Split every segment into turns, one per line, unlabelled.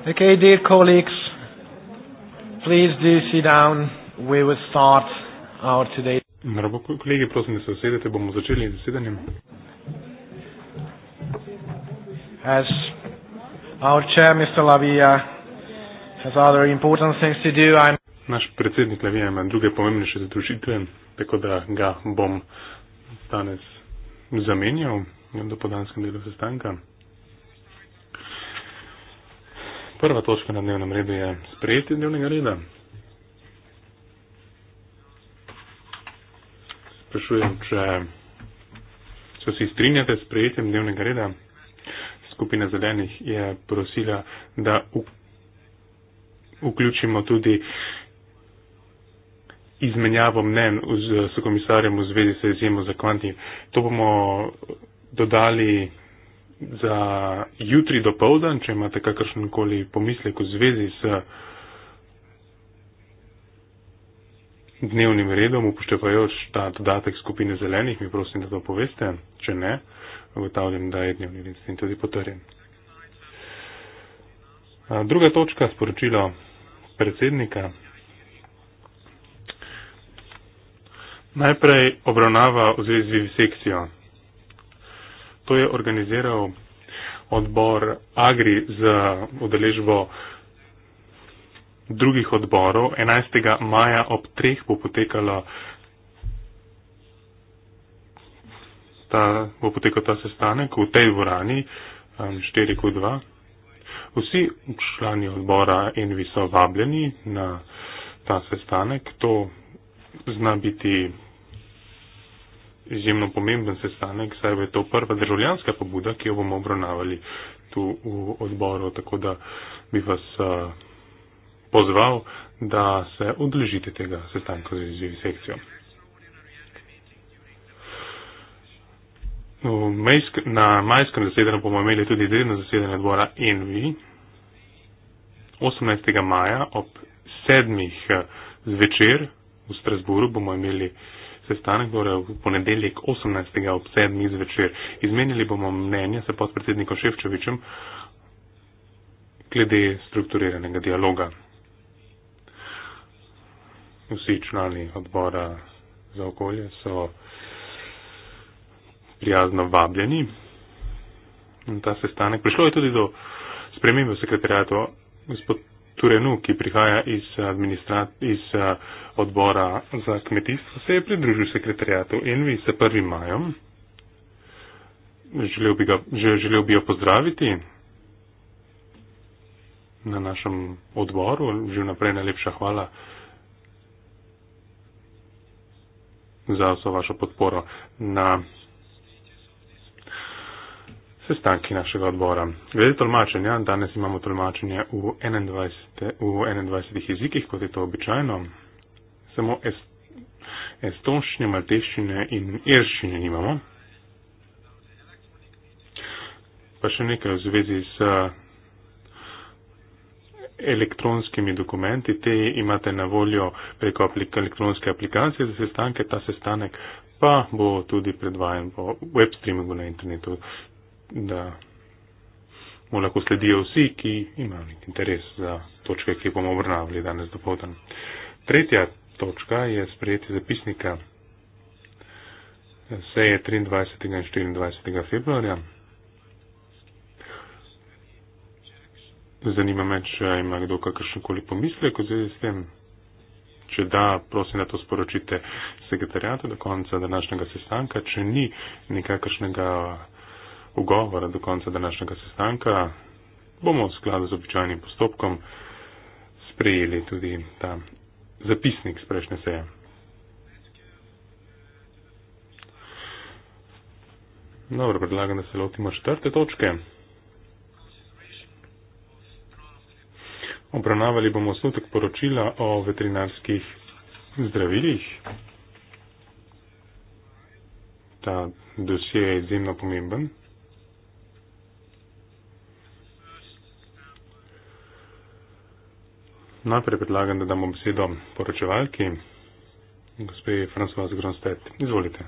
Okay, dear colleagues,
please do sit down. We will start our today. Kolegi, prosim, da se usedete, bomo začeli z zasedanjem.
As our chair, Mr. Lavia, has other important things to do, I'm
Naš predsednik Lavia ima druge pomembnejše zadružitve, tako da ga bom danes zamenjal do podanskem delu sestanka. Prva točka na dnevnem redu je sprejeti dnevnega reda. Sprašujem, če se vsi strinjate s sprejetjem dnevnega reda. Skupina zelenih je prosila, da vključimo tudi izmenjavo mnen s komisarjem v zvezi s izjemo za kvanti. To bomo dodali za jutri do povdan, če imate kakršen koli pomislek v zvezi s dnevnim redom, upoštevajoč ta dodatek skupine zelenih, mi prosim, da to poveste. Če ne, ugotavljam, da je dnevni red s tem tudi potrjen. Druga točka sporočilo predsednika. Najprej obravnava v zvezi z sekcijo. To je organiziral odbor Agri za udeležbo drugih odborov. 11. maja ob treh bo potekala ta, bo potekal ta sestanek v tej dvorani um, 4 k 2. Vsi člani odbora in vi so vabljeni na ta sestanek. To zna biti izjemno pomemben sestanek, saj je to prva državljanska pobuda, ki jo bomo obravnavali tu v odboru, tako da bi vas pozval, da se odložite tega sestanka z izjivi sekcijo. Na majskem zasedanju bomo imeli tudi izredno zasedanje odbora ENVI 18. maja ob sedmih zvečer v Strasburu bomo imeli uh, sestanek bore v ponedeljek 18. ob 7. zvečer. Izmenili bomo mnenje se podpredsednikom Ševčevičem glede strukturiranega dialoga. Vsi člani odbora za okolje so prijazno vabljeni. In ta sestanek prišlo je tudi do spremembe sekretarjato. Gospod Turenu, ki prihaja iz, iz odbora za kmetijstvo, se je pridružil sekretarjatu Envi s 1. majem. Želel bi, ga, želel bi jo pozdraviti na našem odboru. Že naprej najlepša hvala za vso vašo podporo na sestanki našega odbora. Glede tolmačenja, danes imamo tolmačenje v 21, v 21 jezikih, kot je to običajno. Samo estonščine, malteščine in irščine nimamo. Pa še nekaj v zvezi s elektronskimi dokumenti. Te imate na voljo preko aplik elektronske aplikacije za sestanke. Ta sestanek pa bo tudi predvajan po web streamingu na internetu da mu lahko sledijo vsi, ki imajo nek interes za točke, ki bomo obravnavali danes dopoldan. Tretja točka je sprejeti zapisnika seje 23. in 24. februarja. Zanima me, če ima kdo kakršenkoli pomislek v zvezi s tem. Če da, prosim, da to sporočite sekretarjatu do konca današnjega sestanka. Če ni nikakršnega ugovora do konca današnjega sestanka, bomo v skladu z običajnim postopkom sprejeli tudi ta zapisnik z prejšnje seje. Dobro, predlagam, da se lotimo četrte točke. Obravnavali bomo osnutek poročila o veterinarskih zdravilih. Ta dosje je izjemno pomemben. Najprej predlagam, da damo besedo poročevalki, gospe François Gronstedt. Izvolite.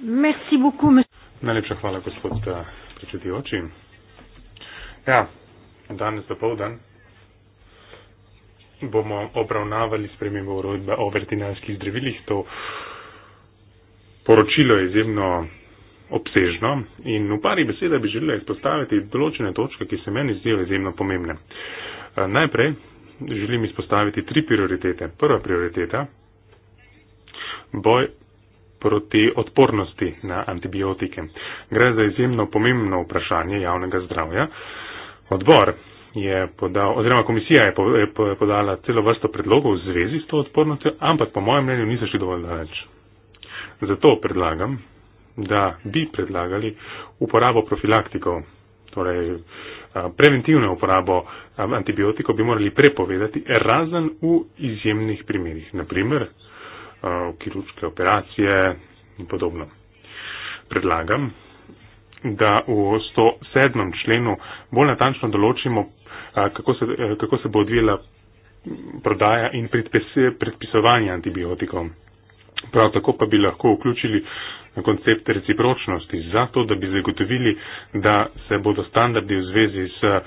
Merci beaucoup, me...
Najlepša hvala, gospod eh, predsedujoči. Ja, danes do povdan bomo obravnavali spremembo urodbe o vertinalskih zdravilih. To poročilo je izjemno obsežno in v pari besedah bi želela izpostaviti določene točke, ki se meni zdijo izjemno pomembne. Uh, Najprej želim izpostaviti tri prioritete. Prva prioriteta, boj proti odpornosti na antibiotike. Gre za izjemno pomembno vprašanje javnega zdravja. Odbor je podal, oziroma komisija je, po, je, po, je podala celo vrsto predlogov v zvezi s to odpornostjo, ampak po mojem mnenju niso še dovolj daleč. Zato predlagam, da bi predlagali uporabo profilaktikov, torej preventivno uporabo antibiotikov bi morali prepovedati, razen v izjemnih primerjih, naprimer kirurške operacije in podobno. Predlagam, da v 107. členu bolj natančno določimo, kako se, kako se bo odvijala prodaja in predpisovanje antibiotikov. Prav tako pa bi lahko vključili na koncept recipročnosti, zato da bi zagotovili, da se bodo standardi v zvezi s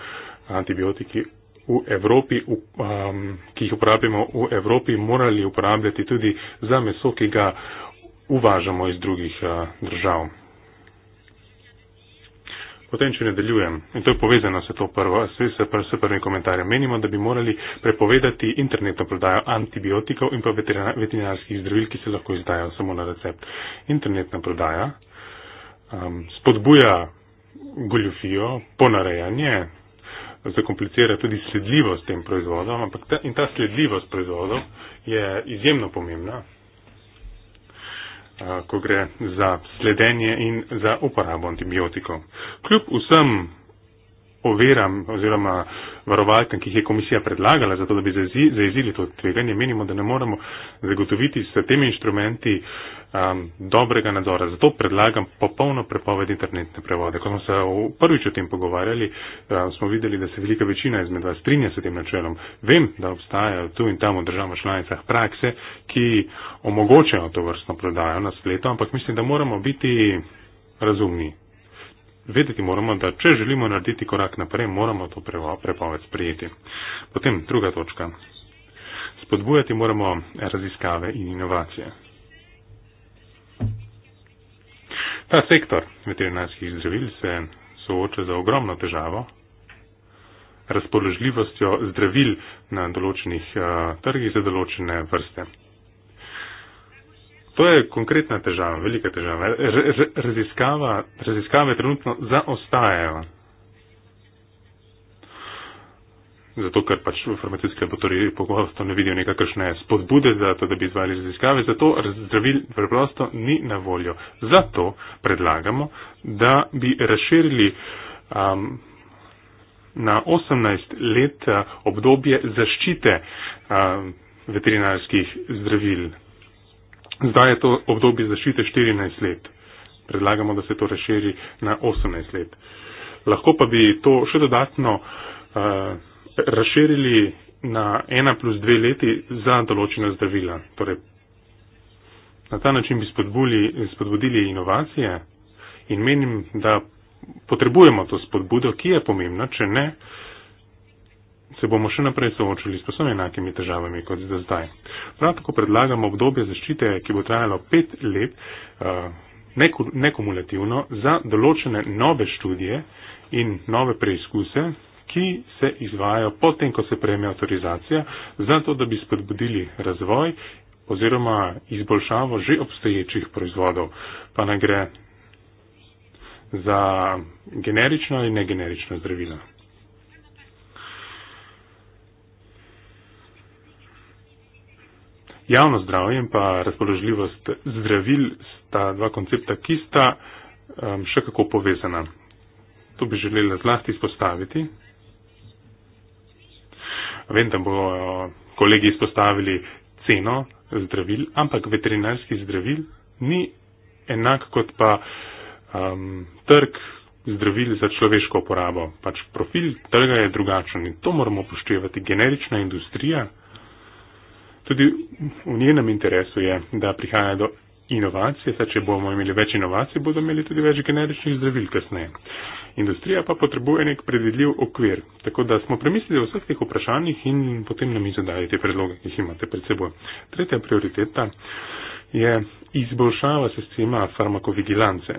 antibiotiki v Evropi, v, um, ki jih uporabljamo v Evropi, morali uporabljati tudi za meso, ki ga uvažamo iz drugih uh, držav. Potem, če nadaljujem, in to je povezano s to prvo, s, s, s prvim komentarjem, menimo, da bi morali prepovedati internetno prodajo antibiotikov in pa veterinarskih zdravil, ki se lahko izdajo samo na recept. Internetna prodaja um, spodbuja goljufijo, ponarejanje, zakomplicira tudi sledljivost tem proizvodom, ampak ta, in ta sledljivost proizvodov je izjemno pomembna ko gre za sledenje in za uporabo antibiotikov. Kljub vsem oviram oziroma varovalkam, ki jih je komisija predlagala, zato da bi zaezili to tveganje, menimo, da ne moremo zagotoviti s temi inštrumenti uh, um, dobrega nadzora. Zato predlagam popolno prepoved internetne prevode. Ko smo se v prvič o tem pogovarjali, um, smo videli, da se velika večina izmed vas strinja s tem načelom. Vem, da obstajajo tu in tam v državah članicah prakse, ki omogočajo to vrstno prodajo na spletu, ampak mislim, da moramo biti razumni. Vedeti moramo, da če želimo narediti korak naprej, moramo to prepoved sprijeti. Potem druga točka. Spodbujati moramo raziskave in inovacije. Ta sektor veterinarskih zdravil se sooča za ogromno težavo, razpoložljivostjo zdravil na določenih uh, trgih za določene vrste. To je konkretna težava, velika težava. Raziskava, raziskave trenutno zaostajajo zato ker pač v farmacijske laboratorije pogosto ne vidijo nekakršne spodbude za to, da bi izvali raziskave, zato zdravil preprosto ni na voljo. Zato predlagamo, da bi razširili um, na 18 let uh, obdobje zaščite um, veterinarskih zdravil. Zdaj je to obdobje zaščite 14 let. Predlagamo, da se to razširi na 18 let. Lahko pa bi to še dodatno uh, razširili na 1 plus 2 leti za določena zdravila. Torej, na ta način bi spodbudili inovacije in menim, da potrebujemo to spodbudo, ki je pomembna, če ne, se bomo še naprej soočili s posebno enakimi težavami kot za zdaj. Prav tako predlagamo obdobje zaščite, ki bo trajalo 5 let, eh, nekumulativno, za določene nove študije in nove preizkuse, ki se izvajajo potem, ko se prejme autorizacija, zato da bi spodbudili razvoj oziroma izboljšavo že obstoječih proizvodov. Pa ne gre za generično ali negenerično zdravilo. Javno zdravje in pa razpoložljivost zdravil sta dva koncepta, ki sta um, še kako povezana. To bi želela zlasti izpostaviti, Vem, da bojo kolegi izpostavili ceno zdravil, ampak veterinarski zdravil ni enak kot pa um, trg zdravil za človeško uporabo. Pač profil trga je drugačen in to moramo upoštevati. Generična industrija, tudi v njenem interesu je, da prihaja do inovacije, saj če bomo imeli več inovacij, bodo imeli tudi več generičnih zdravil kasneje. Industrija pa potrebuje nek predvidljiv okvir, tako da smo premislili o vseh teh vprašanjih in potem nam izodajali te predloge, ki jih imate pred seboj. Tretja prioriteta je izboljšava sistema farmakovigilance.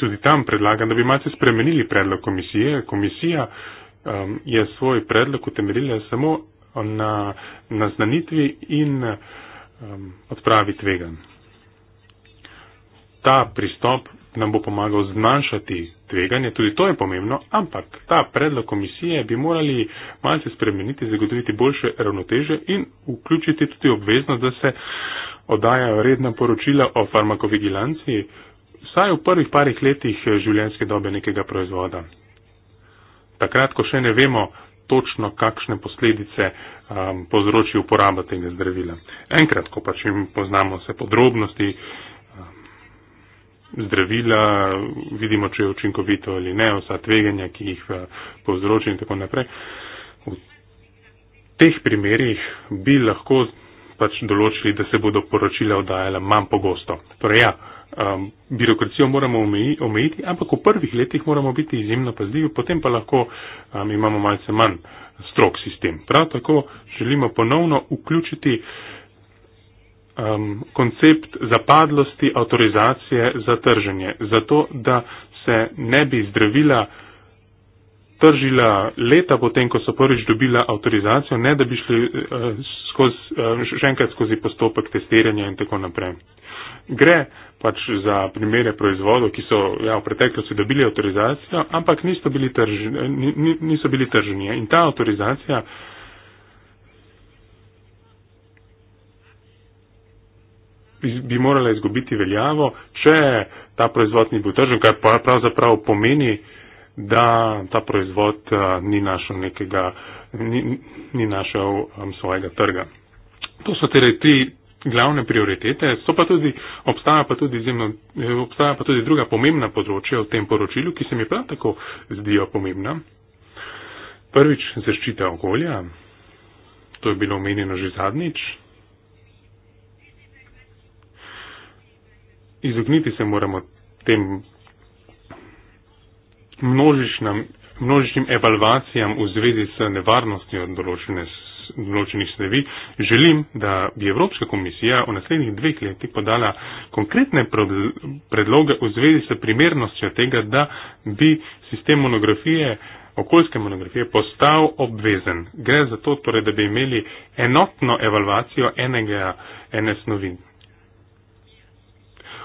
Tudi tam predlagam, da bi malce spremenili predlog komisije. Komisija um, je svoj predlog utemeljila samo na naznanitvi in uh, um, odpravi tvegan. Ta pristop nam bo pomagal zmanjšati tveganje, tudi to je pomembno, ampak ta predlog komisije bi morali malce spremeniti, zagotoviti boljše ravnoteže in vključiti tudi obveznost, da se oddajajo redna poročila o farmakovigilanci, vsaj v prvih parih letih življenjske dobe nekega proizvoda. Takrat, ko še ne vemo, točno, kakšne posledice um, povzroči uporaba tega zdravila. Enkrat, ko pač jim poznamo vse podrobnosti um, zdravila, vidimo, če je učinkovito ali ne, vsa tveganja, ki jih uh, povzroči in tako naprej. V teh primerjih bi lahko pač določili, da se bodo poročila oddajala manj pogosto. Torej, ja, um, birokracijo moramo omejiti, ampak v prvih letih moramo biti izjemno pazljivi, potem pa lahko um, imamo malce manj strok sistem. Prav tako želimo ponovno vključiti um, koncept zapadlosti avtorizacije za trženje, zato da se ne bi zdravila tržila leta potem, ko so prvič dobila avtorizacijo, ne da bi šli uh, skozi, uh, še enkrat skozi postopek testiranja in tako naprej gre pač za primere proizvodov, ki so ja, v preteklosti dobili avtorizacijo, ampak niso bili, tržni, niso bili tržni. In ta avtorizacija bi morala izgubiti veljavo, če ta proizvod ni bil tržen, kar pa pravzaprav pomeni, da ta proizvod eh, ni našel nekega, ni, ni našel um, svojega trga. To so torej tri, glavne prioritete, so pa tudi, obstaja pa tudi, izjemno, obstaja pa tudi druga pomembna področja v tem poročilu, ki se mi prav tako zdijo pomembna. Prvič, zaščita okolja. To je bilo omenjeno že zadnjič. Izogniti se moramo tem množičnim evalvacijam v zvezi s nevarnostjo določene s vločenih snovi, želim, da bi Evropska komisija v naslednjih dveh letih podala konkretne predloge v zvezi s primernostjo tega, da bi sistem monografije, okoljske monografije postal obvezen. Gre za to, torej, da bi imeli enotno evalvacijo enega ene snovi.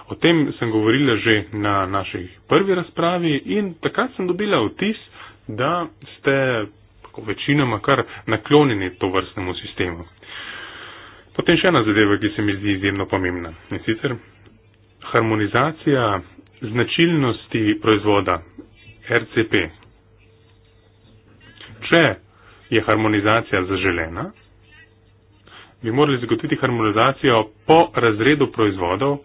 O tem sem govorila že na naši prvi razpravi in takrat sem dobila vtis, da ste tako večinoma kar naklonjeni to vrstnemu sistemu. Potem še ena zadeva, ki se mi zdi izjemno pomembna. In sicer harmonizacija značilnosti proizvoda RCP. Če je harmonizacija zaželena, bi morali zagotoviti harmonizacijo po razredu proizvodov,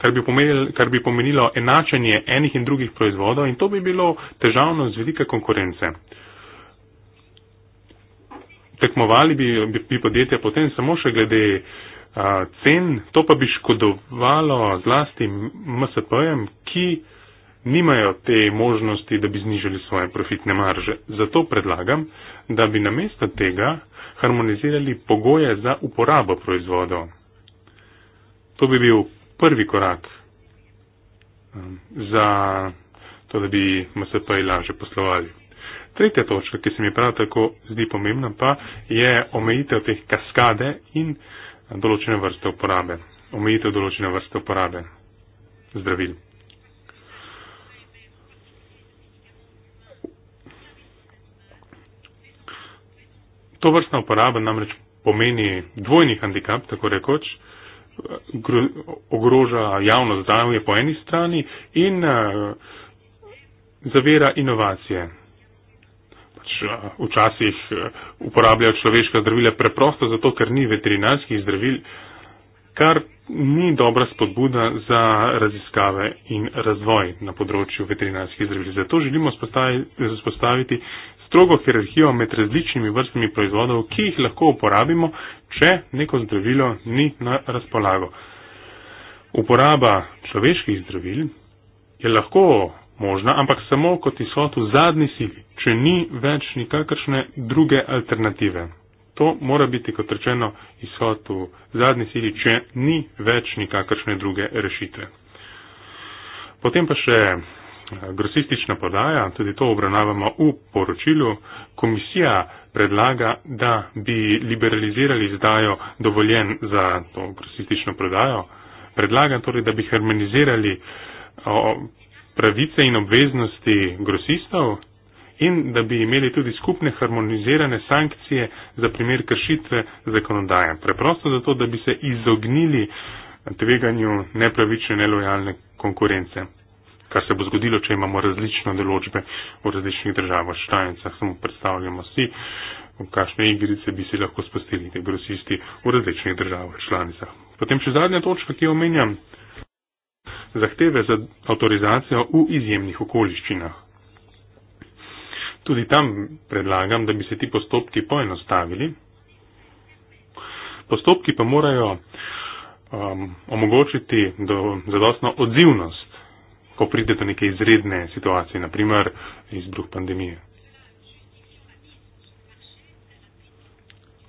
kar bi, pomenilo, kar bi pomenilo enačenje enih in drugih proizvodov in to bi bilo težavno z velike konkurence tekmovali bi, bi, bi podjetja potem samo še glede a, cen, to pa bi škodovalo zlasti MSP-jem, ki nimajo te možnosti, da bi znižali svoje profitne marže. Zato predlagam, da bi namesto tega harmonizirali pogoje za uporabo proizvodov. To bi bil prvi korak za to, da bi MSP-ji lažje poslovali. Tretja točka, ki se mi prav tako zdi pomembna, pa je omejitev teh kaskade in določene vrste uporabe. Omejitev določene vrste uporabe zdravil. To vrstna uporaba namreč pomeni dvojni handikap, tako rekoč, ogroža javno zdravje po eni strani in eh, zavira inovacije pač, včasih eh, uporabljajo človeška zdravila preprosto zato, ker ni veterinarskih zdravil, kar ni dobra spodbuda za raziskave in razvoj na področju veterinarskih zdravil. Zato želimo spostaviti strogo hierarhijo med različnimi vrstami proizvodov, ki jih lahko uporabimo, če neko zdravilo ni na razpolago. Uporaba človeških zdravil je lahko možna, ampak samo kot izhod v zadnji sili, če ni več nikakršne druge alternative. To mora biti, kot rečeno, izhod v zadnji sili, če ni več nikakršne druge rešitve. Potem pa še eh, grosistična podaja, tudi to obravnavamo v poročilu. Komisija predlaga, da bi liberalizirali izdajo dovoljen za to grosistično prodajo. Predlaga torej, da bi harmonizirali pravice in obveznosti grosistov in da bi imeli tudi skupne harmonizirane sankcije za primer kršitve zakonodaje. Preprosto zato, da bi se izognili tveganju nepravične nelojalne konkurence. Kar se bo zgodilo, če imamo različne določbe v različnih državah članicah, samo predstavljamo si, v kakšne igrice bi se lahko spustili te grosisti v različnih državah članicah. Potem še zadnja točka, ki jo omenjam, zahteve za avtorizacijo v izjemnih okoliščinah. Tudi tam predlagam, da bi se ti postopki poenostavili. Postopki pa morajo um, omogočiti do, zadostno odzivnost, ko pride do neke izredne situacije, naprimer izbruh pandemije.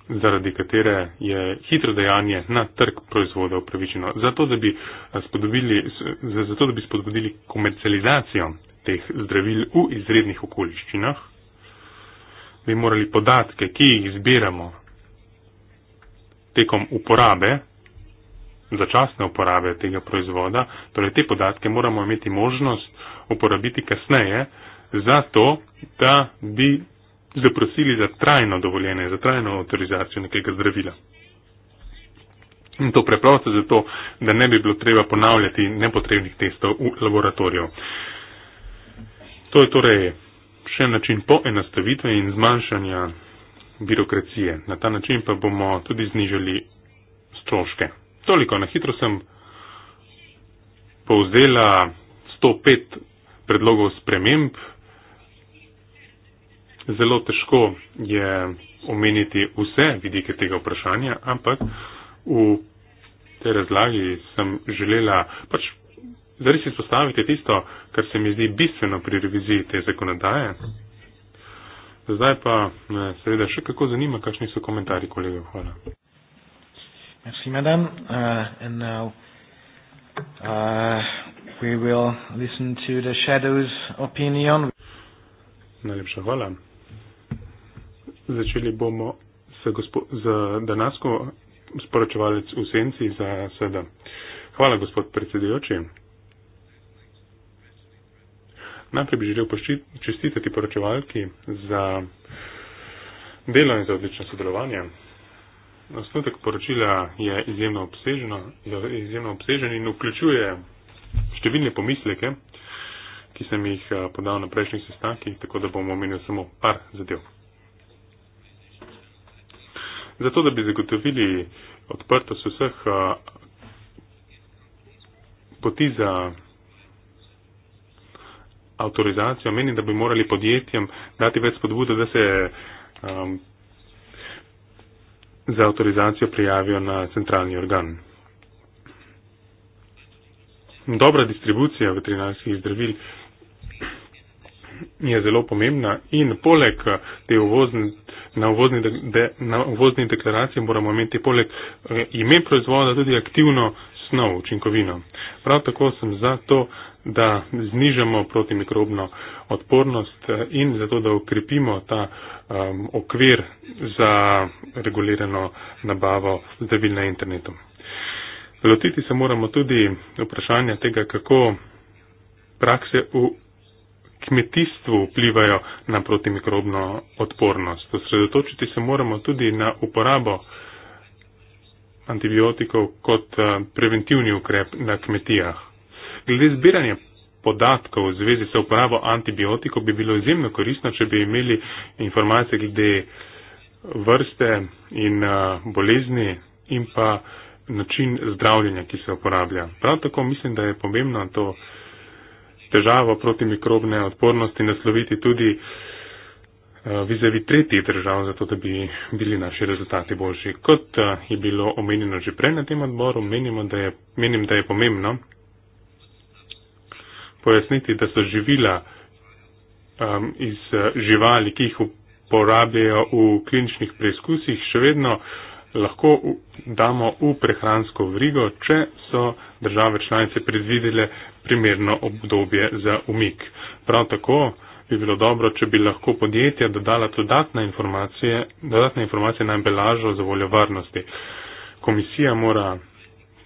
zaradi katere je hitro dejanje na trg proizvodov upravičeno. Zato, eh, zato, da bi spodbudili komercializacijo teh zdravil v izrednih okoliščinah, bi morali podatke, ki jih zbiramo tekom uporabe, začasne uporabe tega proizvoda, torej te podatke moramo imeti možnost uporabiti kasneje, zato da bi zaprosili za trajno dovoljenje, za trajno avtorizacijo nekega zdravila. In to preprosto zato, da ne bi bilo treba ponavljati nepotrebnih testov v laboratoriju. To je torej še način poenostavitve in zmanjšanja birokracije. Na ta način pa bomo tudi znižali stroške. Toliko, na hitro sem povzela 105 predlogov sprememb Zelo težko je omeniti vse vidike tega vprašanja, ampak v tej razlagi sem želela pač zares izpostaviti tisto, kar se mi zdi bistveno pri reviziji te zakonodaje. Zdaj pa me eh, seveda še kako zanima, kakšni so komentarji kolegov. Hvala.
Merci, madame. Uh, and now uh,
we will listen to the shadows opinion. Najlepša hvala začeli bomo z, z danasko sporočevalec v senci za SD. Hvala, gospod predsedujoči. Najprej bi želel čestitati poročevalki za delo in za odlično sodelovanje. Osnutek poročila je izjemno, obsežno, je izjemno obsežen in vključuje številne pomisleke, ki sem jih eh, podal na prejšnjih sestankih, tako da bom omenil samo par zadev zato da bi zagotovili odprtost vseh a, poti za avtorizacijo, menim, da bi morali podjetjem dati več spodbude, da se a, um, za avtorizacijo prijavijo na centralni organ. Dobra distribucija veterinarskih zdravil je zelo pomembna in poleg te uvozni, na, uvozni de, de, na uvozni deklaraciji moramo imeti poleg eh, ime proizvoda tudi aktivno snov, učinkovino. Prav tako sem za to, da znižamo protimikrobno odpornost eh, in zato, da ukrepimo ta um, okvir za regulirano nabavo zdravil na internetu. Lotiti se moramo tudi vprašanja tega, kako prakse v kmetijstvu vplivajo na protimikrobno odpornost. Osredotočiti se moramo tudi na uporabo antibiotikov kot eh, preventivni ukrep na kmetijah. Glede zbiranja podatkov v zvezi s uporabo antibiotikov bi bilo izjemno koristno, če bi imeli informacije glede vrste in eh, bolezni in pa način zdravljenja, ki se uporablja. Prav tako mislim, da je pomembno to, težavo protimikrobne odpornosti nasloviti tudi eh, vizavi tretjih držav, zato da bi bili naši rezultati boljši. Kot eh, je bilo omenjeno že prej na tem odboru, da je, menim, da je pomembno pojasniti, da so živila um, iz eh, živali, ki jih uporabljajo v kliničnih preizkusih, še vedno lahko damo v prehransko vrigo, če so države članice predvidele primerno obdobje za umik. Prav tako bi bilo dobro, če bi lahko podjetja dodala dodatne informacije, dodatne informacije na embelažo za voljo varnosti. Komisija mora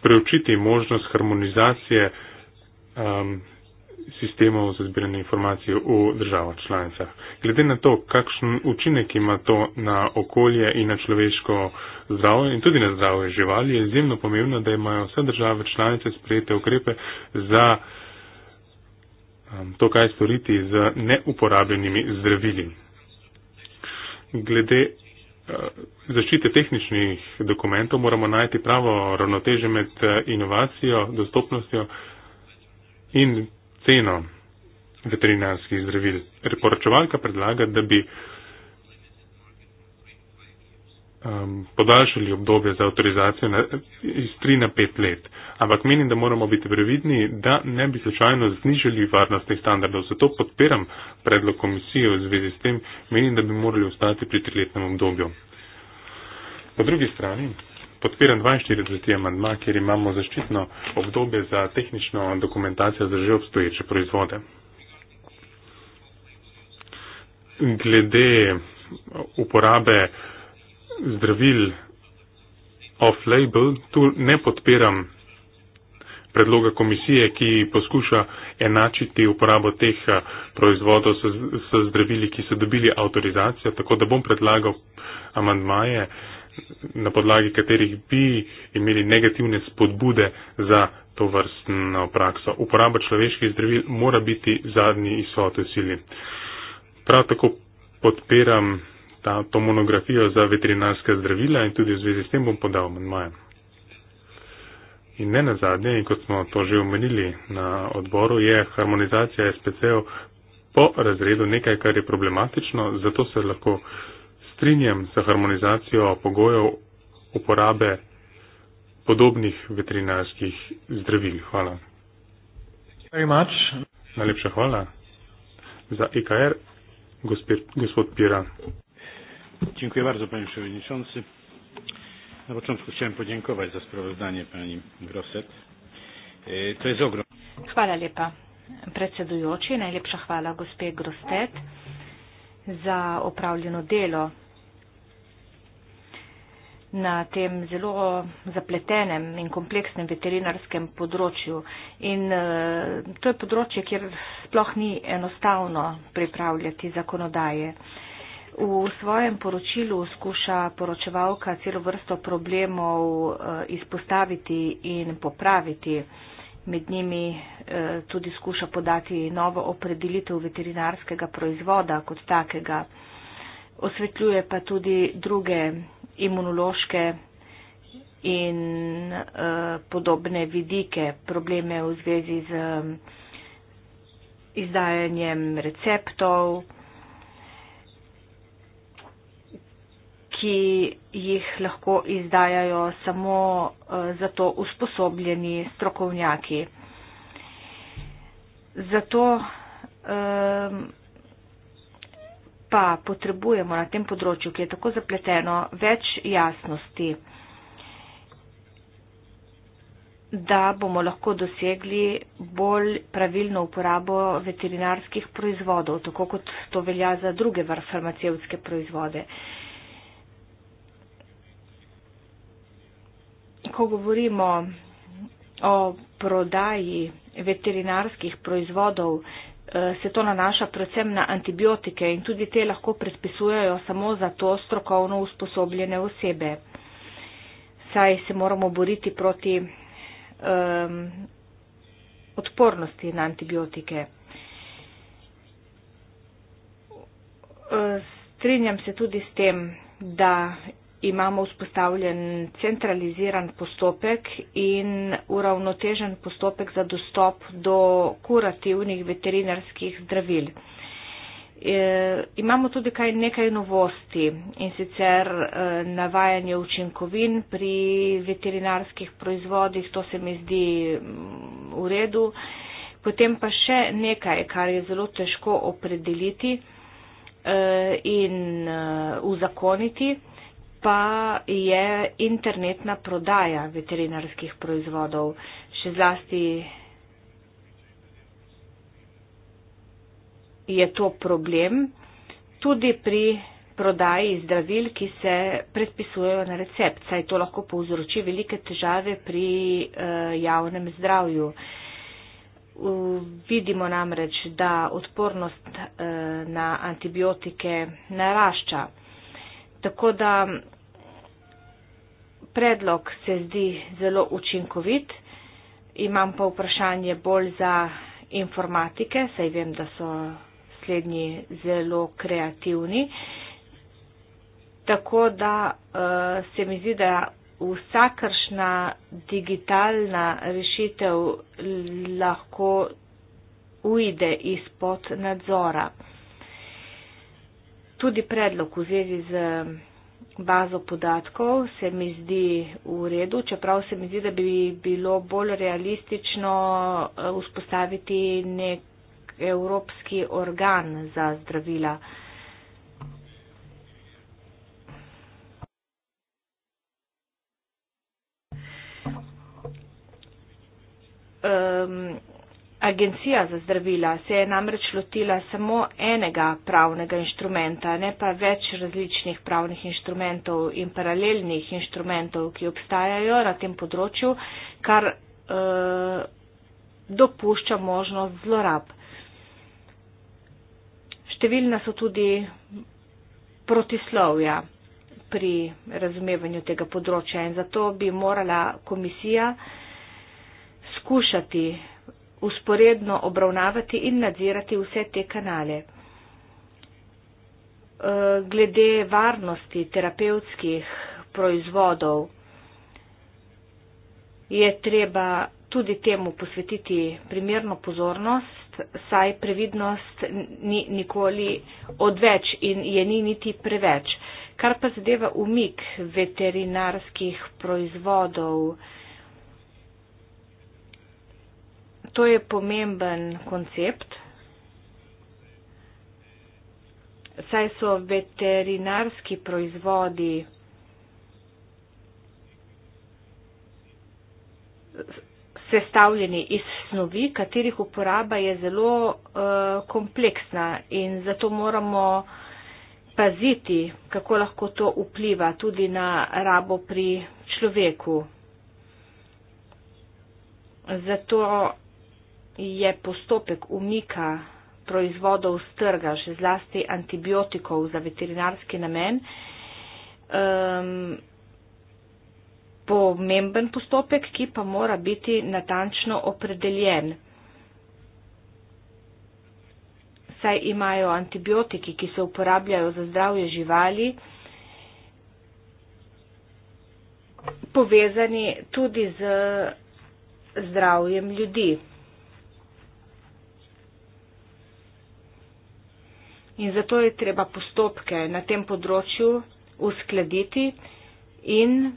preučiti možnost harmonizacije um, sistemov za zbiranje informacij v državah članicah. Glede na to, kakšen učinek ima to na okolje in na človeško zdravje in tudi na zdravje živali, je izjemno pomembno, da imajo vse države članice sprejete ukrepe za um, to, kaj storiti z neuporabljenimi zdravili. Glede uh, zaščite tehničnih dokumentov moramo najti pravo ravnoteže med uh, inovacijo, dostopnostjo in ceno veterinarskih zdravil. Reporočevalka predlaga, da bi um, podaljšali obdobje za avtorizacijo na, iz 3 na 5 let. Ampak menim, da moramo biti previdni, da ne bi slučajno znižali varnostnih standardov. Zato podpiram predlog komisije v zvezi s tem. Menim, da bi morali ostati pri triletnem obdobju. Po drugi strani podpiram 42. amandma, kjer imamo zaščitno obdobje za tehnično dokumentacijo za že obstoječe proizvode. Glede uporabe zdravil off-label, tu ne podpiram predloga komisije, ki poskuša enačiti uporabo teh eh, proizvodov s zdravili, ki so dobili avtorizacijo, tako da bom predlagal amandmaje, na podlagi katerih bi imeli negativne spodbude za to vrstno prakso. Uporaba človeških zdravil mora biti zadnji izhod v sili. Prav tako podpiram ta, to monografijo za veterinarske zdravila in tudi v zvezi s tem bom podal manjmaje. In ne nazadnje, in kot smo to že omenili na odboru, je harmonizacija SPC-ov po razredu nekaj, kar je problematično, zato se lahko strinjam za harmonizacijo pogojev uporabe podobnih veterinarskih zdravil. Hvala. Najlepša hvala za IKR, e gospod, gospod Pira. Dziękuję bardzo panie przewodniczący. Na początku chciałem podziękować za sprawozdanie pani Groset. E, to jest ogrom.
Hvala lepa. Predsedujoči, najlepša hvala gospe Grostet za opravljeno delo na tem zelo zapletenem in kompleksnem veterinarskem področju. In uh, to je področje, kjer sploh ni enostavno pripravljati zakonodaje. V svojem poročilu skuša poročevalka celo vrsto problemov uh, izpostaviti in popraviti. Med njimi uh, tudi skuša podati novo opredelitev veterinarskega proizvoda kot takega. Osvetljuje pa tudi druge imunološke in uh, podobne vidike, probleme v zvezi z izdajanjem receptov, ki jih lahko izdajajo samo uh, eh, zato usposobljeni strokovnjaki. Zato uh, pa potrebujemo na tem področju, ki je tako zapleteno, več jasnosti, da bomo lahko dosegli bolj pravilno uporabo veterinarskih proizvodov, tako kot to velja za druge farmacevtske proizvode. Ko govorimo o prodaji veterinarskih proizvodov Eh, se to nanaša predvsem na antibiotike in tudi te lahko predpisujejo samo za to strokovno usposobljene osebe. Saj se moramo boriti proti um, odpornosti na antibiotike. Eh, strinjam se tudi s tem, da imamo vzpostavljen centraliziran postopek in uravnotežen postopek za dostop do kurativnih veterinarskih zdravil. E, imamo tudi kaj nekaj novosti in sicer e, navajanje učinkovin pri veterinarskih proizvodih, to se mi zdi mm, v redu. Potem pa še nekaj, kar je zelo težko opredeliti e, in e, uzakoniti pa je internetna prodaja veterinarskih proizvodov, še zlasti je to problem tudi pri prodaji zdravil, ki se predpisujejo na recept, saj to lahko povzroči velike težave pri eh, javnem zdravju. Vidimo namreč, da odpornost eh, na antibiotike narašča. Tako da predlog se zdi zelo učinkovit, imam pa vprašanje bolj za informatike, saj vem, da so slednji zelo kreativni. Tako da uh, se mi zdi, da vsakršna digitalna rešitev lahko ujde izpod nadzora. Tudi predlog v zvezi z. Uh, bazo podatkov, se mi zdi v redu, čeprav se mi zdi, da bi bilo bolj realistično eh, vzpostaviti nek evropski organ za zdravila. Um, Agencija za zdravila se je namreč lotila samo enega pravnega inštrumenta, ne pa več različnih pravnih inštrumentov in paralelnih inštrumentov, ki obstajajo na tem področju, kar eh, dopušča možnost zlorab. Številna so tudi protislovja pri razumevanju tega področja in zato bi morala komisija skušati usporedno obravnavati in nadzirati vse te kanale. Eh, glede varnosti terapevtskih proizvodov je treba tudi temu posvetiti primerno pozornost, saj previdnost ni nikoli odveč in je ni niti preveč. Kar pa zadeva umik veterinarskih proizvodov, to je pomemben koncept, saj so veterinarski proizvodi sestavljeni iz snovi, katerih uporaba je zelo uh, kompleksna in zato moramo paziti, kako lahko to vpliva tudi na rabo pri človeku. Zato je postopek umika proizvodov z trga, še zlasti antibiotikov za veterinarski namen, um, pomemben postopek, ki pa mora biti natančno opredeljen. Saj imajo antibiotiki, ki se uporabljajo za zdravje živali, povezani tudi z zdravjem ljudi. in zato je treba postopke na tem področju uskladiti in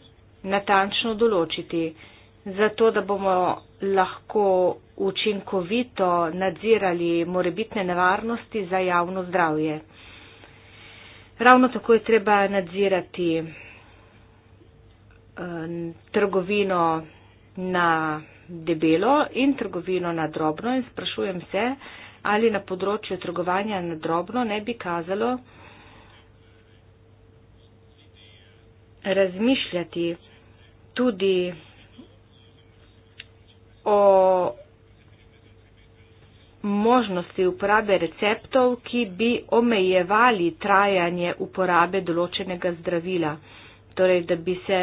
natančno določiti, zato da bomo lahko učinkovito nadzirali morebitne nevarnosti za javno zdravje. Ravno tako je treba nadzirati um, trgovino na debelo in trgovino na drobno in sprašujem se, ali na področju trgovanja na drobno ne bi kazalo razmišljati tudi o možnosti uporabe receptov, ki bi omejevali trajanje uporabe določenega zdravila. Torej, da bi se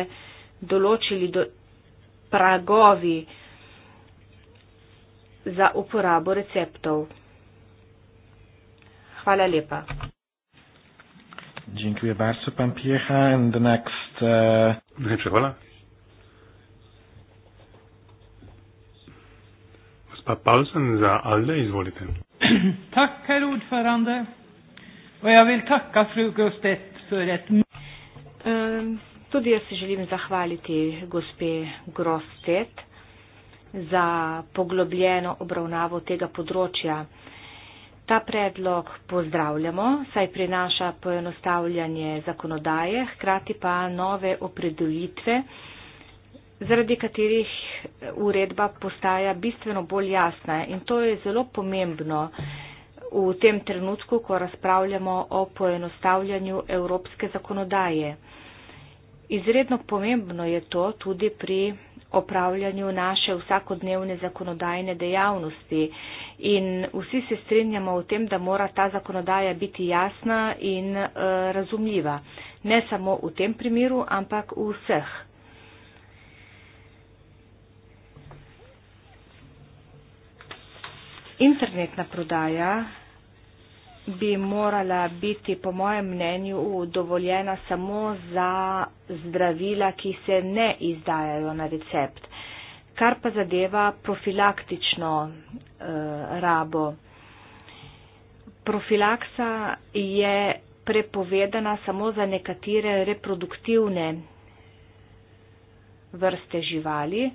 določili do pragovi za uporabo receptov. Hvala lepa.
Dziękuję bardzo, pan Piecha. And the next... E, Najlepsze, uh... hvala.
Gospa Paulsen za Alde, izvolite.
Tak, herr ordförande. Och jag vill tacka fru Gustet för ett... Um, tudi jaz se želim zahvaliti gospe Grostet za poglobljeno obravnavo tega področja. Uh, Ta predlog pozdravljamo, saj prinaša poenostavljanje zakonodaje, hkrati pa nove opredelitve, zaradi katerih uredba postaja bistveno bolj jasna in to je zelo pomembno v tem trenutku, ko razpravljamo o poenostavljanju evropske zakonodaje. Izredno pomembno je to tudi pri opravljanju naše vsakodnevne zakonodajne dejavnosti. In vsi se strinjamo o tem, da mora ta zakonodaja biti jasna in e, razumljiva. Ne samo v tem primeru, ampak v vseh. Internetna prodaja bi morala biti po mojem mnenju dovoljena samo za zdravila, ki se ne izdajajo na recept. Kar pa zadeva profilaktično eh, rabo. Profilaksa je prepovedana samo za nekatere reproduktivne vrste živali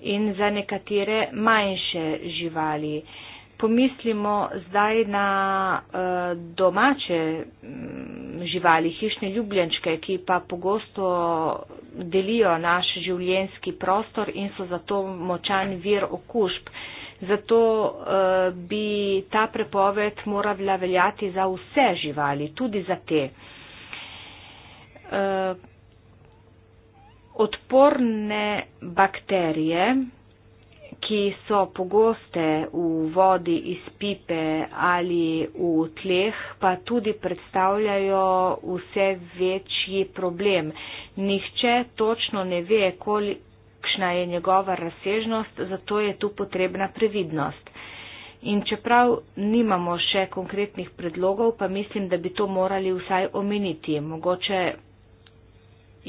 in za nekatere manjše živali. Eh, pomislimo zdaj na eh, domače mm, živali, hišne ljubljenčke, ki pa pogosto delijo naš življenjski prostor in so zato močan vir okužb. Zato eh, bi ta prepoved morala veljati za vse živali, tudi za te. Eh, odporne bakterije ki so pogoste v vodi iz pipe ali v tleh, pa tudi predstavljajo vse večji problem. Nihče točno ne ve, kolikšna je njegova razsežnost, zato je tu potrebna previdnost. In čeprav nimamo še konkretnih predlogov, pa mislim, da bi to morali vsaj omeniti. Mogoče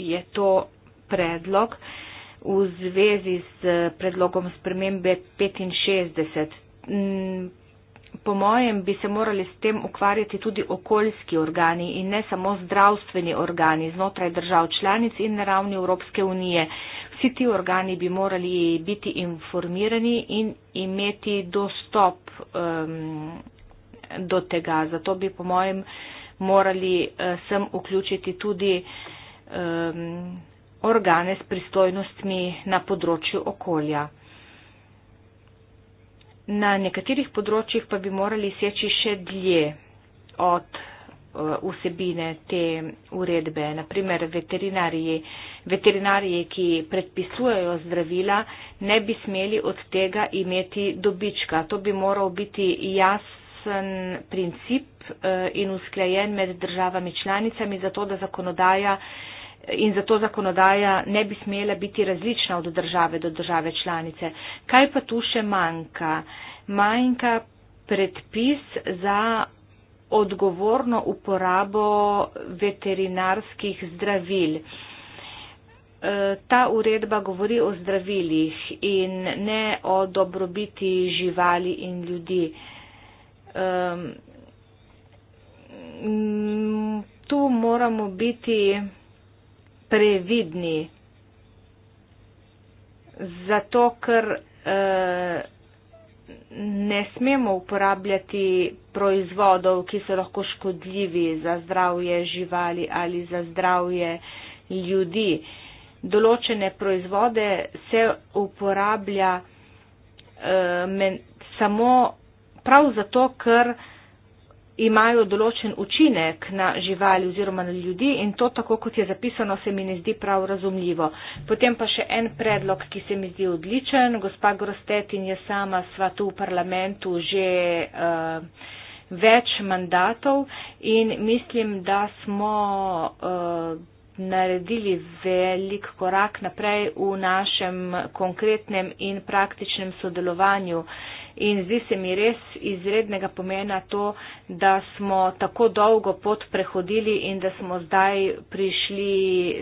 je to predlog v zvezi s eh, predlogom spremembe 65. Mm, po mojem bi se morali s tem ukvarjati tudi okoljski organi in ne samo zdravstveni organi znotraj držav članic in na ravni Evropske unije. Vsi ti organi bi morali biti informirani in imeti dostop um, do tega. Zato bi po mojem morali uh, sem vključiti tudi um, organe s pristojnostmi na področju okolja. Na nekaterih področjih pa bi morali seči še dlje od eh, vsebine te uredbe. Naprimer, veterinarji, veterinarji, ki predpisujejo zdravila, ne bi smeli od tega imeti dobička. To bi moral biti jasen princip eh, in usklajen med državami članicami, zato da zakonodaja eh, in zato zakonodaja ne bi smela biti različna od države do države članice. Kaj pa tu še manjka? Manjka predpis za odgovorno uporabo veterinarskih zdravil. E, ta uredba govori o zdravilih in ne o dobrobiti živali in ljudi. Um, tu moramo biti previdni. Zato, ker eh, ne smemo uporabljati proizvodov, ki so lahko škodljivi za zdravje živali ali za zdravje ljudi. Določene proizvode se uporablja eh, men, samo prav zato, ker eh, imajo določen učinek na živali oziroma na ljudi in to tako, kot je zapisano, se mi ne zdi prav razumljivo. Potem pa še en predlog, ki se mi zdi odličen. Gospa Grostet in jaz sama sva tu v parlamentu že uh, več mandatov in mislim, da smo. Uh, naredili velik korak naprej v našem konkretnem in praktičnem sodelovanju uh, in zdi se mi res izrednega pomena to, da smo tako dolgo pot prehodili in da smo zdaj prišli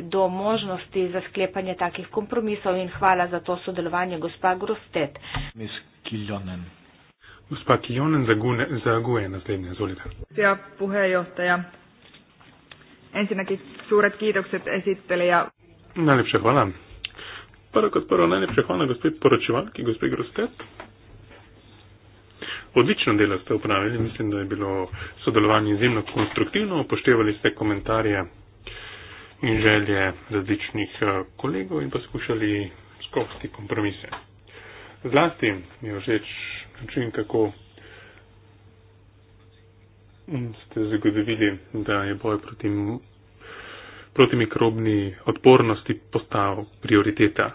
do možnosti za sklepanje takih kompromisov in hvala za to sodelovanje, gospa Grostet.
Gospa Kiljonen za GUE naslednje, izvolite.
Ja, puhejohtaja.
Ensinnäkin suuret kiitokset esittele ja...
Näin lepsi hvala. Paro kot paro, näin lepsi hvala, gospi poročivanki, gospi Grostet odlično delo ste upravili. Mislim, da je bilo sodelovanje izjemno konstruktivno. Upoštevali ste komentarje in želje različnih eh, kolegov in poskušali skopiti kompromise. Zlasti mi je všeč način, kako ste zagotovili, da je boj proti, proti mikrobni odpornosti postal prioriteta.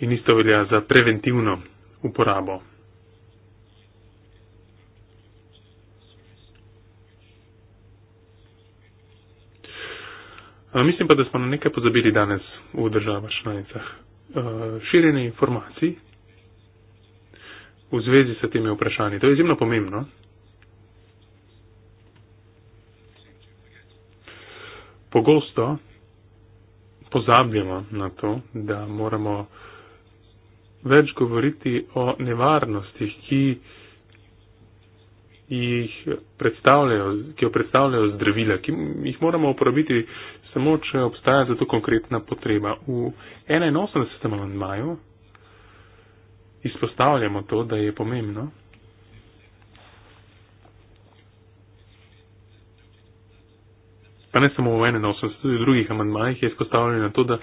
In isto velja za preventivno uporabo Mislim pa, da smo na nekaj pozabili danes v državah članicah. Širjenje informacij v zvezi s temi vprašanji. To je izjemno pomembno. Pogosto pozabljamo na to, da moramo več govoriti o nevarnostih, ki jih predstavljajo, ki jo predstavljajo zdravila, ki jih moramo uporabiti uh, samo če obstaja za to konkretna potreba. V 81. amandmaju izpostavljamo to, da je pomembno, pa ne samo v 81. tudi v drugih amandmajih je izpostavljeno to, da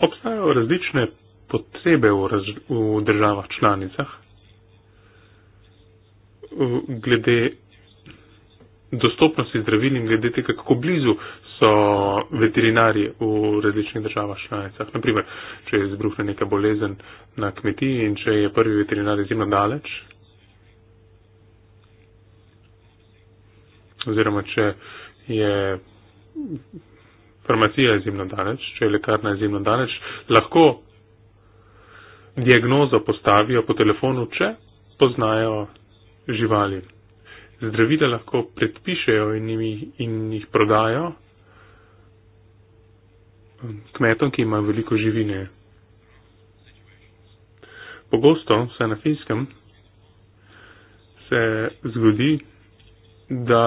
obstajajo različne potrebe v, raz, v državah članicah glede dostopnosti zdravil in glede tega, kako blizu so veterinari v različnih državah članicah. Naprimer, če je izbruhne neka bolezen na kmetiji in če je prvi veterinar izjemno daleč. Oziroma, če je farmacija izjemno daleč, če je lekarna izjemno daleč, lahko diagnozo postavijo po telefonu, če poznajo živali zdravila lahko predpišejo in jih, in jih prodajo kmetom, ki imajo veliko živine. Pogosto, vsaj na finskem, se zgodi, da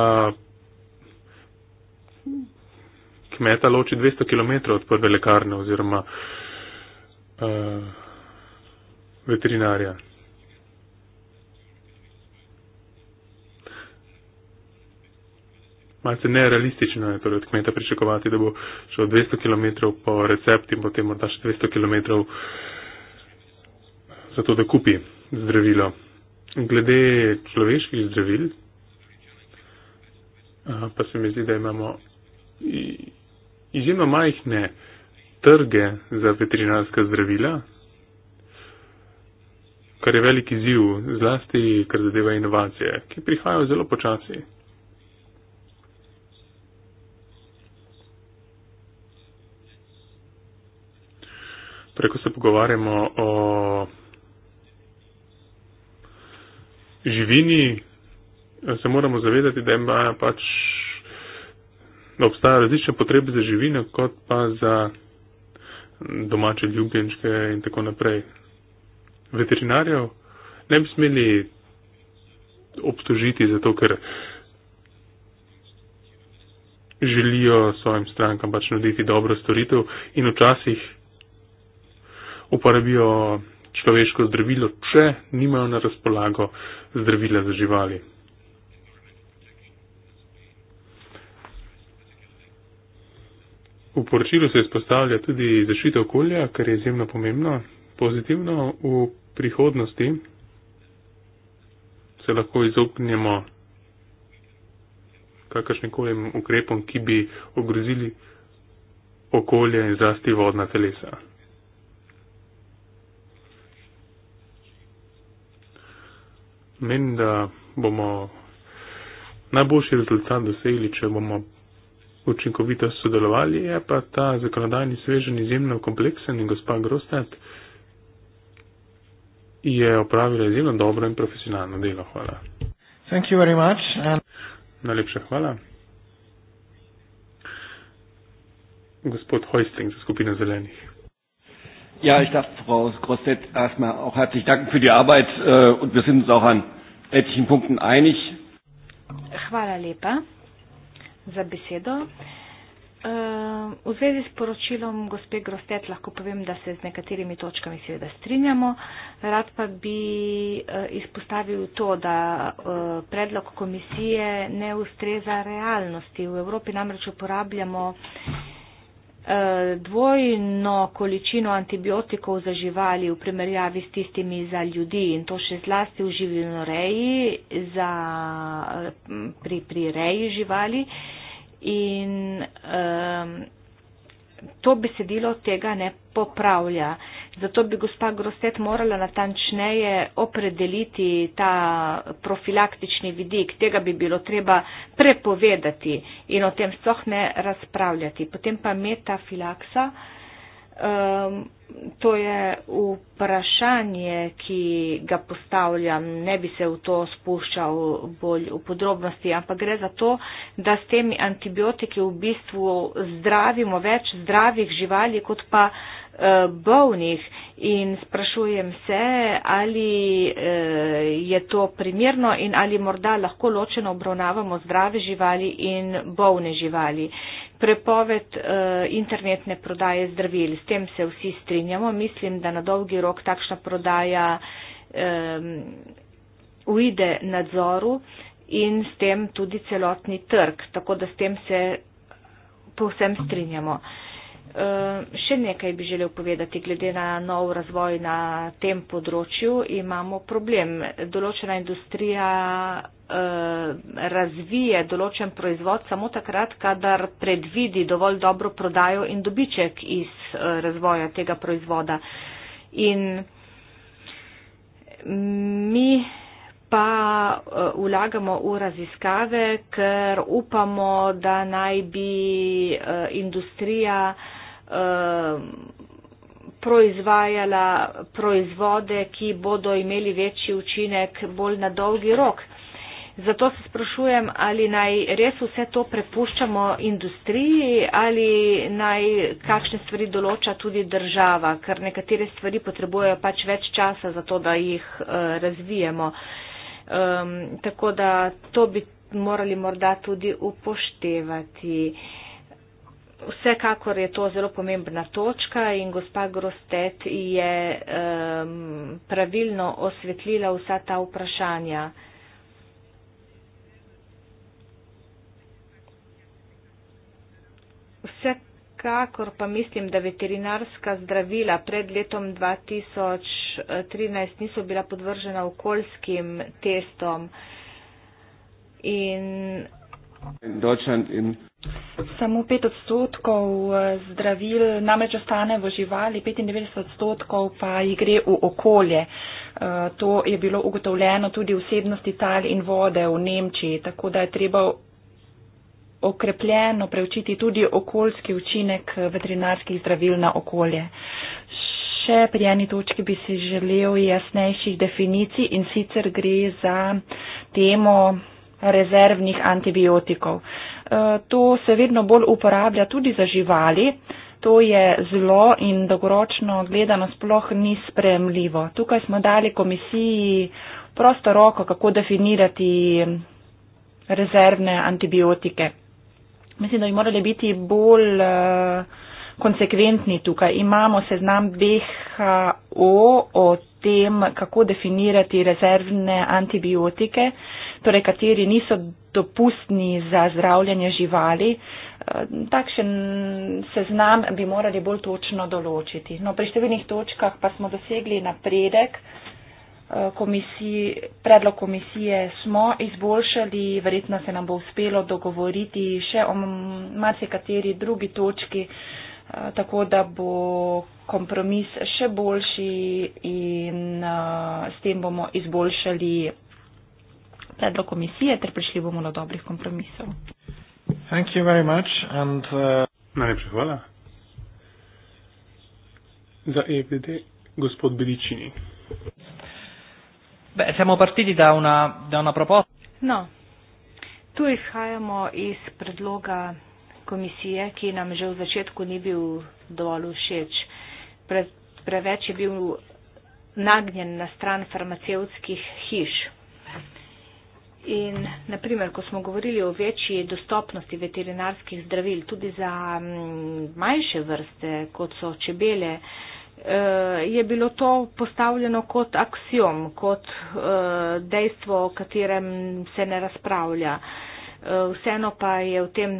kmeta loči 200 km od prve lekarne oziroma uh, veterinarja. malce nerealistično je torej od kmeta pričakovati, da bo šel 200 km po recept in potem morda še 200 km za to, da kupi zdravilo. Glede človeških zdravil, pa se mi zdi, da imamo izjemno majhne trge za veterinarska zdravila, kar je veliki ziv, zlasti, kar zadeva inovacije, ki prihajajo zelo počasi. preko torej, se pogovarjamo o živini, se moramo zavedati, da ima pač, da obstaja različne potrebe za živino, kot pa za domače ljubljenčke in tako naprej. Veterinarjev ne bi smeli obtožiti zato, ker želijo svojim strankam pač nuditi dobro storitev in včasih uporabijo človeško zdravilo, če nimajo na razpolago zdravila za živali. V poročilu se izpostavlja tudi zaščita okolja, kar je izjemno pomembno. Pozitivno v prihodnosti se lahko izognemo kakršnekoli ukrepom, ki bi ogrozili okolje in zlasti vodna telesa. menim, da bomo najboljši rezultat dosegli, če bomo učinkovito sodelovali, je pa ta zakonodajni svežen izjemno kompleksen in gospod Grostat je opravila izjemno dobro in profesionalno delo. Hvala.
Thank you very much. And...
Najlepša hvala. Gospod Hoisting za skupino zelenih.
Ja, ich darf Frau Grosset erstmal auch herzlich danken für die Arbeit äh, und wir sind uns auch an etlichen Punkten einig.
Hvala lepa za besedo. Äh, v zvezi s poročilom gospe Grostet lahko povem, da se z nekaterimi točkami seveda strinjamo. Rad pa bi äh, izpostavil to, da äh, predlog komisije ne ustreza realnosti. V Evropi namreč uporabljamo Eh, dvojno količino antibiotikov za živali v primerjavi s tistimi za ljudi in to še zlasti v živinoreji za, eh, pri, pri reji živali. In um, to besedilo tega ne popravlja. Zato bi gospa Grosset morala natančneje opredeliti ta profilaktični vidik. Tega bi bilo treba prepovedati in o tem sploh ne razpravljati. Potem pa metafilaksa. Um, to je vprašanje, ki ga postavljam. Ne bi se v to spuščal bolj v podrobnosti, ampak gre za to, da s temi antibiotiki v bistvu zdravimo več zdravih živali, kot pa uh, bolnih in sprašujem se, ali eh, je to primerno in ali morda lahko ločeno obravnavamo zdrave živali in bolne živali. Prepoved eh, internetne prodaje zdravil, s tem se vsi strinjamo. Mislim, da na dolgi rok takšna prodaja ujde nadzoru in s tem tudi celotni trg. Tako da s tem se povsem strinjamo. Uh, Eh, še nekaj bi želel povedati, glede na nov razvoj na tem področju imamo problem. Določena industrija eh, razvije določen proizvod samo takrat, kadar predvidi dovolj dobro prodajo in dobiček iz eh, razvoja tega proizvoda. In mi pa ulagamo v raziskave, ker upamo, da naj bi industrija Um, proizvajala proizvode, ki bodo imeli večji učinek bolj na dolgi rok. Zato se sprašujem, ali naj res vse to prepuščamo industriji ali naj kakšne stvari določa tudi država, ker nekatere stvari potrebujejo pač več časa za to, da jih uh, razvijemo. Um, tako da to bi morali morda tudi upoštevati. Uh, Vsekakor je to zelo pomembna točka in gospa Grostet je um, pravilno osvetlila vsa ta vprašanja. Vsekakor pa mislim, da veterinarska zdravila pred letom 2013 niso bila podvržena okoljskim testom in Samo pet odstotkov eh, zdravil namreč
ostane v živali, 95 odstotkov pa jih gre v okolje. Eh, to je bilo ugotovljeno tudi vsebnosti tal in vode v Nemčiji, tako da je treba okrepljeno preučiti tudi okoljski učinek eh, veterinarskih zdravil na okolje. Še pri eni točki bi si želel jasnejših definicij in sicer gre za temo rezervnih antibiotikov. E, to se vedno bolj uporablja tudi za živali. To je zelo in dolgoročno gledano sploh ni spremljivo. Tukaj smo dali komisiji prosto roko, kako definirati rezervne antibiotike. Mislim, da bi morali biti bolj e, konsekventni tukaj. Imamo seznam BHO o tem, kako definirati rezervne antibiotike torej kateri niso dopustni za zdravljanje živali. Eh, takšen seznam bi morali bolj točno določiti. No, pri številnih točkah pa smo dosegli napredek. Eh, komisiji, predlog komisije smo izboljšali, verjetno se nam bo uspelo dogovoriti še o marsikateri drugi točki, eh, tako da bo kompromis še boljši in s tem bomo izboljšali predlog komisije ter prišli bomo do dobrih kompromisov.
Thank you very much and uh... najlepša hvala.
Za EPD, gospod Bričini. Beh, smo partili da una, da una proposta.
No, tu izhajamo iz predloga komisije, ki nam že v začetku ni bil dovolj všeč. Pre, preveč je bil nagnjen na stran farmacevskih hiš. In naprimer, ko smo govorili o večji dostopnosti veterinarskih zdravil tudi za mm, manjše vrste, kot so čebele, eh, je bilo to postavljeno kot aksijom, kot eh, dejstvo, o katerem se ne razpravlja. Eh, vseeno pa je v tem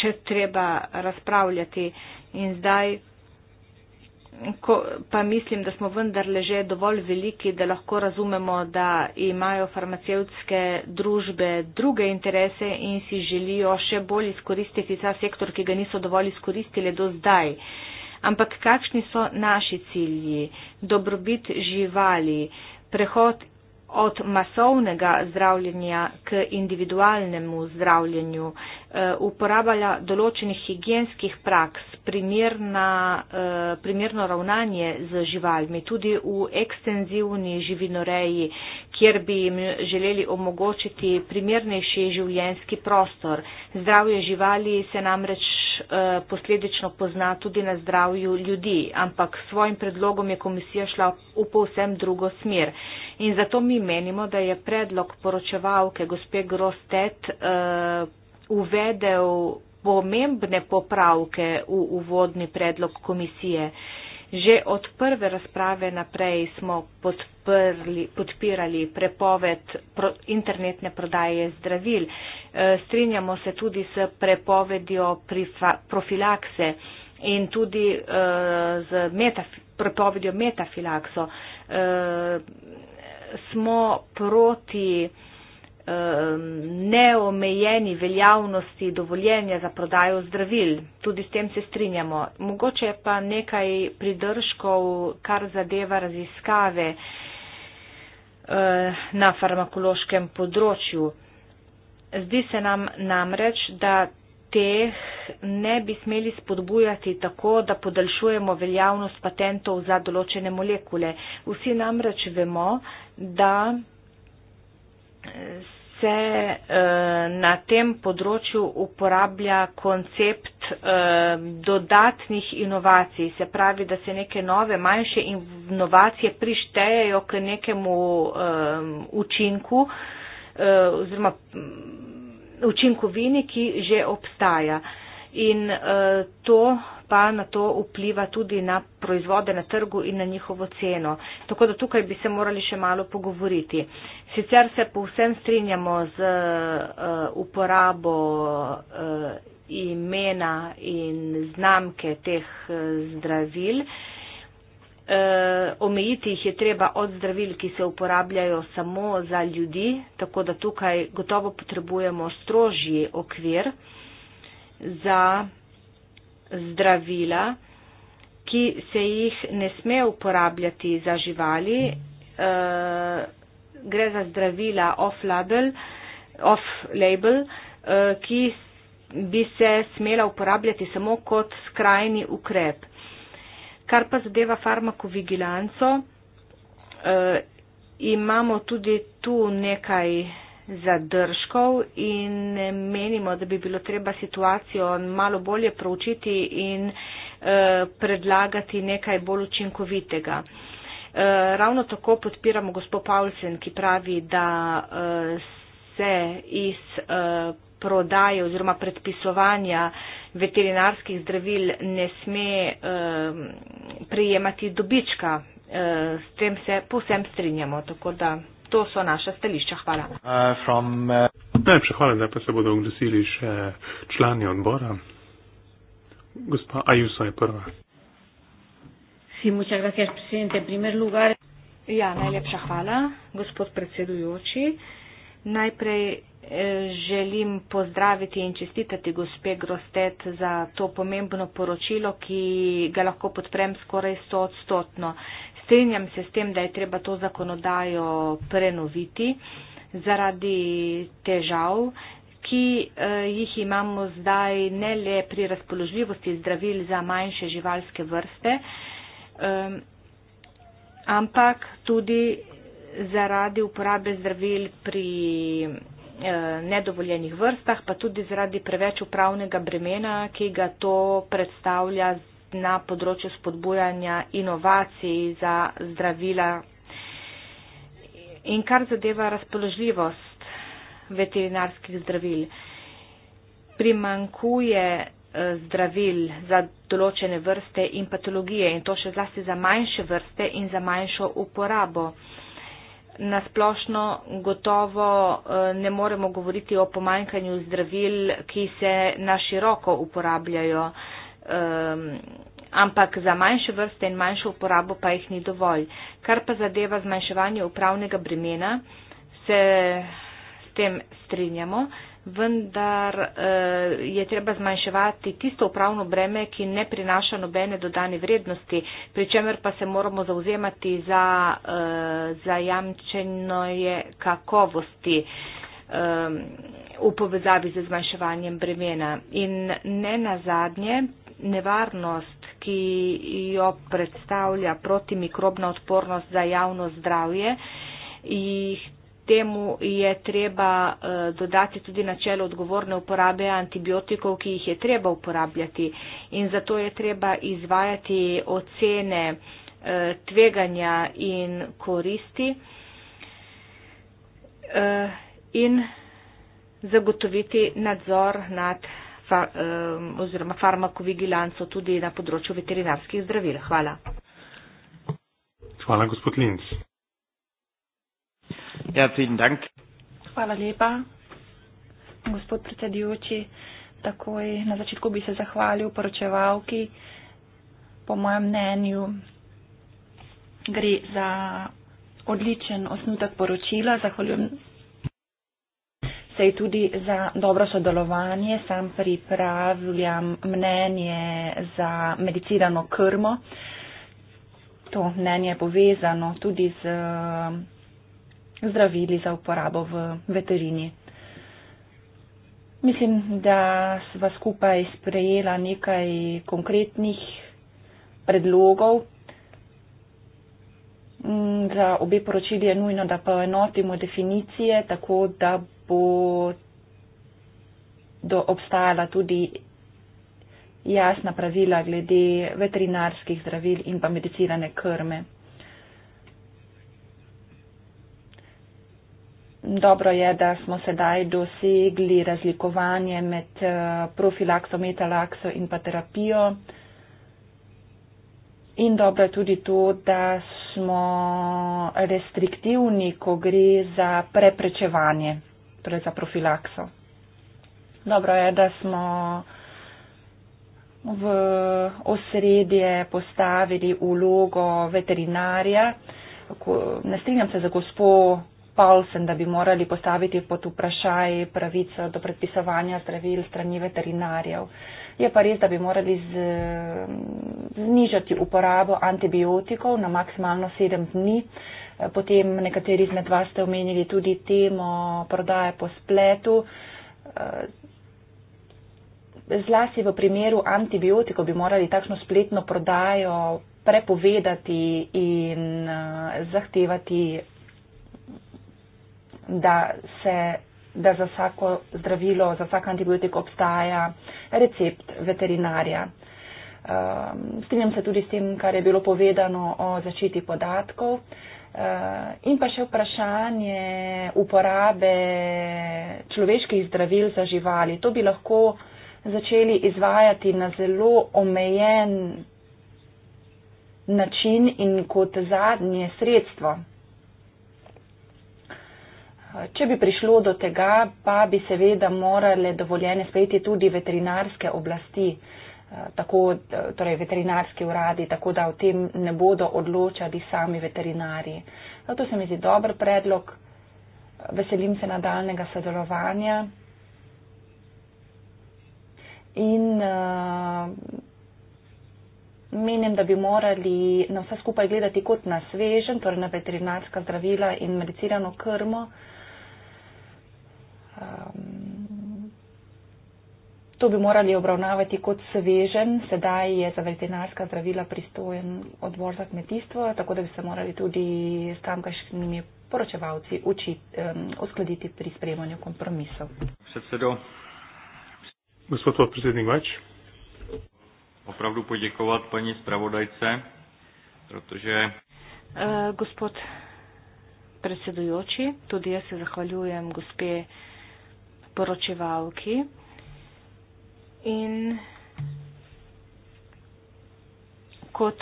še treba razpravljati in zdaj ko, pa mislim, da smo vendarle že dovolj veliki, da lahko razumemo, da imajo farmacevtske družbe druge interese in si želijo še bolj izkoristiti ta sektor, ki ga niso dovolj izkoristili do zdaj. Ampak kakšni so naši cilji? Dobrobit živali, prehod od masovnega zdravljenja k individualnemu zdravljenju, Eh, uporabljala določenih higijenskih praks, primerna, eh, primerno ravnanje z živalmi, tudi v ekstenzivni živinoreji, kjer bi jim želeli omogočiti primernejši življenski prostor. Zdravje živali se namreč eh, posledično pozna tudi na zdravju ljudi, ampak s svojim predlogom je komisija šla v povsem drugo smer. In zato mi menimo, da je predlog poročevalke gospe Grostet uvedel pomembne popravke v uvodni predlog komisije. Že od prve razprave naprej smo podprli, podpirali prepoved pro, internetne prodaje zdravil. E, strinjamo se tudi s prepovedjo prifa, profilakse in tudi e, z metaf, prepovedjo metafilakso. E, smo proti e, Um, neomejeni veljavnosti dovoljenja za prodajo zdravil. Tudi s tem se strinjamo. Mogoče pa nekaj pridržkov, kar zadeva raziskave eh, na farmakološkem področju. Zdi se nam namreč, da teh ne bi smeli spodbujati tako, da podaljšujemo veljavnost patentov za določene molekule. Vsi namreč vemo, da se eh, na tem področju uporablja koncept eh, dodatnih inovacij. Se pravi, da se neke nove, manjše inovacije prištejejo k nekemu eh, učinku eh, oziroma mm, učinkovini, ki že obstaja. Eh, in uh, to pa na to vpliva tudi na proizvode na trgu in na njihovo ceno. Tako da tukaj bi se morali še malo pogovoriti. Sicer se povsem strinjamo z uh, uporabo uh, imena in znamke teh uh, zdravil. E, omejiti jih je treba od zdravil, ki se uporabljajo samo za ljudi, tako da tukaj gotovo potrebujemo strožji okvir. E, za zdravila, ki se jih ne sme uporabljati za živali. Uh, gre za zdravila off-label, off -label, uh, eh, ki bi se smela uporabljati samo kot skrajni ukrep. Kar pa zadeva farmakovigilanco, uh, imamo tudi tu nekaj zadržkov in menimo, da bi bilo treba situacijo malo bolje proučiti in eh, predlagati nekaj bolj učinkovitega. Eh, ravno tako podpiramo gospod Paulsen, ki pravi, da eh, se iz prodaje oziroma predpisovanja veterinarskih zdravil ne sme prijemati dobička. S tem se povsem strinjamo. Tako da To so naše stališča. Hvala.
Uh, from, uh... Najprej hvala, da pa se bodo oglasili še člani odbora. Gospa Ajuso je prva.
Sí, gracias, lugar... ja, najlepša hvala, gospod predsedujoči. Najprej eh, želim pozdraviti in čestitati gospe Grostet za to pomembno poročilo, ki ga lahko podprem skoraj 100 odstotno strenjam se s tem, da je treba to zakonodajo prenoviti zaradi težav, ki eh, jih imamo zdaj ne le pri razpoložljivosti zdravil za manjše živalske vrste, ampak tudi zaradi uporabe zdravil pri eh, nedovoljenih vrstah, pa tudi zaradi preveč upravnega bremena, ki ga to predstavlja na področju spodbujanja inovacij za zdravila in kar zadeva razpoložljivost veterinarskih zdravil. Primankuje eh, zdravil za določene vrste in patologije in to še zlasti za manjše vrste in za manjšo uporabo. Na splošno gotovo eh, ne moremo govoriti o pomanjkanju zdravil, ki se na široko uporabljajo um, ampak za manjše vrste in manjšo uporabo pa jih ni dovolj. Kar pa zadeva zmanjševanje upravnega bremena, se s tem strinjamo, vendar uh, je treba zmanjševati tisto upravno breme, ki ne prinaša nobene dodane vrednosti, pri čemer pa se moramo zauzemati za uh, eh, zajamčeno je kakovosti v povezavi z zmanjševanjem bremena. In ne na zadnje, nevarnost, ki jo predstavlja protimikrobna odpornost za javno zdravje, jih temu je treba eh, dodati tudi načelo odgovorne uporabe antibiotikov, ki jih je treba uporabljati. In zato je treba izvajati ocene eh, tveganja in koristi eh, in zagotoviti nadzor nad fa, eh, oziroma farmakovigilanco tudi na področju veterinarskih zdravil. Hvala.
Hvala, gospod Linc. Ja, dank.
Hvala lepa, gospod predsedujoči. Takoj na začetku bi se zahvalil poročevalki. Po mojem mnenju gre za odličen osnutek poročila. Zahvaljujem se je tudi za dobro sodelovanje sam pripravljam mnenje za medicirano krmo. To mnenje je povezano tudi z zdravili za uporabo v veterini. Mislim, da sva skupaj sprejela nekaj konkretnih predlogov. Mm, za obe poročili je nujno, da poenotimo definicije, tako da bo do obstajala tudi jasna pravila glede veterinarskih zdravil in pa medicirane krme. Dobro je, da smo sedaj dosegli razlikovanje med eh, profilakso, metalakso in pa terapijo. In dobro je tudi to, da smo restriktivni, ko gre za preprečevanje torej za profilakso. Dobro je, da smo v osredje postavili ulogo veterinarja. Ne strinjam se za gospo Paulsen, da bi morali postaviti pod vprašaj pravico do predpisovanja zdravil strani veterinarjev. Je pa res, da bi morali z, znižati uporabo antibiotikov na maksimalno sedem dni. Uh, Potem nekateri izmed vas ste omenili tudi temo prodaje po spletu. Eh, zlasti v primeru antibiotikov bi morali takšno spletno prodajo prepovedati in eh, zahtevati, da, se, da za vsako zdravilo, za vsak antibiotik obstaja recept veterinarja. Eh, strinjam se tudi s tem, kar je bilo povedano o zaščiti podatkov. Eh, in pa še vprašanje uporabe človeških zdravil za živali. To bi lahko začeli izvajati na zelo omejen način in kot zadnje sredstvo. Eh, če bi prišlo do tega, pa bi seveda morale dovoljene sprejeti tudi veterinarske oblasti. Uh, Eh, tako eh, torej veterinarski uradi, tako da o tem ne bodo odločali sami veterinari. Zato no, se mi zdi dober predlog. Veselim se nadaljnega sodelovanja. In uh, menim, da bi morali na vse skupaj gledati kot na svežen, torej na veterinarska zdravila in medicirano krmo. Uh, To bi morali obravnavati kot svežen. Sedaj je za veterinarska zdravila pristojen odbor za kmetijstvo, tako da bi se morali tudi s tamkajšnjimi poročevalci uskladiti um, pri sprejemanju kompromisov.
Gospod podpredsednik Vajč.
Opravdu poděkovat paní zpravodajce, protože.
Uh, gospod predsedujoči, tudi jaz se zahvaljujem gospe poročevalki in kot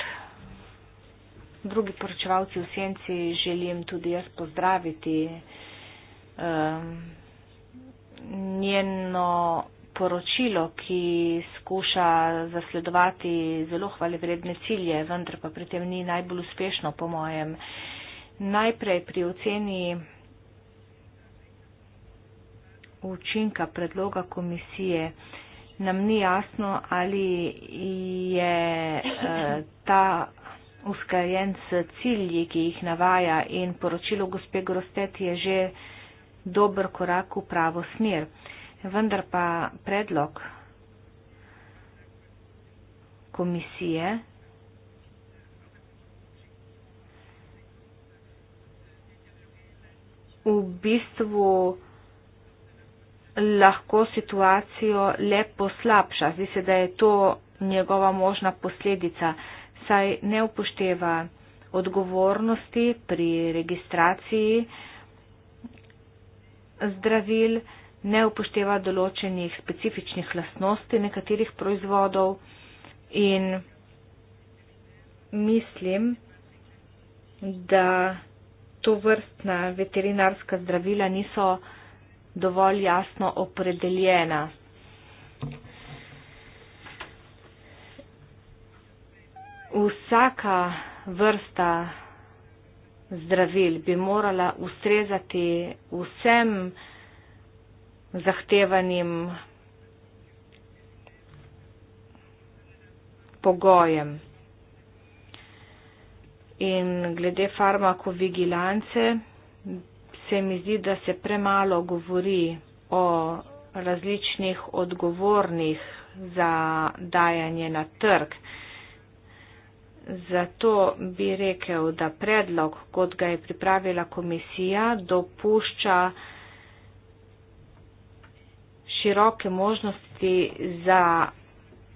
drugi poročevalci v senci želim tudi jaz pozdraviti um, njeno poročilo, ki skuša zasledovati zelo hvale vredne cilje, vendar pa pri tem ni najbolj uspešno, po mojem. Najprej pri oceni učinka predloga komisije. Uh, nam ni jasno, ali je eh, ta usklajen s cilji, ki jih navaja in poročilo gospe Grostet je že dober korak v pravo smer. Vendar pa predlog komisije v bistvu lahko situacijo le poslabša. Zdi se, da je to njegova možna posledica, saj ne upošteva odgovornosti pri registraciji zdravil, ne upošteva določenih specifičnih lasnosti nekaterih proizvodov in mislim, da to vrstna veterinarska zdravila niso dovolj jasno opredeljena. Vsaka vrsta zdravil bi morala ustrezati vsem zahtevanim pogojem. In glede farmakovigilance se mi zdi, da se premalo govori o različnih odgovornih za dajanje na trg. Zato bi rekel, da predlog, kot ga je pripravila komisija, dopušča široke možnosti za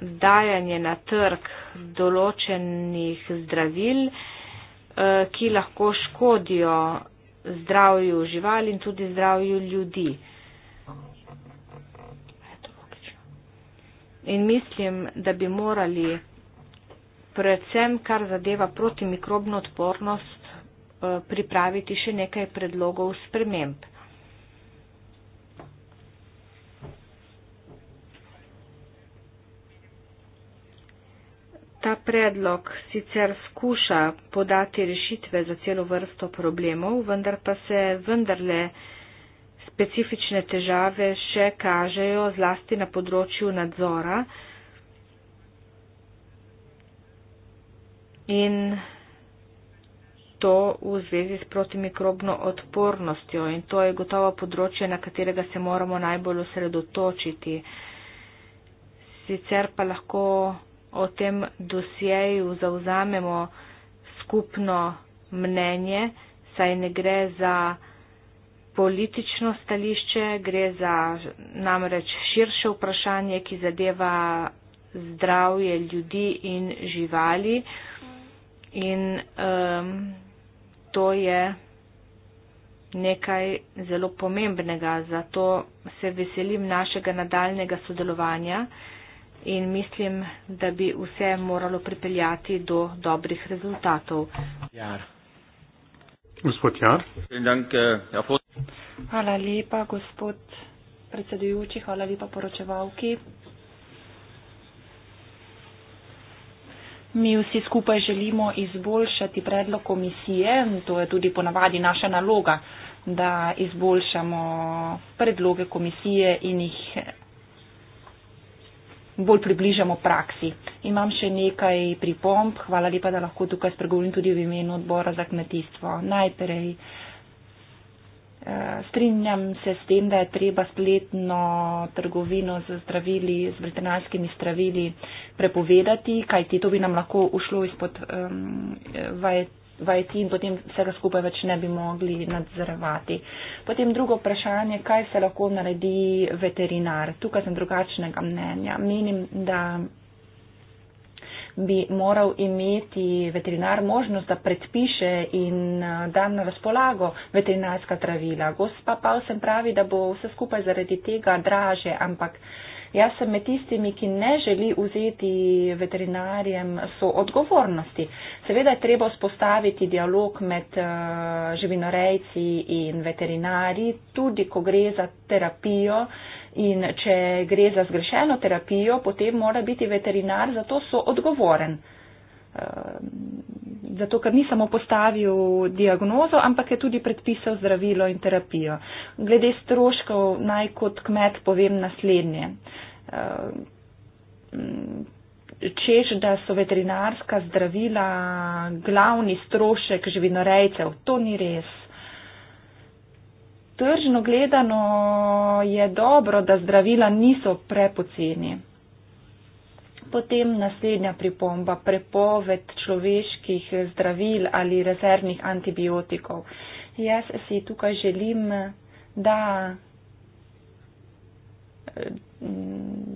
dajanje na trg določenih zdravil, eh, ki lahko škodijo zdravju živali in tudi zdravju ljudi. In mislim, da bi morali predvsem, kar zadeva protimikrobno odpornost, eh, pripraviti še nekaj predlogov sprememb. ta predlog sicer skuša podati rešitve za celo vrsto problemov, vendar pa se vendarle specifične težave še kažejo zlasti na področju nadzora in to v zvezi s protimikrobno odpornostjo in to je gotovo področje, na katerega se moramo najbolj osredotočiti. Sicer pa lahko o tem dosjeju zauzamemo skupno mnenje, saj ne gre za politično stališče, gre za namreč širše vprašanje, ki zadeva zdravje ljudi in živali. In um, to je nekaj zelo pomembnega, zato se veselim našega nadaljnega sodelovanja in mislim, da bi vse moralo pripeljati do dobrih rezultatov.
Jar. Gospod Jar. Eh,
hvala lepa, gospod predsedujoči, hvala lepa poročevalki. Mi vsi skupaj želimo izboljšati predlog komisije, to je tudi ponavadi naša naloga, da izboljšamo predloge komisije in jih bolj približamo praksi. Imam še nekaj pripomb. Hvala lepa, da lahko tukaj spregovorim tudi v imenu odbora za kmetijstvo. Najprej. Eh, strinjam se s tem, da je treba spletno trgovino z zdravili, z veterinarskimi zdravili prepovedati, kajti to bi nam lahko ušlo izpod um, vajet eh, v IT in potem vsega skupaj več ne bi mogli nadzorovati. Potem drugo vprašanje, kaj se lahko naredi veterinar. Tukaj sem drugačnega mnenja. Menim, da bi moral imeti veterinar možnost, da predpiše in eh, da na razpolago veterinarska travila. Gospa pa vsem pravi, da bo vse skupaj zaradi tega draže, ampak. Jaz sem med tistimi, ki ne želi vzeti veterinarjem so odgovornosti. Seveda je treba spostaviti dialog med eh, živinorejci in veterinari, tudi ko gre za terapijo. In če gre za zgrešeno terapijo, potem mora biti veterinar za to so odgovoren. Ehm, zato ker ni samo postavil diagnozo, ampak je tudi predpisal zdravilo in terapijo. Glede stroškov naj kot kmet povem naslednje. Eh, češ, da so veterinarska zdravila glavni strošek živinorejcev, to ni res. Tržno gledano je dobro, da zdravila niso prepoceni. Potem naslednja pripomba, prepoved človeških zdravil ali rezervnih antibiotikov. Jaz si tukaj želim, da eh,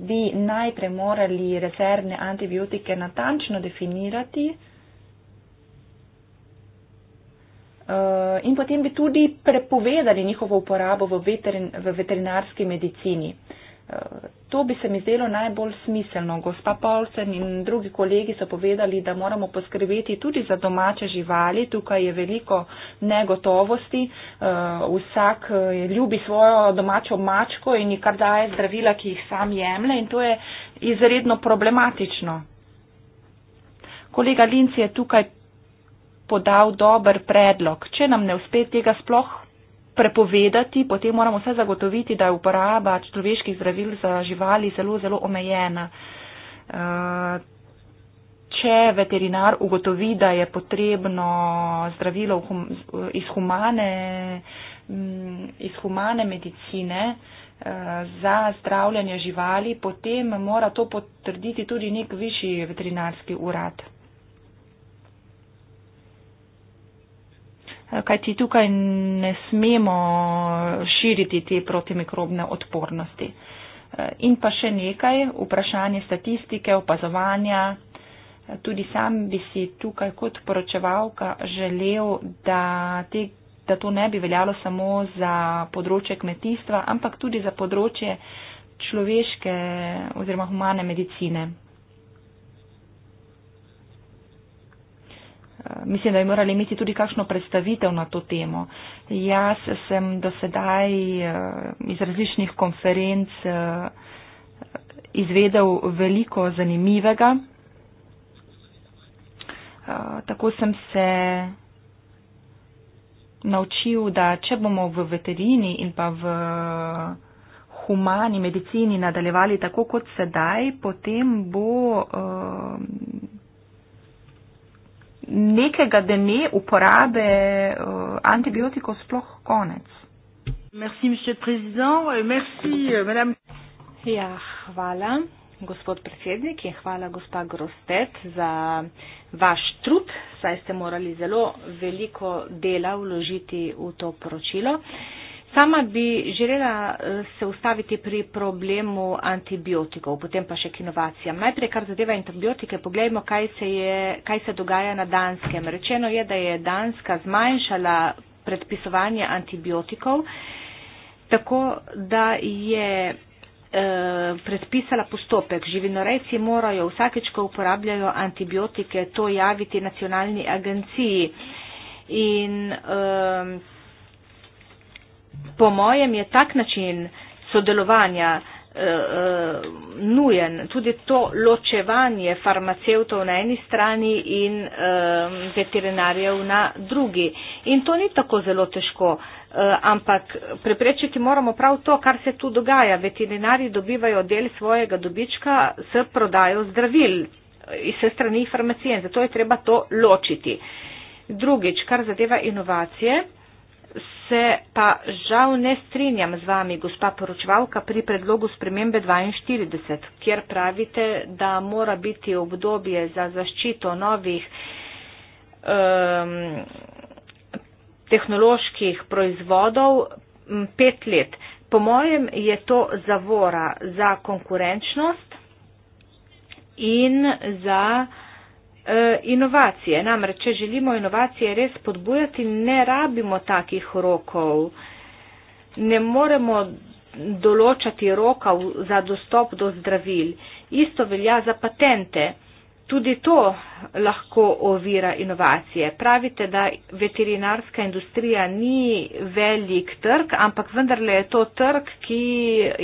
bi najprej morali rezervne antibiotike natančno definirati eh, in potem bi tudi prepovedali njihovo uporabo v veterinarski medicini. To bi se mi zdelo najbolj smiselno. Gospa Paulsen in drugi kolegi so povedali, da moramo poskrbeti tudi za domače živali. Tukaj je veliko negotovosti. Eh, vsak eh, ljubi svojo domačo mačko in ji kar daje zdravila, ki jih sam jemlje in to je izredno problematično. Kolega Linci je tukaj podal dober predlog. Če nam ne uspe tega sploh prepovedati, potem moramo vse zagotoviti, da je uporaba človeških zdravil za živali zelo, zelo omejena. Eh, če veterinar ugotovi, da je potrebno zdravilo iz humane, mm, iz humane medicine eh, za zdravljanje živali, potem mora to potrditi tudi nek višji veterinarski urad. Eh, kajti tukaj ne smemo širiti te protimikrobne odpornosti. Eh, in pa še nekaj, vprašanje statistike, opazovanja. Eh, tudi sam bi si tukaj kot poročevalka želel, da, te, da to ne bi veljalo samo za področje kmetijstva, ampak tudi za področje človeške oziroma humane medicine. mislim, da bi morali imeti tudi kakšno predstavitev na to temo. Jaz sem do sedaj eh, iz različnih konferenc eh, izvedel veliko zanimivega. Eh, tako sem se naučil, da če bomo v veterini in pa v humani medicini nadaljevali tako kot sedaj, potem bo nekega dne uporabe uh, antibiotikov sploh konec.
Merci, euh, Merci, euh, ja, hvala, gospod predsednik, in hvala, gospa Grostet, za vaš trud, saj ste morali zelo veliko dela vložiti v to poročilo. Uh, Sama bi želela eh, se ustaviti pri problemu antibiotikov, potem pa še k inovacijam. Najprej, kar zadeva antibiotike, pogledajmo, kaj se, je, kaj se dogaja na Danskem. Rečeno je, da je Danska zmanjšala predpisovanje antibiotikov, tako da je eh, predpisala postopek. Živinorejci morajo vsakeč, ko uporabljajo antibiotike, to javiti nacionalni agenciji. In, um, po mojem je tak način sodelovanja uh, uh, nujen, tudi to ločevanje farmacevtov na eni strani in uh, veterinarjev na drugi. In to ni tako zelo težko, uh, ampak preprečiti moramo prav to, kar se tu dogaja. Veterinari dobivajo del svojega dobička s prodajo zdravil iz strani farmacije in zato je treba to ločiti. Drugič, kar zadeva inovacije, se pa žal ne strinjam z vami, gospa poročevalka, pri predlogu spremembe 42, kjer pravite, da mora biti obdobje za zaščito novih um, tehnoloških proizvodov pet let. Po mojem je to zavora za konkurenčnost in za. E, inovacije. Namreč, če želimo inovacije res podbujati, ne rabimo takih rokov. Ne moremo določati rokov za dostop do zdravil. Isto velja za patente. Tudi to lahko ovira inovacije. Pravite, da veterinarska industrija ni velik trg, ampak vendarle je to trg, ki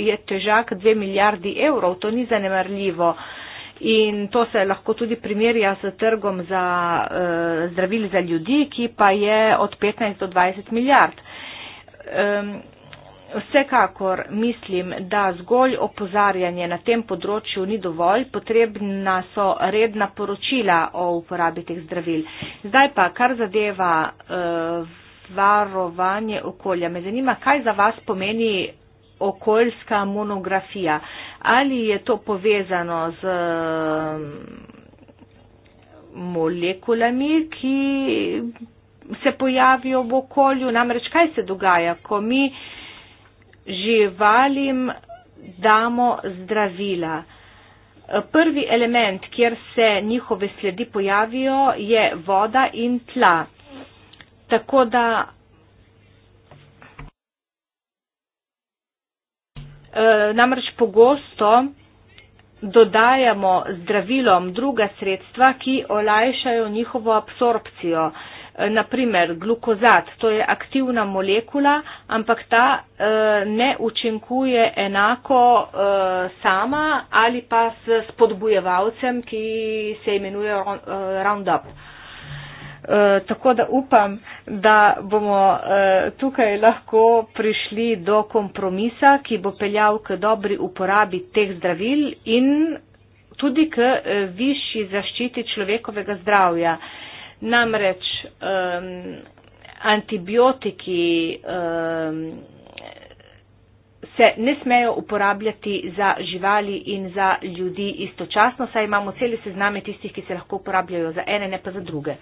je težak 2 milijardi evrov. To ni zanemarljivo. Uh, in to se lahko tudi primerja s trgom za uh, zdravil za ljudi, ki pa je od 15 do 20 milijard. Um, vsekakor mislim, da zgolj opozarjanje na tem področju ni dovolj, potrebna so redna poročila o uporabi teh zdravil. Zdaj pa, kar zadeva. Uh, varovanje okolja. Me zanima, kaj za vas pomeni okoljska monografija. Ali je to povezano z um, molekulami, ki se pojavijo v okolju? Namreč kaj se dogaja, ko mi živalim damo zdravila? Prvi element, kjer se njihove sledi pojavijo, je voda in tla. Tako da Eh, namreč pogosto dodajamo zdravilom druga sredstva, ki olajšajo njihovo absorpcijo. Eh, Naprimer, glukozat, to je aktivna molekula, ampak ta eh, ne učinkuje enako sama ali pa s spodbujevalcem, ki se imenuje Roundup. Eh, tako da upam, da bomo eh, tukaj lahko prišli do kompromisa, ki bo peljal k dobri uporabi teh zdravil in tudi k eh, višji zaščiti človekovega zdravja. Namreč antibiotiki se ne smejo uporabljati za živali in za ljudi istočasno, saj imamo cel seznam tistih, ki se lahko uporabljajo za ene, ne pa za druge.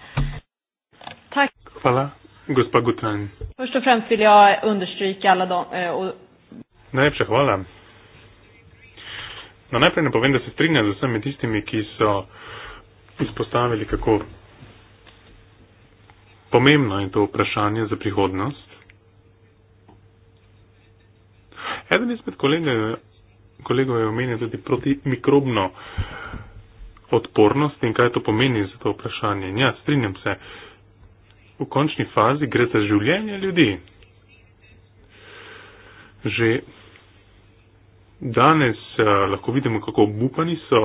Tack.
Hvala. Gospa Gutan.
Först och främst vill jag understryka
alla de... Eh, och...
Najlepša hvala. No, najprej ne povem, da se strinjam z vsemi tistimi, ki so izpostavili, kako pomembno je to vprašanje za prihodnost. Eden izmed kolegov je omenil tudi protimikrobno odpornost in kaj to pomeni za to vprašanje. Ja, strinjam se. Uh, v končni fazi gre za življenje ljudi. Že danes a, lahko vidimo, kako obupani so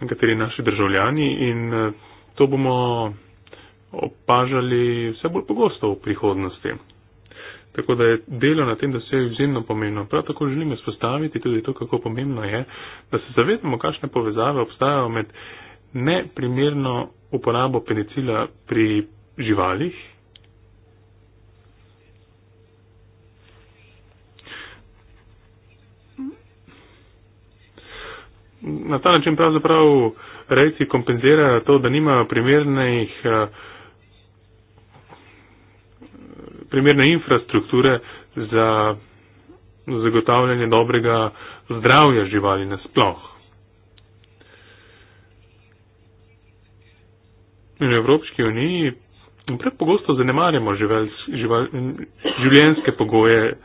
nekateri naši državljani in a, to bomo opažali vse bolj pogosto v prihodnosti. Tako da je delo na tem, da se je izjemno pomembno. Prav tako želim izpostaviti tudi to, kako pomembno je, da se zavedamo, kakšne povezave obstajajo med neprimerno uporabo penicila pri živalih. Na ta način pravzaprav rejci kompenzirajo to, da nimajo primernih, eh, primerne infrastrukture za zagotavljanje dobrega zdravja živali nasploh. In v Evropski uniji Prepogosto zanemarjamo življenjske pogoje um,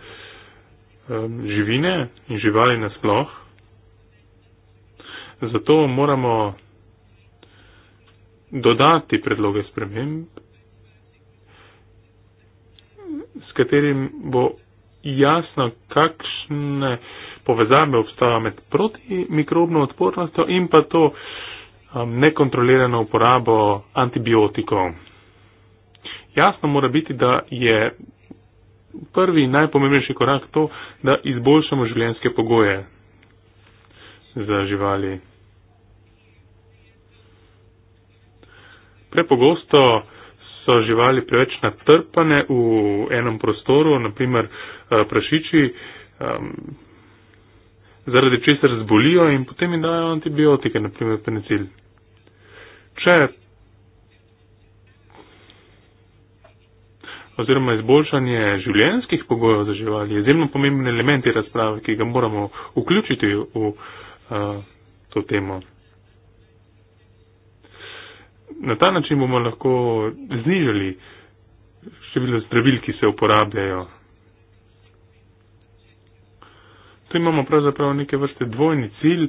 živine in živali nasploh. Zato moramo dodati predloge sprememb, s katerim bo jasno, kakšne povezave obstaja med protimikrobno odpornostjo in pa to um, nekontrolirano uporabo antibiotikov jasno mora biti, da je prvi najpomembnejši korak to, da izboljšamo življenjske pogoje za živali. Prepogosto so živali preveč natrpane v enem prostoru, naprimer eh, prašiči, ehm, zaradi česar zbolijo in potem jim dajo antibiotike, naprimer penicil. Če oziroma izboljšanje življenskih pogojev za živali je izjemno pomemben element te razprave, ki ga moramo vključiti v a, uh, to temo. Na ta način bomo lahko znižali število zdravil, ki se uporabljajo. Tu imamo pravzaprav neke vrste dvojni cilj,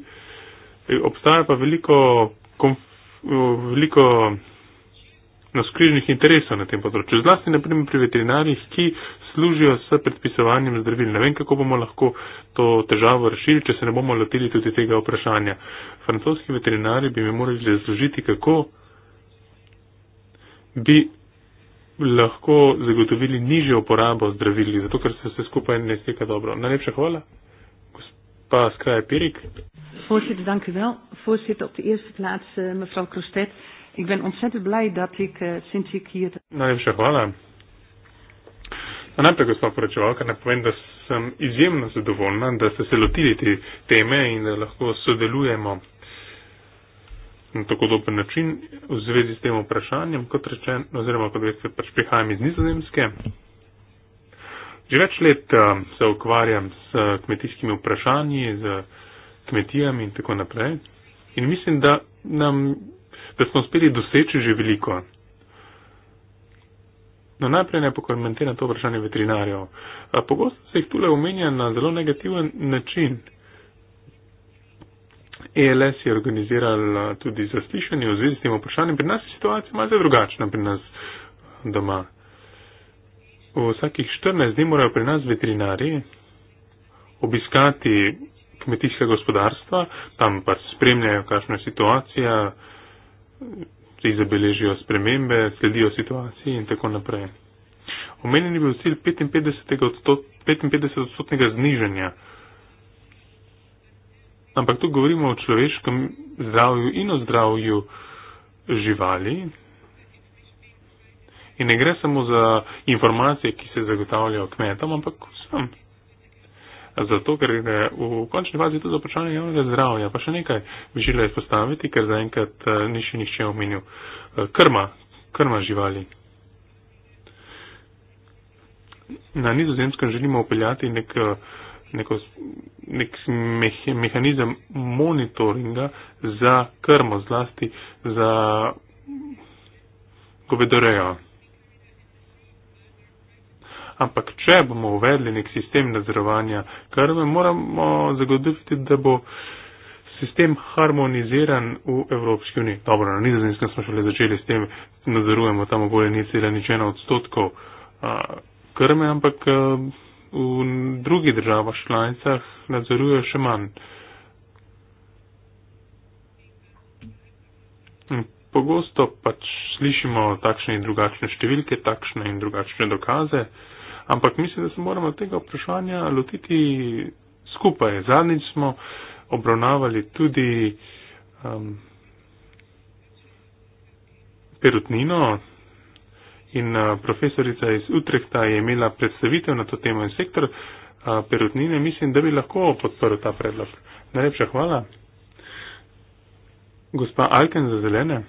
obstaja pa veliko, konf, veliko naskrižnih interesov na tem področju. Zlasti naprimer pri veterinarjih, ki služijo s predpisovanjem zdravil. Ne vem, kako bomo lahko to težavo rešili, če se ne bomo lotili tudi tega vprašanja. Francoski veterinari bi mi morali razložiti, kako bi lahko zagotovili nižjo uporabo zdravil, zato ker se vse skupaj ne steka dobro. Najlepša hvala. Gospa Skraje Pirik.
Voorzitter, dank u wel. Voorzitter, op de eerste plaats, uh, mevrouw Krostet. Ik ben ontzettend blij dat ik uh, sinds ik hier.
Najlepša hvala. Najprej, gospod poročevalka, naj povem, da sem izjemno zadovoljna, da ste se lotili te teme in da lahko sodelujemo na tako dober način v zvezi s tem vprašanjem, kot rečem, oziroma kot veste, pač prihajam iz nizozemske. Že več let uh, se ukvarjam s eh, kmetijskimi vprašanji, z kmetijami in tako naprej. In mislim, da nam da smo uspeli doseči že veliko. No najprej ne pokomentiram na to vprašanje veterinarjev. Pogosto se jih tule omenja na zelo negativen način. ELS je organiziral tudi zaslišanje v zvezi s tem vprašanjem. Pri nas je situacija malce drugačna, pri nas doma. V vsakih 14 dni morajo pri nas veterinari obiskati kmetijska gospodarstva, tam pa spremljajo, kakšna je situacija, jih zabeležijo spremembe, sledijo situaciji in tako naprej. Omenjen je bil cilj 55 odstotnega znižanja. Ampak tu govorimo o človeškem zdravju in o zdravju živali. In ne gre samo za informacije, ki se zagotavljajo kmetom, ampak vsem zato, ker gre v končni fazi tudi za vprašanje javnega zdravja. Pa še nekaj bi želel izpostaviti, ker zaenkrat eh, ni še nišče omenil. Eh, krma, krma živali. Na nizozemskem želimo upeljati nek, eh, neko, nek mehanizem monitoringa za krmo, zlasti za govedorejo ampak če bomo uvedli nek sistem nadzorovanja krme, moramo zagotoviti, da bo sistem harmoniziran v Evropski uniji. Dobro, na nizozemskem smo šele začeli s tem, nadzorujemo tam okoli ni cela nič ena odstotkov a, krme, ampak a, v drugih državah članicah nadzorujejo še manj. Pogosto pač slišimo takšne in drugačne številke, takšne in drugačne dokaze. Uh, Ampak mislim, da se moramo tega vprašanja lotiti skupaj. Zadnjič smo obravnavali tudi um, perutnino in uh, profesorica iz Utrehta je imela predstavitev na to temo in sektor uh, perutnine. Mislim, da bi lahko podprl ta predlog. Najlepša hvala. Gospa Alken za zelene.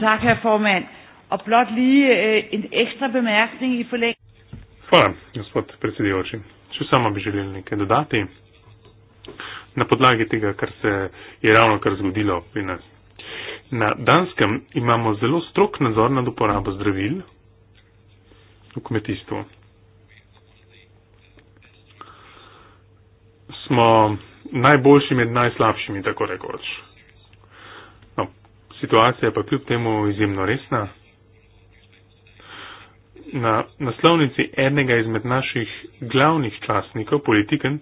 Tak, Herr Formen. Oplot li uh, øh, in ekstra bemerkning in polek.
Hvala, gospod predsedujoči. Še samo bi želeli nekaj dodati. Na podlagi tega, kar se je ravno kar zgodilo pri nas. Na Danskem imamo zelo strok nadzor nad uporabo zdravil v kmetijstvu. Smo najboljši med najslabšimi, tako rekoč. No, situacija je pa kljub temu izjemno resna na naslovnici enega izmed naših glavnih časnikov, politiken,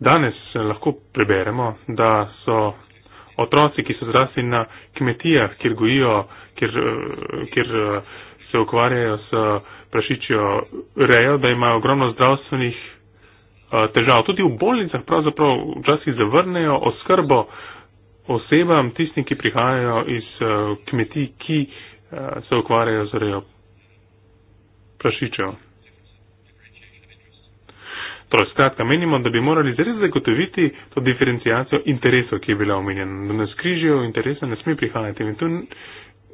danes lahko preberemo, da so otroci, ki so zrasli na kmetijah, kjer gojijo, kjer, eh, kjer eh, se ukvarjajo s prašičjo rejo, da imajo ogromno zdravstvenih eh, težav. Tudi v bolnicah pravzaprav včasih zavrnejo oskrbo osebam, tistim, ki prihajajo iz kmetij, ki se ukvarjajo z rejo prašičev. Torej, skratka, menimo, da bi morali zares zagotoviti to diferencijacijo interesov, ki je bila omenjena. Da nas križijo interese, ne sme prihajati. In tu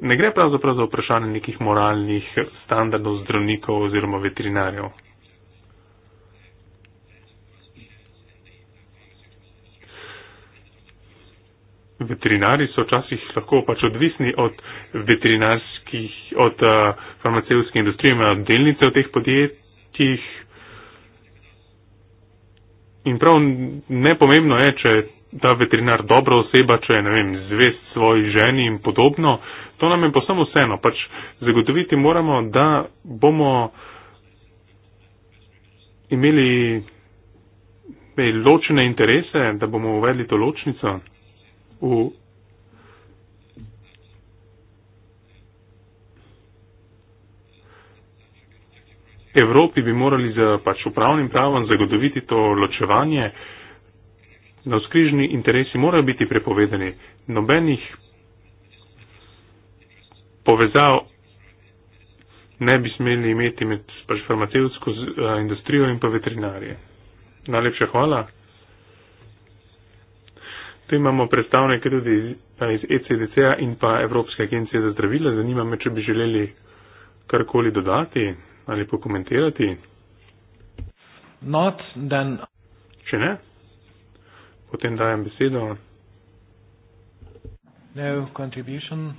ne gre pravzaprav za vprašanje nekih moralnih standardov zdravnikov oziroma veterinarjev. veterinari so včasih lahko pač odvisni od veterinarskih, od uh, eh, farmacevske industrije, imajo delnice v teh podjetjih. In prav nepomembno je, če je ta veterinar dobra oseba, če je, ne vem, zvest svoji ženi in podobno, to nam je posebno vseeno. Pač zagotoviti moramo, da bomo imeli ločene interese, da bomo uvedli to ločnico u Evropi bi morali za, pač upravnim pravom zagotoviti to ločevanje, da skrižni interesi morajo biti prepovedani. Nobenih povezav ne bi smeli imeti med pač farmacevtsko eh, industrijo in pa veterinarije. Najlepša hvala. Tu imamo predstavnike tudi iz, iz ECDC-a in pa Evropske agencije za zdravila. Zanima me, če bi želeli karkoli dodati ali pokomentirati. Not, then... Če ne, potem dajem besedo.
No contribution.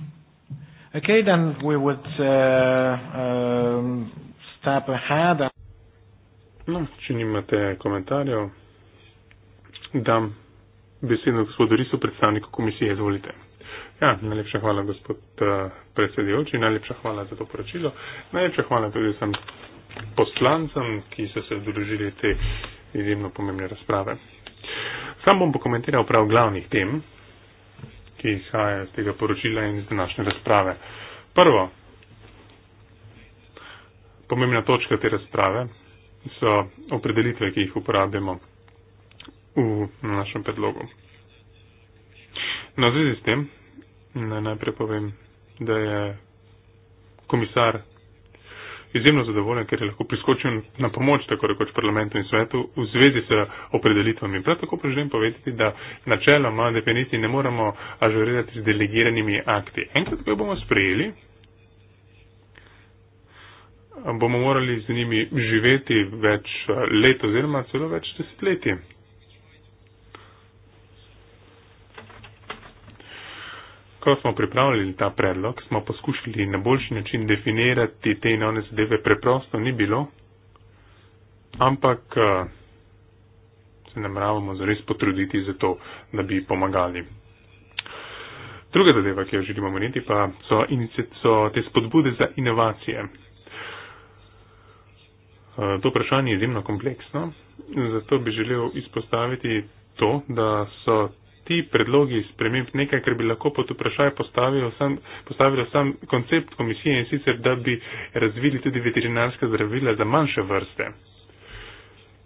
Okay, then we would uh, um, step ahead.
No, če nimate komentarjev, dam besedo gospodu Risu, predstavniku komisije, izvolite. Ja, najlepša hvala, gospod uh, predsedujoči, najlepša hvala za to poročilo. Najlepša hvala tudi vsem poslancem, ki so se odložili te izjemno pomembne razprave. Sam bom pokomentiral prav glavnih tem, ki izhajajo iz tega poročila in iz današnje razprave. Prvo, pomembna točka te razprave so opredelitve, ki jih uporabljamo v našem predlogu. Na no, zvezi s tem, naj najprej povem, da je komisar izjemno zadovoljen, ker je lahko priskočil na pomoč tako rekoč parlamentu in svetu v zvezi s opredelitvami. Prav tako pa želim povedati, da načeloma definiciji ne moremo ažurirati z delegiranimi akti. Enkrat, ko jo bomo sprejeli, bomo morali z njimi živeti več let oziroma celo več desetletij. Ko smo pripravljali ta predlog, smo poskušali na boljši način definirati te in one zadeve. Preprosto ni bilo, ampak eh, se namravamo zares potruditi za to, da bi pomagali. Druga zadeva, ki jo želimo omeniti, pa so, so te spodbude za inovacije. Eh, to vprašanje je izjemno kompleksno, zato bi želel izpostaviti to, da so ti predlogi sprememb nekaj, kar bi lahko pod vprašaj postavilo sam, sam koncept komisije in sicer, da bi razvili tudi veterinarska zdravila za manjše vrste.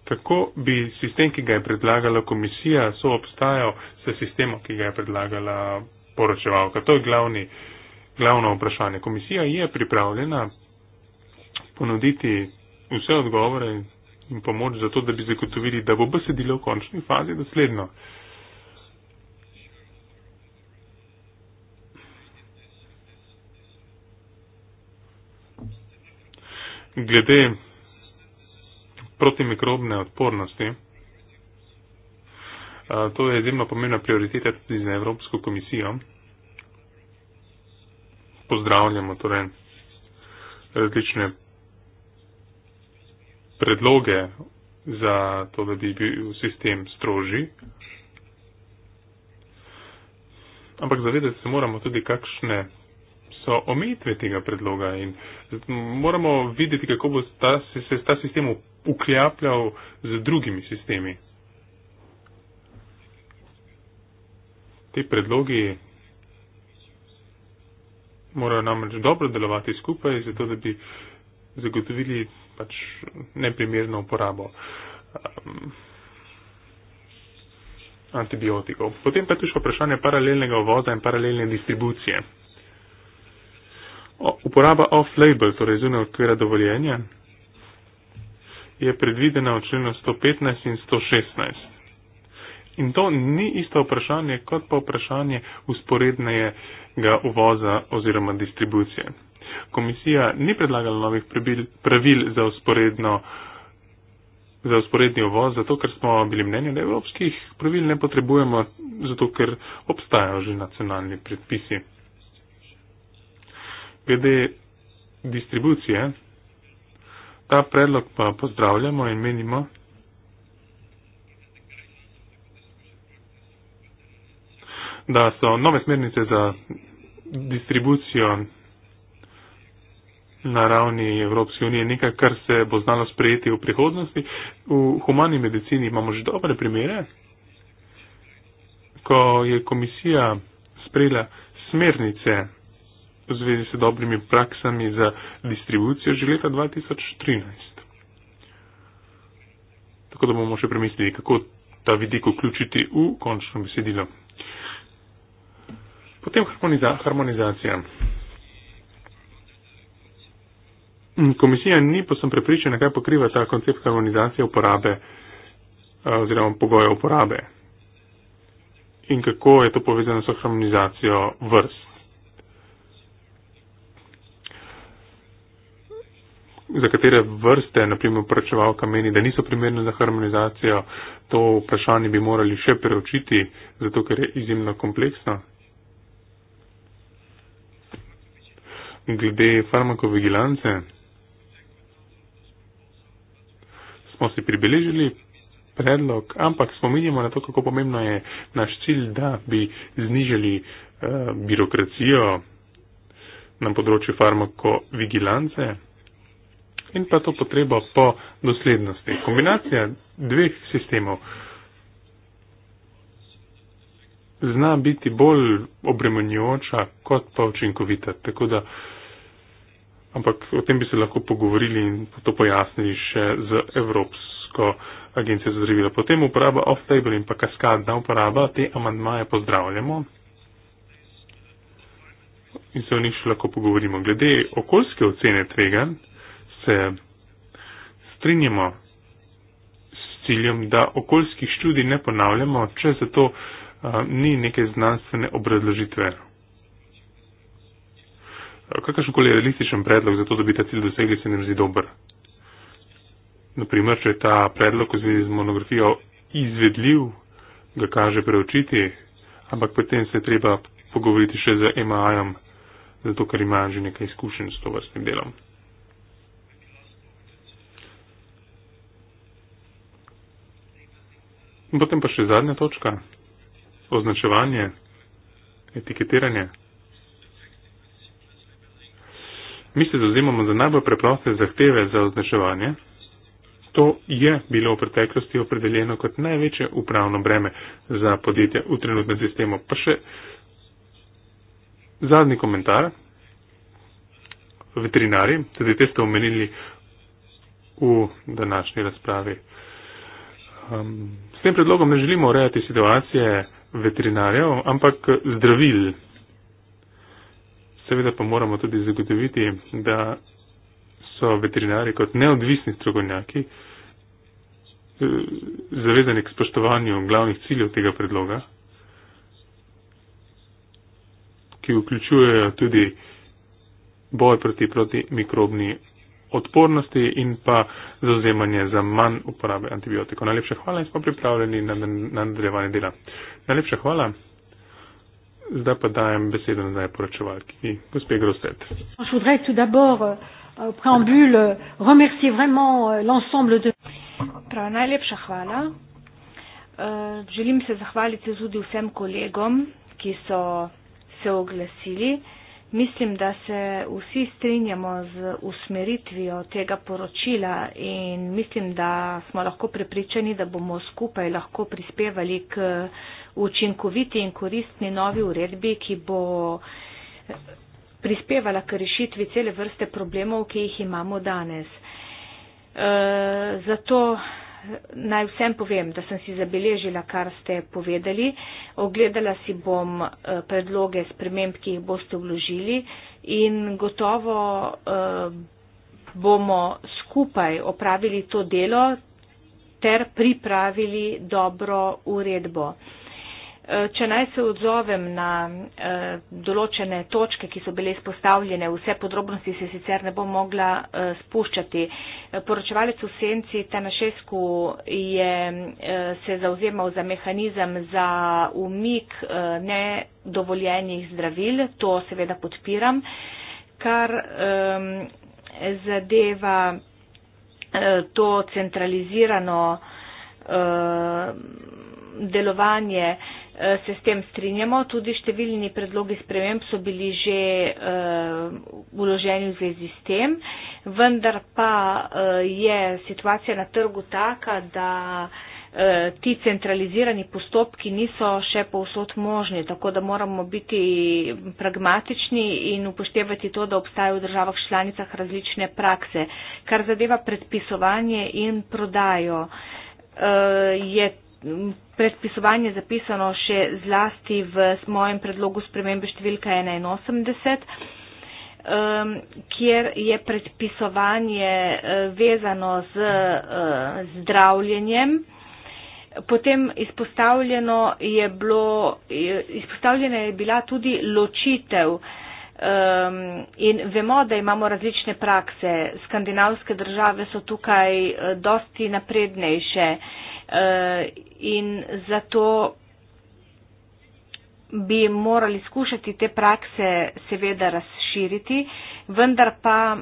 Kako bi sistem, ki ga je predlagala komisija, soobstajal s sistemom, ki ga je predlagala poročevalka? To je glavni, glavno vprašanje. Komisija je pripravljena ponuditi vse odgovore in pomoč za to, da bi zagotovili, da bo besedilo v končni fazi dosledno. glede protimikrobne odpornosti. To je izjemno pomembna prioriteta tudi za Evropsko komisijo. Pozdravljamo torej različne predloge za to, da bi bil sistem stroži. Ampak zavedati se moramo tudi, kakšne so omejitve tega predloga in moramo videti, kako bo ta, se, se ta sistem ukljapljal z drugimi sistemi. Te predlogi morajo namreč dobro delovati skupaj, zato da bi zagotovili pač neprimerno uporabo um, antibiotikov. Potem pa tuš vprašanje paralelnega voda in paralelne distribucije. Uporaba off-label, torej zunaj okvira dovoljenja, je predvidena v členu 115 in 116. In to ni isto vprašanje, kot pa vprašanje usporednega uvoza oziroma distribucije. Komisija ni predlagala novih pravil za, za usporedni uvoz, zato ker smo bili mnenja, da evropskih pravil ne potrebujemo, zato ker obstajajo že nacionalni predpisi glede distribucije, ta predlog pa pozdravljamo in menimo, da so nove smernice za distribucijo na ravni Evropske unije nekaj, kar se bo znalo sprejeti v prihodnosti. V humani medicini imamo že dobre primere, ko je komisija sprejela smernice v zvezi s dobrimi praksami za distribucijo že leta 2013. Tako da bomo še premislili, kako ta vidik vključiti v končno besedilo. Potem harmoniza harmonizacija. Hm, komisija ni posem prepričana, kaj pokriva ta koncept harmonizacije uporabe eh, oziroma pogoje uporabe in kako je to povezano s harmonizacijo vrst. za katere vrste, naprimer, upračevalka meni, da niso primerne za harmonizacijo, to vprašanje bi morali še preučiti, zato ker je izjemno kompleksno. Glede farmakovigilance smo si pribeležili predlog, ampak spominjamo na to, kako pomembno je naš cilj, da bi znižali uh, birokracijo na področju farmakovigilance in pa to potrebo po doslednosti. Kombinacija dveh sistemov zna biti bolj obremenjujoča kot pa učinkovita. Tako da, ampak o tem bi se lahko pogovorili in to pojasnili še z Evropsko agencijo za zdravila. Potem uporaba off-table in pa kaskadna uporaba, te amandmaje pozdravljamo in se o njih še lahko pogovorimo. Glede okoljske ocene tveganj, se strinjamo s ciljem, da okoljskih študij ne ponavljamo, če za to ni neke znanstvene obrazložitve. Kakršenkoli realističen predlog za to, da bi ta cilj dosegli, se nam zdi dober. Naprimer, če je ta predlog v zvezi z monografijo izvedljiv, ga kaže preučiti, ampak potem se je treba pogovoriti še z MAI-om, zato ker ima že nekaj izkušenj s to vrstnim delom. In potem pa še zadnja točka, označevanje, etiketiranje. Mi se zauzemamo za najbolj preproste zahteve za označevanje. To je bilo v preteklosti opredeljeno kot največje upravno breme za podjetje v trenutnem sistemu. Pa še zadnji komentar. Veterinari, tudi te ste omenili v današnji razpravi. Um, s tem predlogom ne želimo urejati situacije veterinarjev, ampak zdravil. Seveda pa moramo tudi zagotoviti, da so veterinari kot neodvisni strokovnjaki eh, zavezani k spoštovanju glavnih ciljev tega predloga, ki vključujejo tudi boj proti, proti mikrobni odpornosti in pa zauzemanje za manj uporabe antibiotikov. Najlepša hvala in smo pripravljeni na, na, na nadaljevanje dela. Najlepša hvala. Zdaj pa dajem besedo nazaj poročevalki. Gospe Groset.
Euh, euh, Prav, najlepša hvala. Euh, želim se zahvaliti tudi vsem kolegom, ki so se oglasili. Mislim, da se vsi strinjamo z usmeritvijo tega poročila in mislim, da smo lahko prepričani, da bomo skupaj lahko prispevali k učinkoviti in koristni novi uredbi, ki bo prispevala k rešitvi cele vrste problemov, ki jih imamo danes. E, zato naj vsem povem, da sem si zabeležila, kar ste povedali. Ogledala si bom eh, predloge sprememb, ki jih boste vložili in gotovo eh, bomo skupaj opravili to delo ter pripravili dobro uredbo. Eh, če naj se odzovem na eh, določene točke, ki so bile izpostavljene, vse podrobnosti se sicer ne bom mogla eh, spuščati. Poročevalec v senci Tanašesku je se zauzemal za mehanizem za umik nedovoljenih zdravil, to seveda podpiram, kar ehm, zadeva to centralizirano delovanje, Eh, se s tem strinjamo. Tudi številni predlogi sprememb so bili že uloženi eh, v zvezi s tem. Vendar pa eh, je situacija na trgu taka, da ti centralizirani postopki niso še povsod možni, tako da moramo biti pragmatični in upoštevati to, da obstajajo v državah članicah različne prakse. Kar zadeva predpisovanje in prodajo, je predpisovanje zapisano še zlasti v mojem predlogu spremembe številka 81, um, kjer je predpisovanje eh, vezano z eh, zdravljenjem. Potem izpostavljeno je bilo, izpostavljena je bila tudi ločitev um, in vemo, da imamo različne prakse. Skandinavske države so tukaj eh, dosti naprednejše in zato bi morali skušati te prakse seveda razširiti, vendar pa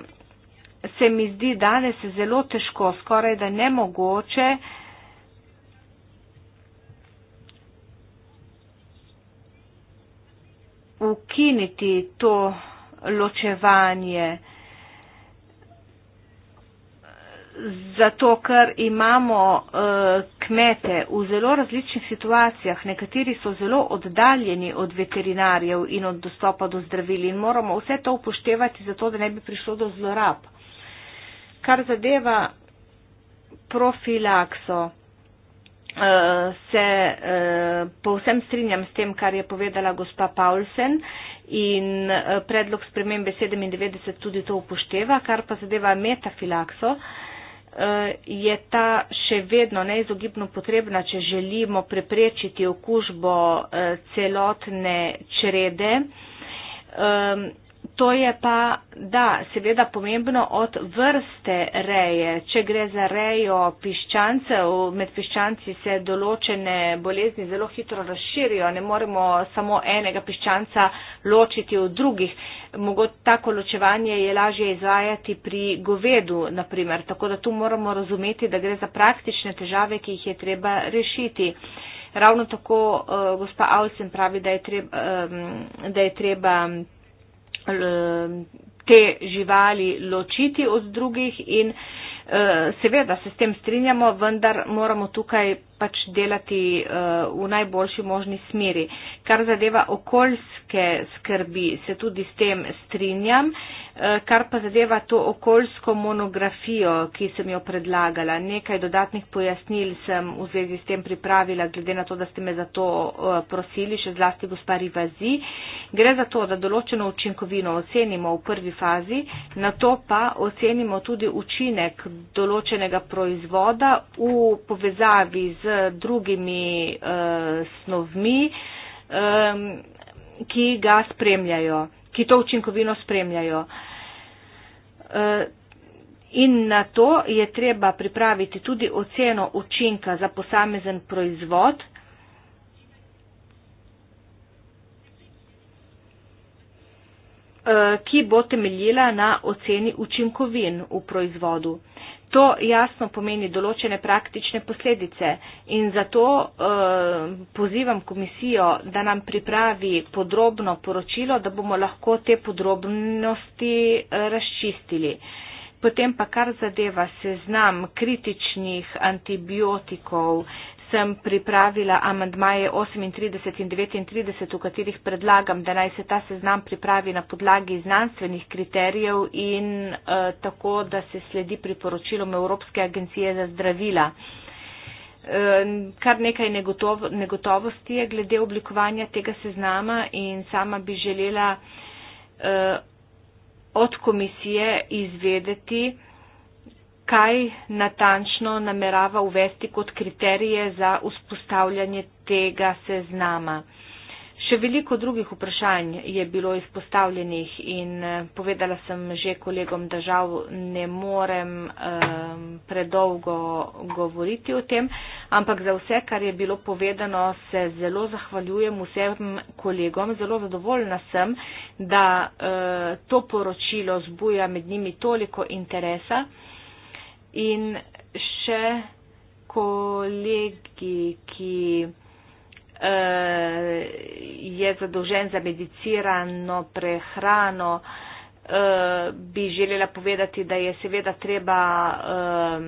se mi zdi danes zelo težko, skoraj da nemogoče, ukiniti to ločevanje zato, ker imamo eh, kmete v zelo različnih situacijah, nekateri so zelo oddaljeni od veterinarjev in od dostopa do zdravili in moramo vse to upoštevati, zato da ne bi prišlo do zlorab. Kar zadeva profilakso, eh, se eh, povsem strinjam s tem, kar je povedala gospa Paulsen in predlog spremembe 97 tudi to upošteva, kar pa zadeva metafilakso, Eh, je ta še vedno neizogibno potrebna, če želimo preprečiti okužbo eh, celotne črede. To je pa, da, seveda pomembno od vrste reje. Če gre za rejo piščancev, med piščanci se določene bolezni zelo hitro razširijo. Ne moremo samo enega piščanca ločiti od drugih. Mogoče tako ločevanje je lažje izvajati pri govedu, naprimer. Tako da tu moramo razumeti, da gre za praktične težave, ki jih je treba rešiti. Ravno tako uh, gospa Avsen pravi, da je treba. Um, da je treba Eh, te živali ločiti od drugih in eh, seveda se s tem strinjamo, vendar moramo tukaj pač delati uh, v najboljši možni smeri. Kar zadeva okoljske skrbi, se tudi s tem strinjam, uh, kar pa zadeva to okoljsko monografijo, ki sem jo predlagala. Nekaj dodatnih pojasnil sem v zvezi s tem pripravila, glede na to, da ste me za to uh, prosili, še zlasti gospari Vazi. Gre za to, da določeno učinkovino ocenimo v prvi fazi, na to pa ocenimo tudi učinek določenega proizvoda v povezavi z drugimi uh, snovmi, um, ki ga spremljajo, ki to učinkovino spremljajo. Uh, in na to je treba pripraviti tudi oceno učinka za posamezen proizvod. Eh, ki bo temeljila na oceni učinkovin v proizvodu. To jasno pomeni določene praktične posledice in zato eh, pozivam komisijo, da nam pripravi podrobno poročilo, da bomo lahko te podrobnosti eh, razčistili. Potem pa kar zadeva seznam kritičnih antibiotikov, sem pripravila amandmaje 38 in 39, v katerih predlagam, da naj se ta seznam pripravi na podlagi znanstvenih kriterijev in eh, tako, da se sledi priporočilom Evropske agencije za zdravila. Eh, kar nekaj negotovo, negotovosti je glede oblikovanja tega seznama in sama bi želela eh, od komisije izvedeti, eh, kaj natančno namerava uvesti kot kriterije za vzpostavljanje tega seznama. Še veliko drugih vprašanj je bilo izpostavljenih in eh, povedala sem že kolegom, da žal ne morem um, predolgo govoriti o tem, ampak za vse, kar je bilo povedano, se zelo zahvaljujem vsem kolegom. Zelo zadovoljna sem, da uh, to poročilo zbuja med njimi toliko interesa in še kolegi, ki uh, je zadolžen za medicirano prehrano, uh, bi želela povedati, da je seveda treba um,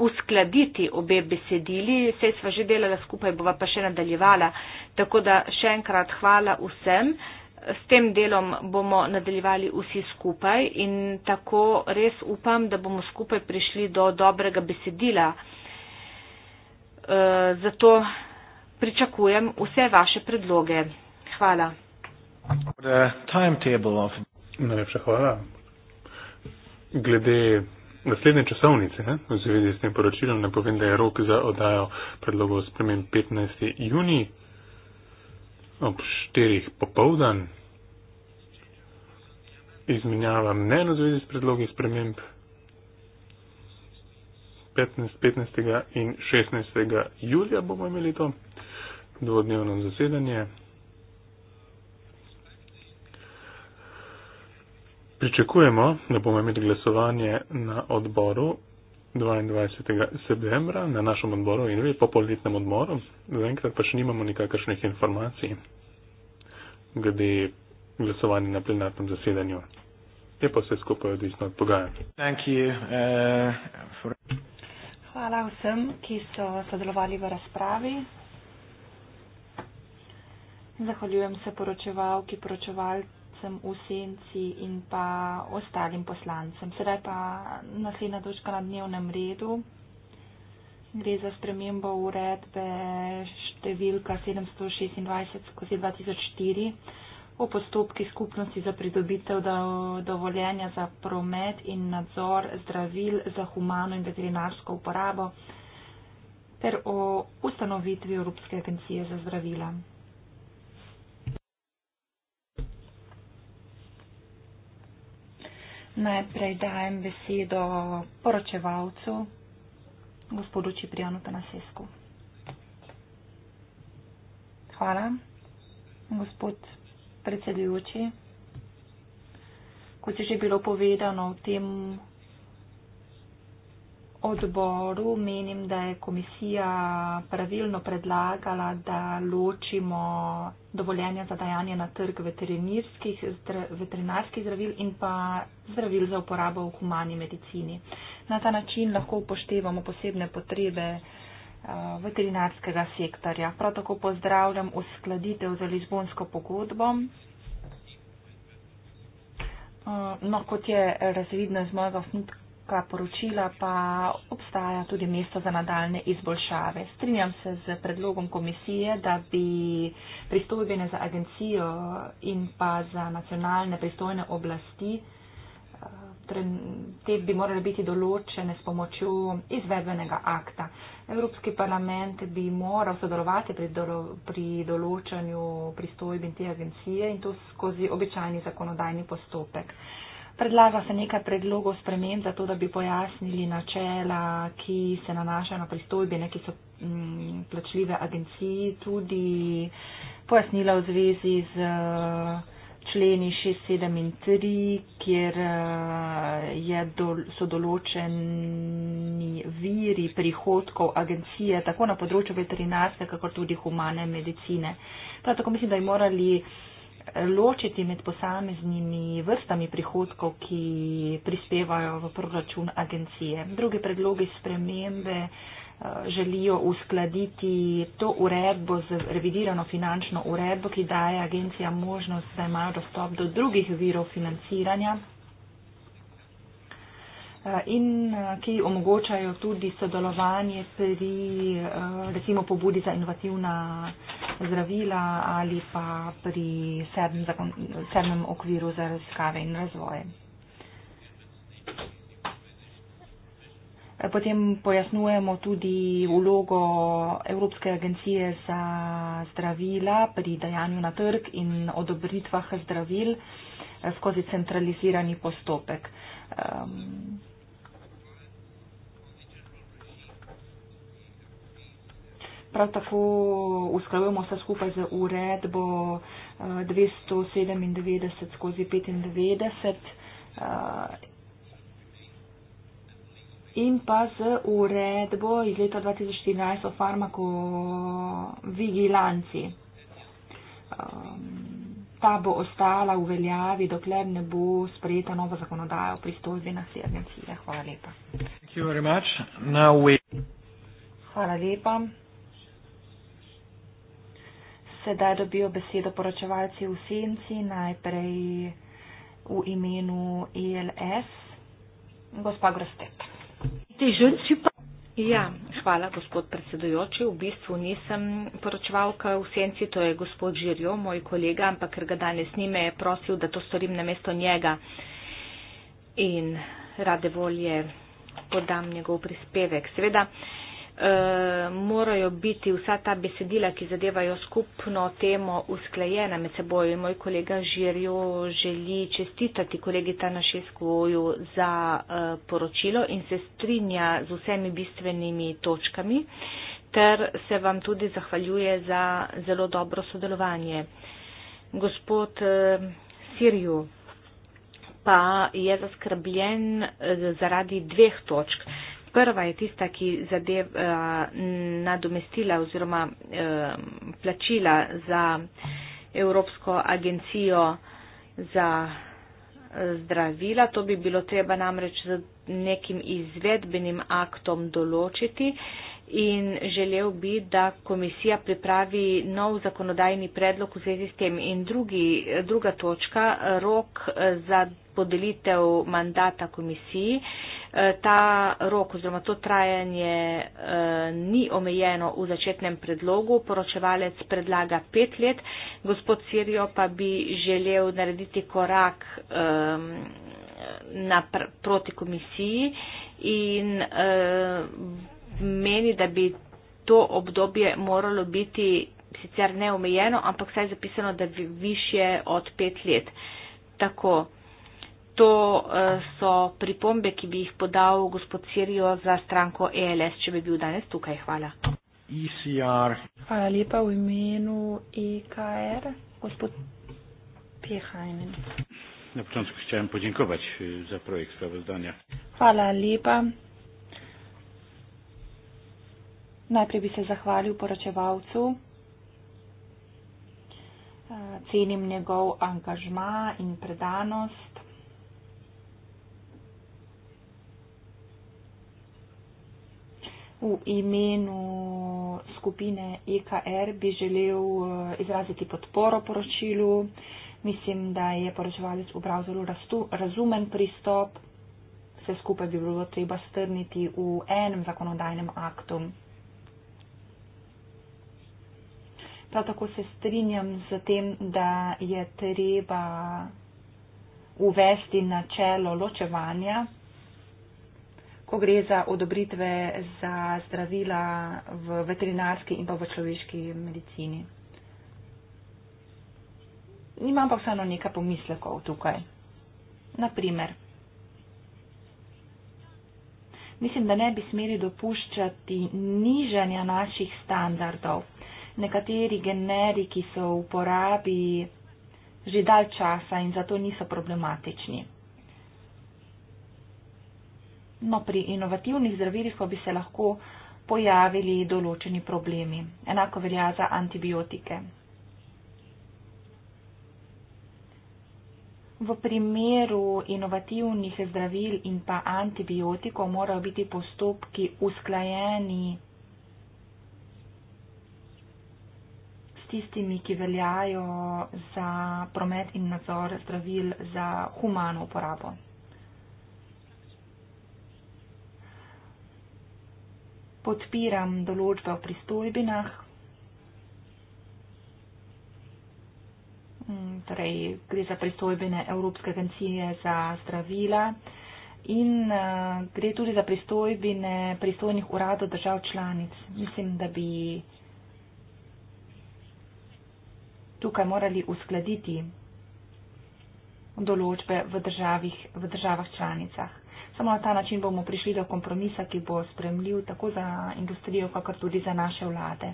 uskladiti obe besedili. Sej sva že delala skupaj, bova pa še nadaljevala. Tako da še enkrat hvala vsem. Uh, S tem delom bomo nadaljevali vsi skupaj in tako res upam, da bomo skupaj prišli do dobrega besedila. E, zato pričakujem vse vaše predloge. Hvala.
Of... Najlepša hvala. Glede naslednje časovnice, v zvezi s tem poročilom, ne povem, da je rok za odajo predlogov spremen 15. juni ob štirih popovdan, izmenjava mnen v zvezi s predlogi sprememb 15, 15. in 16. julija bomo imeli to dvodnevno zasedanje. Pričakujemo, da bomo imeli glasovanje na odboru 22. septembra na našem odboru in ve, popolnitnem odboru, zaenkrat pač nimamo nikakršnih informacij glede glasovanja na plenarnem zasedanju. Je pa vse skupaj odvisno od pogajanj. Eh,
Hvala vsem, ki so sodelovali v razpravi. Zahvaljujem se poročevalki, poročevalci poslancem v senci in pa ostalim poslancem. Sedaj pa naslednja točka na dnevnem redu. Gre za spremembo uredbe številka 726 skozi 2004 o postopki skupnosti za pridobitev dovoljenja za promet in nadzor zdravil za humano in veterinarsko uporabo ter o ustanovitvi Evropske agencije za zdravila. Najprej dajem besedo poročevalcu, gospodu Čiprijanu Tanasesku. Hvala, gospod predsedujoči. Kot je že bilo povedano v tem odboru, menim, da je komisija pravilno predlagala, da ločimo dovoljenja za dajanje na trg veterinarskih zdravil in pa zdravil za uporabo v humani medicini. Na ta način lahko upoštevamo posebne potrebe veterinarskega sektorja. Prav tako pozdravljam uskladitev za Lizbonsko pogodbo. No, kot je razvidno iz mojega osnutka, kratka poročila pa obstaja tudi mesto za nadaljne izboljšave. Strinjam se z predlogom komisije, da bi pristojbene za agencijo in pa za nacionalne pristojne oblasti, eh, torej, te bi morale biti določene s pomočjo izvedbenega akta. Evropski parlament bi moral sodelovati pri določanju pristojbin te agencije in to skozi običajni zakonodajni postopek. Predlaga se nekaj predlogov spremen, zato da bi pojasnili načela, ki se nanašajo na pristojbine, ki so mm, plačljive agenciji, tudi pojasnila v zvezi z eh, členi 6, 7 in 3, kjer eh, je, so določeni viri prihodkov agencije tako na področju veterinarske, kako tudi humane medicine. Prav tako mislim, da bi morali ločiti med posameznimi vrstami prihodkov, ki prispevajo v proračun agencije. Drugi predlogi spremembe eh, želijo uskladiti to uredbo z revidirano finančno uredbo, ki daje agencija možnost, da imajo dostop do drugih virov financiranja Eh, in eh, ki omogočajo tudi sodelovanje pri eh, recimo pobudi za inovativna zdravila ali pa pri sedmem, zakon, sedmem okviru za raziskave in razvoje. Potem pojasnujemo tudi vlogo Evropske agencije za zdravila pri dajanju na trg in odobritvah zdravil skozi centralizirani postopek. Uh, Um, prav tako usklajujemo vse skupaj z uredbo 297 uh, skozi 95 uh, in pa z uredbo iz leta 2014 o farmakovigilanci. Um, pa bo ostala v veljavi, dokler ne bo sprejeta nova zakonodaja o pristojbi na sedem cilje. Hvala lepa. Hvala lepa. Sedaj dobijo besedo poročevalci v senci, najprej v imenu ILS.
E Gospa Grostep. Ja, hvala, gospod predsedujoči. V bistvu nisem poročevalka v senci, to je gospod Žirjo, moj kolega, ampak ker ga danes ni, me je prosil, da to storim na mesto njega in rade volje podam njegov prispevek. Seveda, eh, Eh, morajo biti vsa ta besedila, ki zadevajo skupno temo, usklajena med seboj. Moj kolega Žirjo želi čestitati kolegi Tanašeskoju za eh, poročilo in se strinja z vsemi bistvenimi točkami ter se vam tudi zahvaljuje za zelo dobro sodelovanje. Gospod eh, Sirju pa je zaskrbljen zaradi dveh točk prva je tista, ki zadeva eh, nadomestila oziroma eh, plačila za Evropsko agencijo za eh, zdravila. To bi bilo treba namreč z nekim izvedbenim aktom določiti in želel bi, da komisija pripravi nov zakonodajni predlog v zvezi s tem. In drugi, druga točka, rok za podelitev mandata komisiji. Eh, ta rok oziroma to trajanje eh, ni omejeno v začetnem predlogu, poročevalec predlaga pet let, gospod Sirijo pa bi želel narediti korak ehm, napr, proti komisiji in eh, meni, da bi to obdobje moralo biti sicer neomejeno, ampak saj je zapisano, da bi više od pet let. Tako to eh, so pripombe, ki bi jih podal gospod Sirijo za stranko ELS, če bi bil danes tukaj. Hvala.
ECR.
Hvala lepa v imenu EKR, gospod Pehajnen.
Na počasku želim podinkovati za
projekt svojega zdanja.
Hvala lepa. Najprej bi se zahvalil poročevalcu. Cenim njegov angažma in predanost. V imenu skupine EKR bi želel eh, izraziti podporo poročilu. Mislim, da je poročevalec ubral zelo razumen pristop. Vse skupaj bi bilo treba strniti v enem zakonodajnem aktu. Prav tako se strinjam z tem, da je treba uvesti načelo ločevanja ko gre za odobritve za zdravila v veterinarski in pa v človeški medicini. Nimam pa vseeno nekaj pomislekov tukaj. Naprimer, mislim, da ne bi smeli dopuščati nižanja naših standardov. Nekateri generiki so v uporabi že dalj časa in zato niso problematični no, pri inovativnih zdravilih pa bi se lahko pojavili določeni problemi. Enako velja za antibiotike. V primeru inovativnih zdravil in pa antibiotikov morajo biti postopki usklajeni s tistimi, ki veljajo za promet in nadzor zdravil za humano uporabo. podpiram določbe o pristojbinah. Mm, torej, gre za pristojbine Evropske agencije za zdravila in uh, gre tudi za pristojbine pristojnih uradov držav članic. Mislim, da bi tukaj morali uskladiti določbe v državah članicah. Samo na ta način bomo prišli do kompromisa, ki bo spremljiv tako za industrijo, kakor tudi za naše vlade.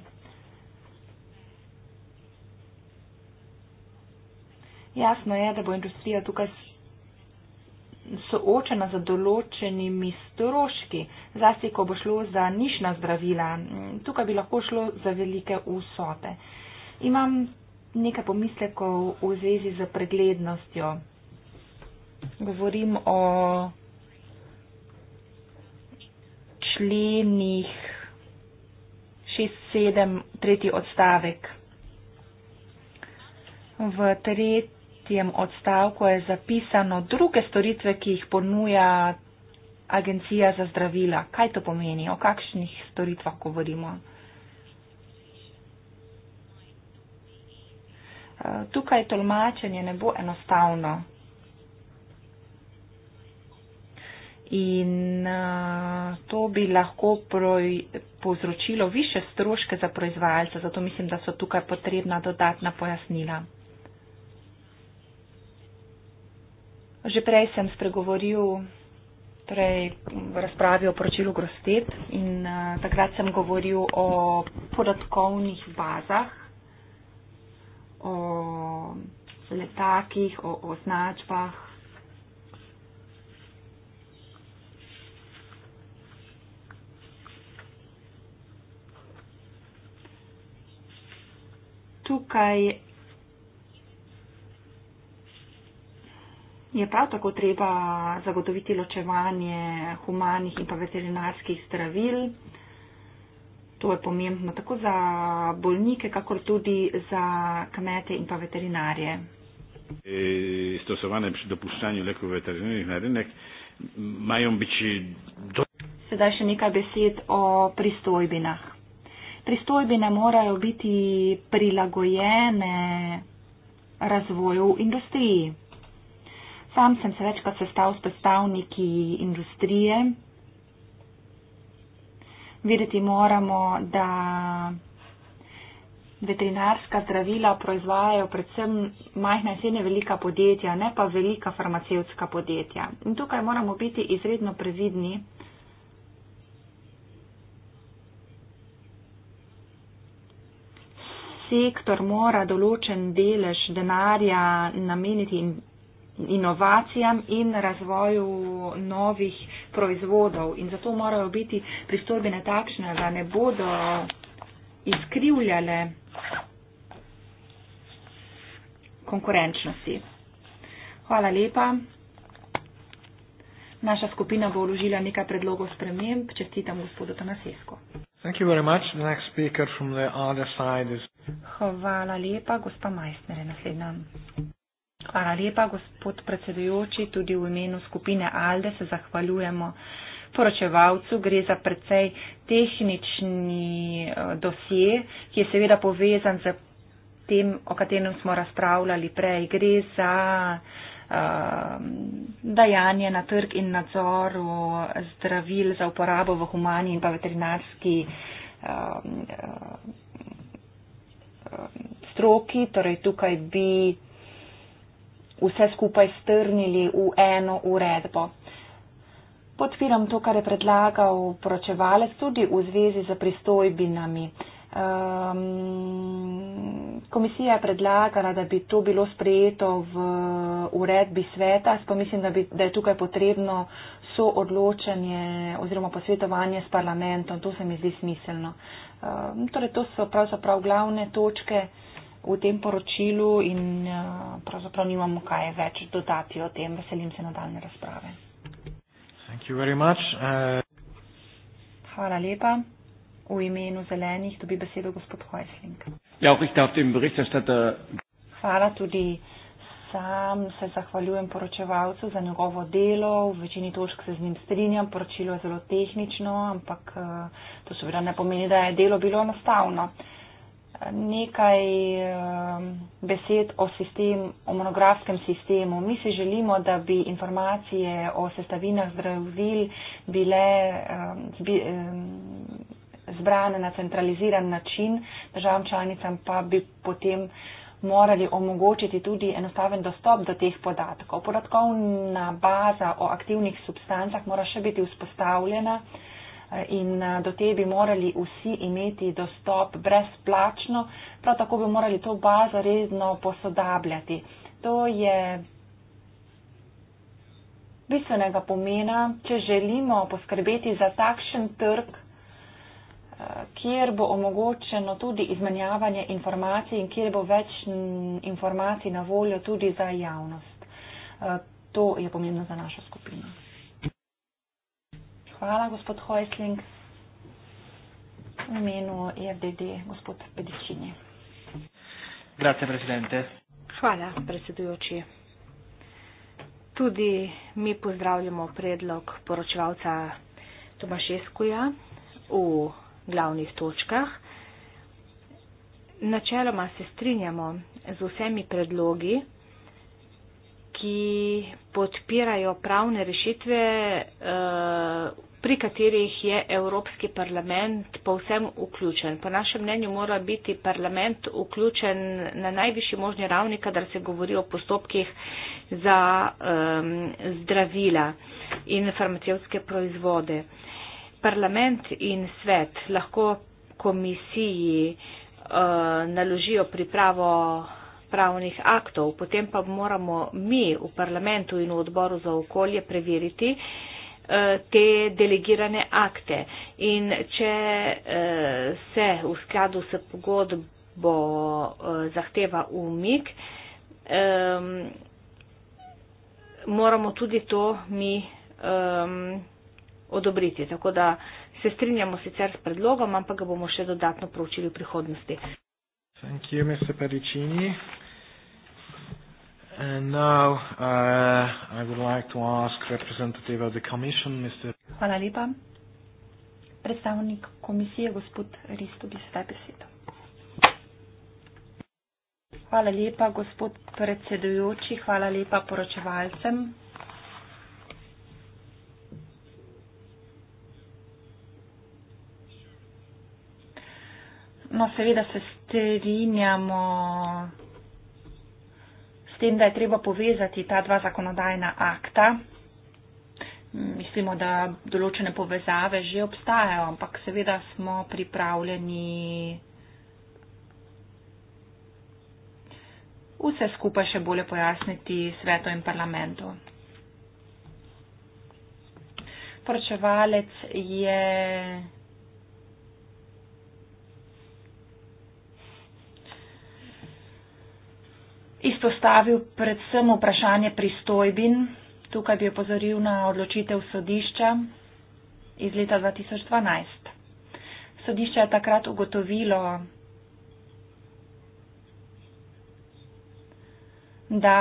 Jasno je, da bo industrija tukaj soočena z določenimi stroški, zlasti, ko bo šlo za nišna zdravila. Tukaj bi lahko šlo za velike vsote. Imam nekaj pomislekov v zvezi z preglednostjo. Govorim o členih 6, 7, tretji odstavek. V tretjem odstavku je zapisano druge storitve, ki jih ponuja Agencija za zdravila. Kaj to pomeni? O kakšnih storitvah govorimo? Eh, tukaj tolmačenje ne bo enostavno. in uh, to bi lahko proj, povzročilo više stroške za proizvajalce, zato mislim, da so tukaj potrebna dodatna pojasnila. Že prej sem spregovoril torej, v razpravi o poročilu Grostet in uh, takrat sem govoril o podatkovnih bazah, o letakih, o označbah, tukaj je prav tako treba zagotoviti ločevanje humanih in pa veterinarskih zdravil. To je pomembno tako za bolnike, kakor tudi za kmete in pa veterinarje.
Eh, Stosovane pri dopuščanju lekov veterinarnih narinek imajo biti.
Sedaj še nekaj besed o pristojbinah pristojbine morajo biti prilagojene razvoju industriji. Sam sem se večkrat sestal s predstavniki industrije. Videti moramo, da veterinarska zdravila proizvajajo predvsem majhna in srednje velika podjetja, ne pa velika farmacevtska podjetja. In tukaj moramo biti izredno previdni. sektor mora določen delež denarja nameniti inovacijam in razvoju novih proizvodov. In zato morajo biti pristojbine takšne, da ne bodo izkrivljale konkurenčnosti. Hvala lepa. Naša skupina bo vložila nekaj predlogov sprememb. Čestitam gospodu Tomasesku.
Thank you very much. The next speaker from the other side is
Hvala lepa, gospa Majstner je naslednja. Hvala lepa, gospod predsedujoči, tudi v imenu skupine ALDE se zahvaljujemo poročevalcu. Gre za precej tehnični eh, dosje, ki je seveda povezan z tem, o katerem smo razpravljali prej. Gre za eh, dajanje na trg in nadzoru zdravil za uporabo v humani in pa veterinarski. Eh, stroki, torej tukaj bi vse skupaj strnili v eno uredbo. Podpiram to, kar je predlagal poročevalec tudi v zvezi z pristojbinami. Um, komisija je predlagala, da bi to bilo sprejeto v uredbi sveta, pa mislim, da, bi, da je tukaj potrebno soodločanje oziroma posvetovanje s parlamentom. To se mi zdi smiselno. Um, torej, to so pravzaprav glavne točke v tem poročilu in uh, pravzaprav nimamo kaj več dodati o tem. Veselim se nadaljne razprave. Uh... Hvala lepa. V imenu zelenih dobi besedo gospod Heusling. Ja, Hvala tudi. Sam se zahvaljujem poročevalcu za njegovo delo. V večini točk se z njim strinjam. Poročilo je zelo tehnično, ampak eh, to seveda ne pomeni, da je delo bilo enostavno. Nekaj eh, besed o, sistem, o monografskem sistemu. Mi si želimo, da bi informacije o sestavinah zdravil bile. Zbi, eh, zbrane na centraliziran način, državam članicam pa bi potem morali omogočiti tudi enostaven dostop do teh podatkov. Podatkovna baza o aktivnih substancah mora še biti vzpostavljena eh, in eh, do te bi morali vsi imeti dostop brezplačno, prav tako bi morali to bazo redno posodabljati. To je bistvenega pomena, če želimo poskrbeti za takšen trg, kjer bo omogočeno tudi izmenjavanje informacij in kjer bo več informacij na voljo tudi za javnost. E, to je pomembno za našo skupino. Hvala, gospod Hojsling.
V imenu FDD, gospod Pedičini.
Grazie, predsedente.
Hvala, predsedujoči. Tudi mi pozdravljamo predlog poročevalca Tomaševskoja v glavnih točkah. Načeloma se strinjamo z vsemi predlogi, ki podpirajo pravne rešitve, eh, pri katerih je Evropski parlament povsem vključen. Po našem mnenju mora biti parlament vključen na najvišji možni ravni, kadar se govori o postopkih za eh, zdravila in farmacevske proizvode parlament in svet lahko komisiji uh, naložijo pripravo pravnih aktov, potem pa moramo mi v parlamentu in v odboru za okolje preveriti uh, te delegirane akte. In če uh, se v skladu s pogodbo uh, zahteva umik, um, moramo tudi to mi. Um, odobriti. Tako da se strinjamo sicer s predlogom, ampak ga bomo še dodatno proučili v prihodnosti.
Thank you, Mr. Pericini. And now uh, I would like to ask representative of the Commission, Mr.
Hvala lepa. Predstavnik komisije, gospod Risto, bi sedaj besedo. Hvala lepa, gospod predsedujoči, hvala lepa poročevalcem, No, seveda se strinjamo s tem, da je treba povezati ta dva zakonodajna akta. Mislimo, da določene povezave že obstajajo, ampak seveda smo pripravljeni vse skupaj še bolje pojasniti svetu in parlamentu. Poročevalec je. izpostavil predvsem vprašanje pristojbin. Tukaj bi opozoril na odločitev sodišča iz leta 2012. Sodišče je takrat ugotovilo, da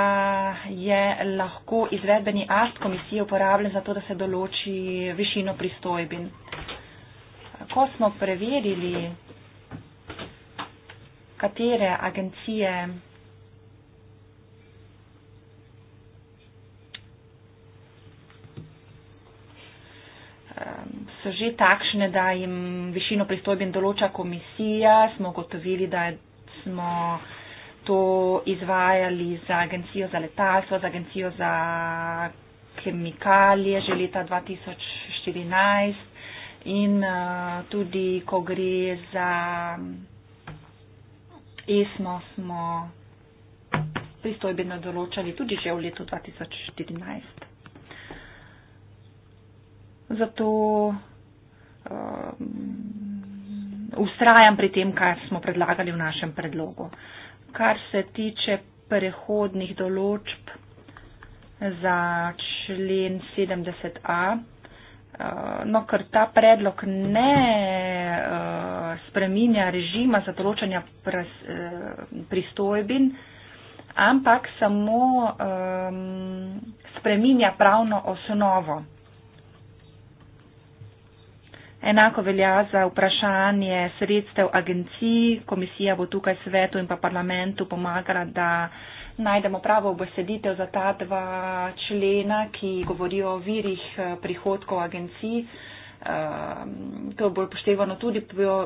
je lahko izvedbeni akt komisije uporabljen za to, da se določi višino pristojbin. Ko smo preverili, katere agencije so že takšne, da jim višino pristojbin določa komisija. Smo gotovili, da smo to izvajali za agencijo za letalstvo, za agencijo za kemikalije že leta 2014 in uh, tudi, ko gre za ESMO, smo pristojbino določali tudi že v letu 2014. Zato ustrajam um, pri tem, kar smo predlagali v našem predlogu. Kar se tiče prehodnih določb za člen 70a, uh, no ker ta predlog ne uh, spreminja režima za določanje uh, pristojbin, ampak samo um, spreminja pravno osnovo. Enako velja za vprašanje sredstev agencij. Komisija bo tukaj svetu in pa parlamentu pomagala, da najdemo pravo obeseditev za ta dva člena, ki govorijo o virih eh, prihodkov agencij. Ehm, to bo upoštevano tudi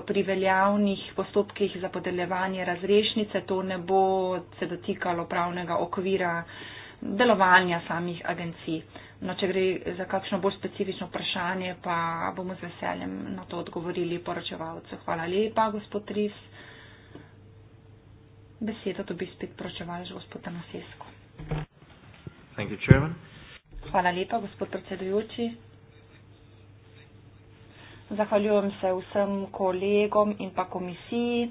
pri veljavnih postopkih za podeljevanje razrešnice. To ne bo se dotikalo pravnega okvira delovanja samih agencij. No, če gre za kakšno bolj specifično vprašanje, pa bomo z veseljem na to odgovorili poročevalcu. Hvala lepa, gospod Ris. Besedo to bi spet poročevali že gospod Anasesko. Hvala lepa, gospod predsedujoči. Zahvaljujem se vsem kolegom in pa komisiji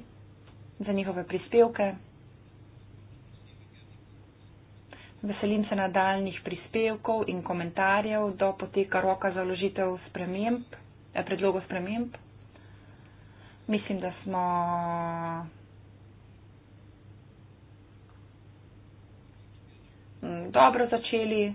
za njihove prispevke. Veselim se nadaljnih prispevkov in komentarjev do poteka roka za vložitev eh, predlogov sprememb. Mislim, da smo. Dobro začeli.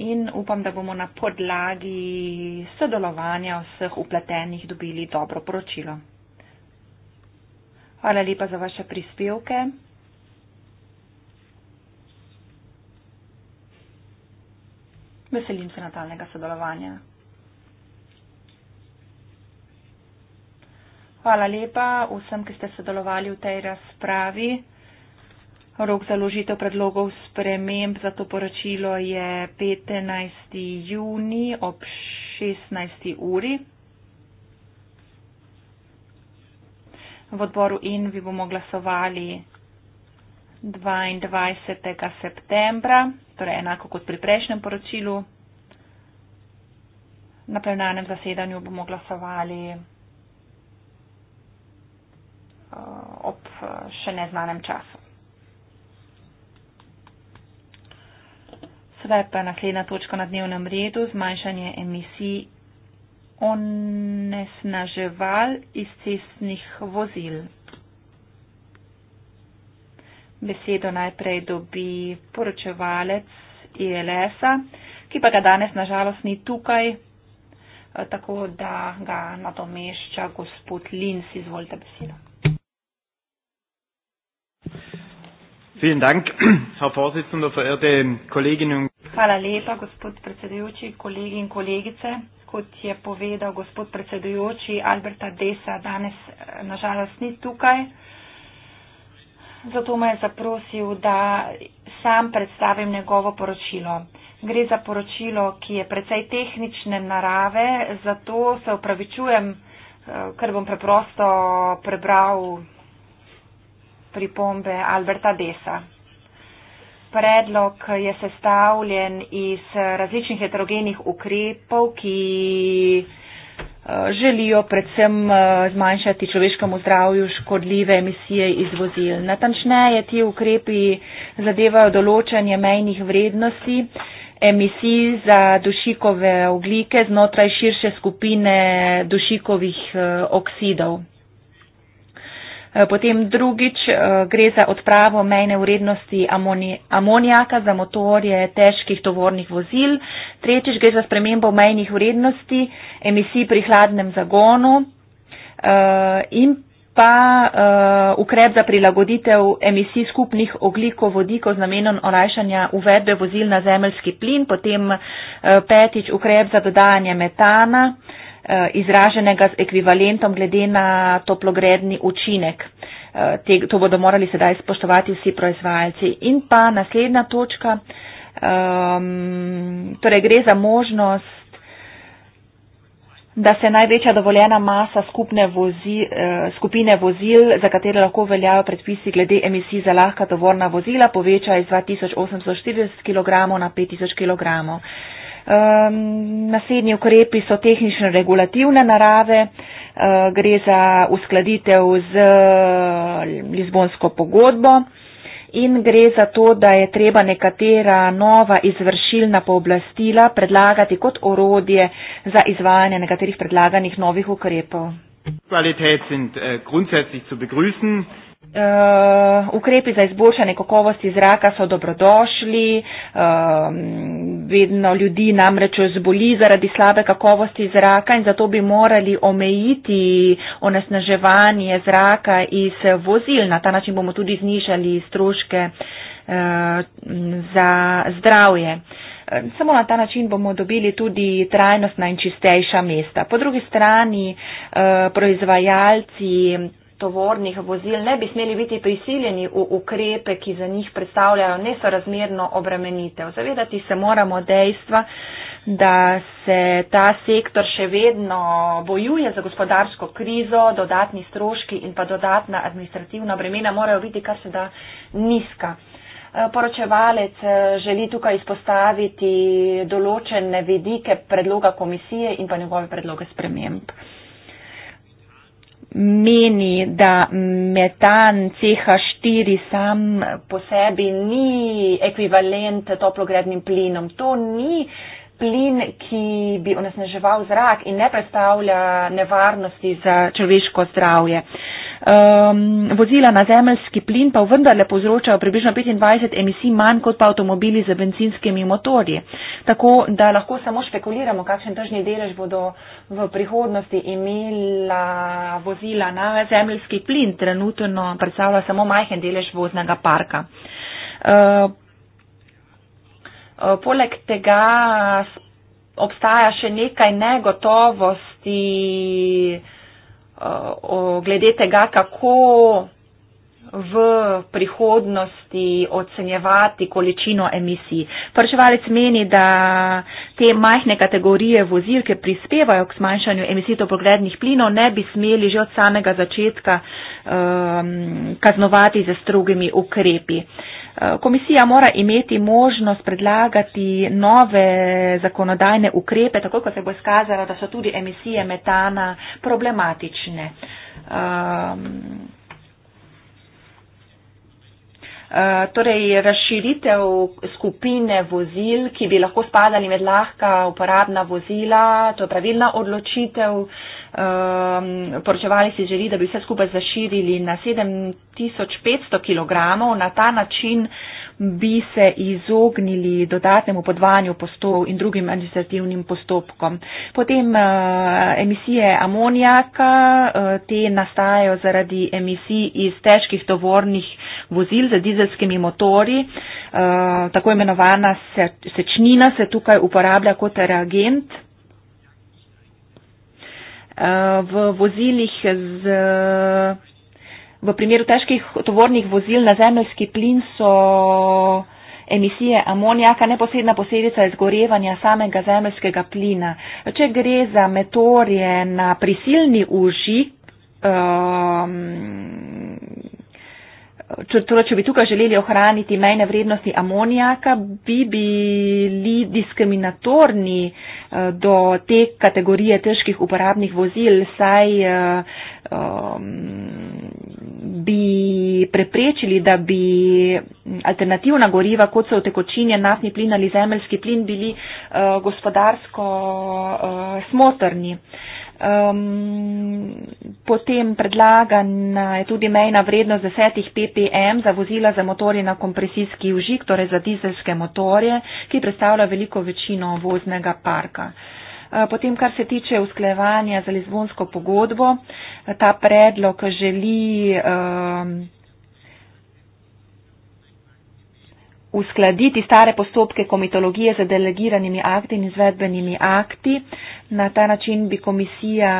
In upam, da bomo na podlagi sodelovanja vseh upletenih dobili dobro poročilo. Hvala lepa za vaše prispevke. Veselim se nadaljnega sodelovanja. Hvala lepa vsem, ki ste sodelovali v tej razpravi. Rok za ložitev predlogov sprememb za to poročilo je 15. juni ob 16. uri. v odboru in vi bomo glasovali 22. septembra, torej enako kot pri prejšnjem poročilu. Na plenarnem zasedanju bomo glasovali eh, ob eh, še neznanem času. Sedaj pa je naslednja točka na dnevnem redu, zmanjšanje emisij onesnaževal iz cestnih vozil. Besedo najprej dobi poročevalec ILS-a, e ki pa ga danes nažalost ni tukaj, eh, tako da ga nadomešča gospod Linz. Izvolite besedo. Hvala lepa, gospod predsedujoči, kolegi in kolegice kot je povedal gospod predsedujoči, Alberta Desa danes eh, nažalost ni tukaj. Zato me je zaprosil, da sam predstavim njegovo poročilo. Gre za poročilo, ki je precej tehnične narave, zato se upravičujem, eh, ker bom preprosto prebral pripombe Alberta Desa. Predlog je sestavljen iz različnih heterogenih ukrepov, ki eh, želijo predvsem eh, zmanjšati človeškemu zdravju škodljive emisije iz vozil. Natančneje ti ukrepi zadevajo določanje mejnih vrednosti emisij za dušikove oglike znotraj širše skupine dušikovih eh, oksidov. Eh, potem drugič eh, gre za odpravo mejne vrednosti amonijaka za motorje težkih tovornih vozil. Tretjič gre za spremembo mejnih vrednosti emisij pri hladnem zagonu eh, in pa ukrep za prilagoditev emisij skupnih oglikov vodikov z namenom olajšanja uvedbe vozil na zemljski plin. Potem petič ukrep za dodajanje metana. Eh, izraženega z ekvivalentom glede na toplogredni učinek. Eh, to bodo morali sedaj spoštovati vsi proizvajalci. In pa naslednja točka, um, torej gre za možnost, da se največja dovoljena masa vozi, eh, skupine vozil, za katere lahko veljajo predpisi glede emisij za lahka tovorna vozila, poveča iz 2840 kg na 5000 kg. Um, naslednji ukrepi so tehnično regulativne narave, uh, gre za uskladitev z eh, Lizbonsko pogodbo in gre za to, da je treba nekatera nova izvršilna pooblastila predlagati kot orodje za izvajanje nekaterih predlaganih novih ukrepov. Uh, ukrepi za izboljšanje kakovosti zraka so dobrodošli, uh, vedno ljudi namreč zboli zaradi slabe kakovosti zraka in zato bi morali omejiti onesnaževanje zraka iz vozil. Na ta način bomo tudi znižali stroške eh, za zdravje. Samo na ta način bomo dobili tudi trajnostna in čistejša mesta. Po drugi strani eh, proizvajalci tovornih vozil ne bi smeli biti prisiljeni v ukrepe, ki za njih predstavljajo nesorazmerno obremenitev. Zavedati se moramo dejstva, da se ta sektor še vedno bojuje za gospodarsko krizo, dodatni stroški in pa dodatna administrativna bremena morajo biti kar se da nizka. Eh, poročevalec eh, želi tukaj izpostaviti določene vidike predloga komisije in pa njegove predloge sprememb meni, da metan CH4 sam po sebi ni ekvivalent toplogrednim plinom. To ni plin, ki bi onesnaževal zrak in ne predstavlja nevarnosti za človeško zdravje. Uh, um, vozila na zemljski plin pa vendarle povzročajo približno 25 emisij manj kot pa avtomobili z benzinskimi motorji. Tako da lahko samo špekuliramo, kakšen tržni delež bodo v prihodnosti imela vozila na zemljski plin. Trenutno predstavlja samo majhen delež voznega parka. Uh, poleg tega obstaja še nekaj negotovosti. Uh, uh, o, glede tega, kako v prihodnosti ocenjevati količino emisij. Prševalec meni, da te majhne kategorije vozil, ki prispevajo k zmanjšanju emisij toplogrednih plinov, ne bi smeli že od samega začetka um, kaznovati za strogimi ukrepi. Uh, Komisija mora imeti možnost predlagati nove zakonodajne ukrepe, tako kot se bo izkazalo, da so tudi emisije metana problematične. Um, Torej, razširitev skupine vozil, ki bi lahko spadali med lahka uporabna vozila, to je pravilna odločitev. Uh, Ehm, poročevali si želi, da bi vse skupaj zaširili na 7500 kg. Na ta način bi se izognili dodatnemu podvanju postov in drugim administrativnim postopkom. Potem uh, emisije amonijaka, uh, te nastajajo zaradi emisij iz težkih tovornih vozil z dizelskimi motori. Uh, eh, tako imenovana se, sečnina se tukaj uporablja kot reagent. Eh, v vozilih z, v primeru težkih tovornih vozil na zemljski plin so emisije amonijaka neposredna posledica izgorevanja samega zemljskega plina. Če gre za meteorje na prisilni uži, um, Torej, če bi tukaj želeli ohraniti mejne vrednosti amonijaka, bi bili diskriminatorni eh, do te kategorije težkih uporabnih vozil, saj eh, um, bi preprečili, da bi alternativna goriva, kot so tekočinje, naftni plin ali zemeljski plin, bili uh, gospodarsko uh, smotrni. Uh, Um, potem predlagana je tudi mejna vrednost 10 ppm za vozila za motorje na kompresijski užik, torej za dizelske motorje, ki predstavlja veliko večino voznega parka. Eh, potem, kar se tiče usklejevanja za lizbonsko pogodbo, ta predlog želi. Um, uskladiti stare postopke komitologije z delegiranimi akti in izvedbenimi akti. Na ta način bi komisija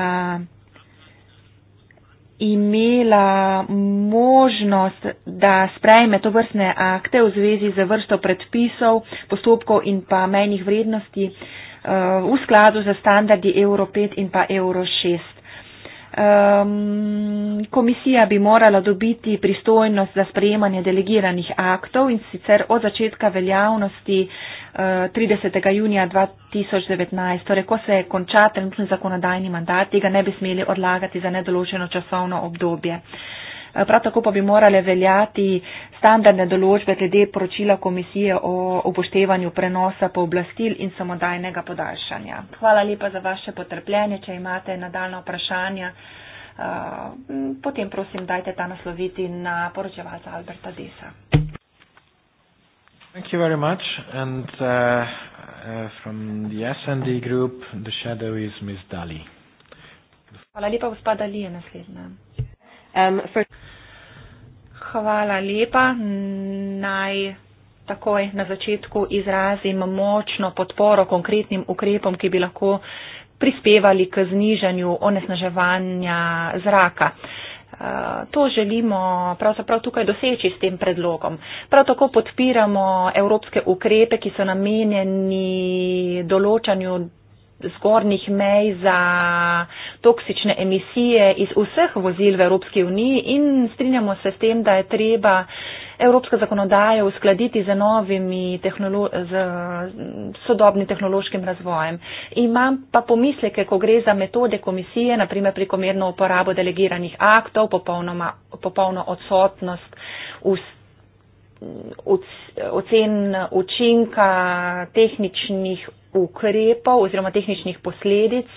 imela možnost, da sprejme to vrstne akte v zvezi z vrsto predpisov, postopkov in pa menjih vrednosti eh, v skladu z standardi Euro 5 in pa Euro 6. Um, komisija bi morala dobiti pristojnost za sprejemanje delegiranih aktov in sicer od začetka veljavnosti uh, eh, 30. junija 2019, torej ko se konča trenutni zakonodajni mandat, tega ne bi smeli odlagati za nedoloženo časovno obdobje. Uh, Eh, prav tako pa bi morale veljati standardne določbe glede poročila komisije o upoštevanju prenosa pooblastil in samodajnega podaljšanja. Hvala lepa za vaše potrpljenje. Če imate nadaljna vprašanja, eh, potem prosim dajte ta nasloviti na poročevalca Alberta Desa.
Thank you very much. And uh, uh, from the SND group, the shadow is Ms. Dali.
Hvala lepa, gospod Dali je naslednja. Um, first... Hvala lepa. Naj takoj na začetku izrazim močno podporo konkretnim ukrepom, ki bi lahko prispevali k znižanju onesnaževanja zraka. Eh, to želimo pravzaprav tukaj doseči s tem predlogom. Prav tako podpiramo evropske ukrepe, ki so namenjeni določanju zgornjih mej za toksične emisije iz vseh vozil v Evropski uniji in strinjamo se s tem, da je treba evropsko zakonodajo uskladiti z novimi tehnolo z sodobnim tehnološkim razvojem. Imam pa pomisleke, ko gre za metode komisije, naprimer prekomerno uporabo delegiranih aktov, popolnoma, popolno odsotnost ocen učinka tehničnih ukrepov oziroma tehničnih posledic,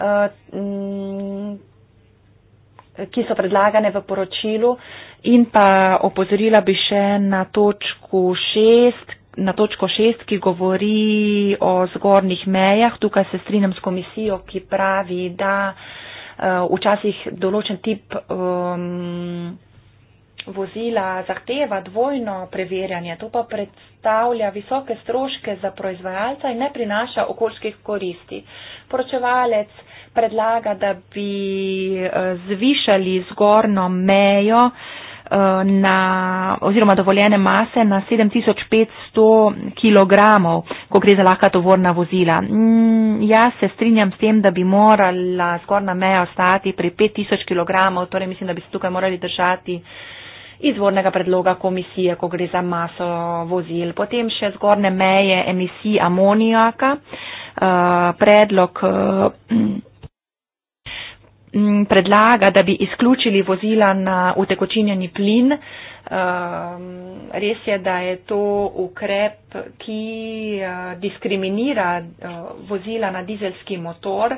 eh, ki so predlagane v poročilu. In pa opozorila bi še na točko šest, na točko šest ki govori o zgornjih mejah. Tukaj se strinjam s komisijo, ki pravi, da eh, včasih določen tip. Um, vozila zahteva dvojno preverjanje. To pa predstavlja visoke stroške za proizvajalca in ne prinaša okoljskih
koristi.
Poročevalec predlaga, da bi eh, zvišali zgorno mejo eh, na, oziroma dovoljene mase na 7500 kg, ko gre za lahka tovorna vozila. Mm, jaz se strinjam s tem, da bi morala zgorna meja ostati pri 5000 kg, torej mislim, da bi se tukaj morali držati uh, izvornega predloga komisije, ko gre za maso vozil, potem še zgornje meje emisij amonijaka, uh, predlog. Uh, predlaga, da bi izključili vozila na utekočinjeni plin. Eh, res je, da je to ukrep, ki diskriminira vozila na dizelski motor.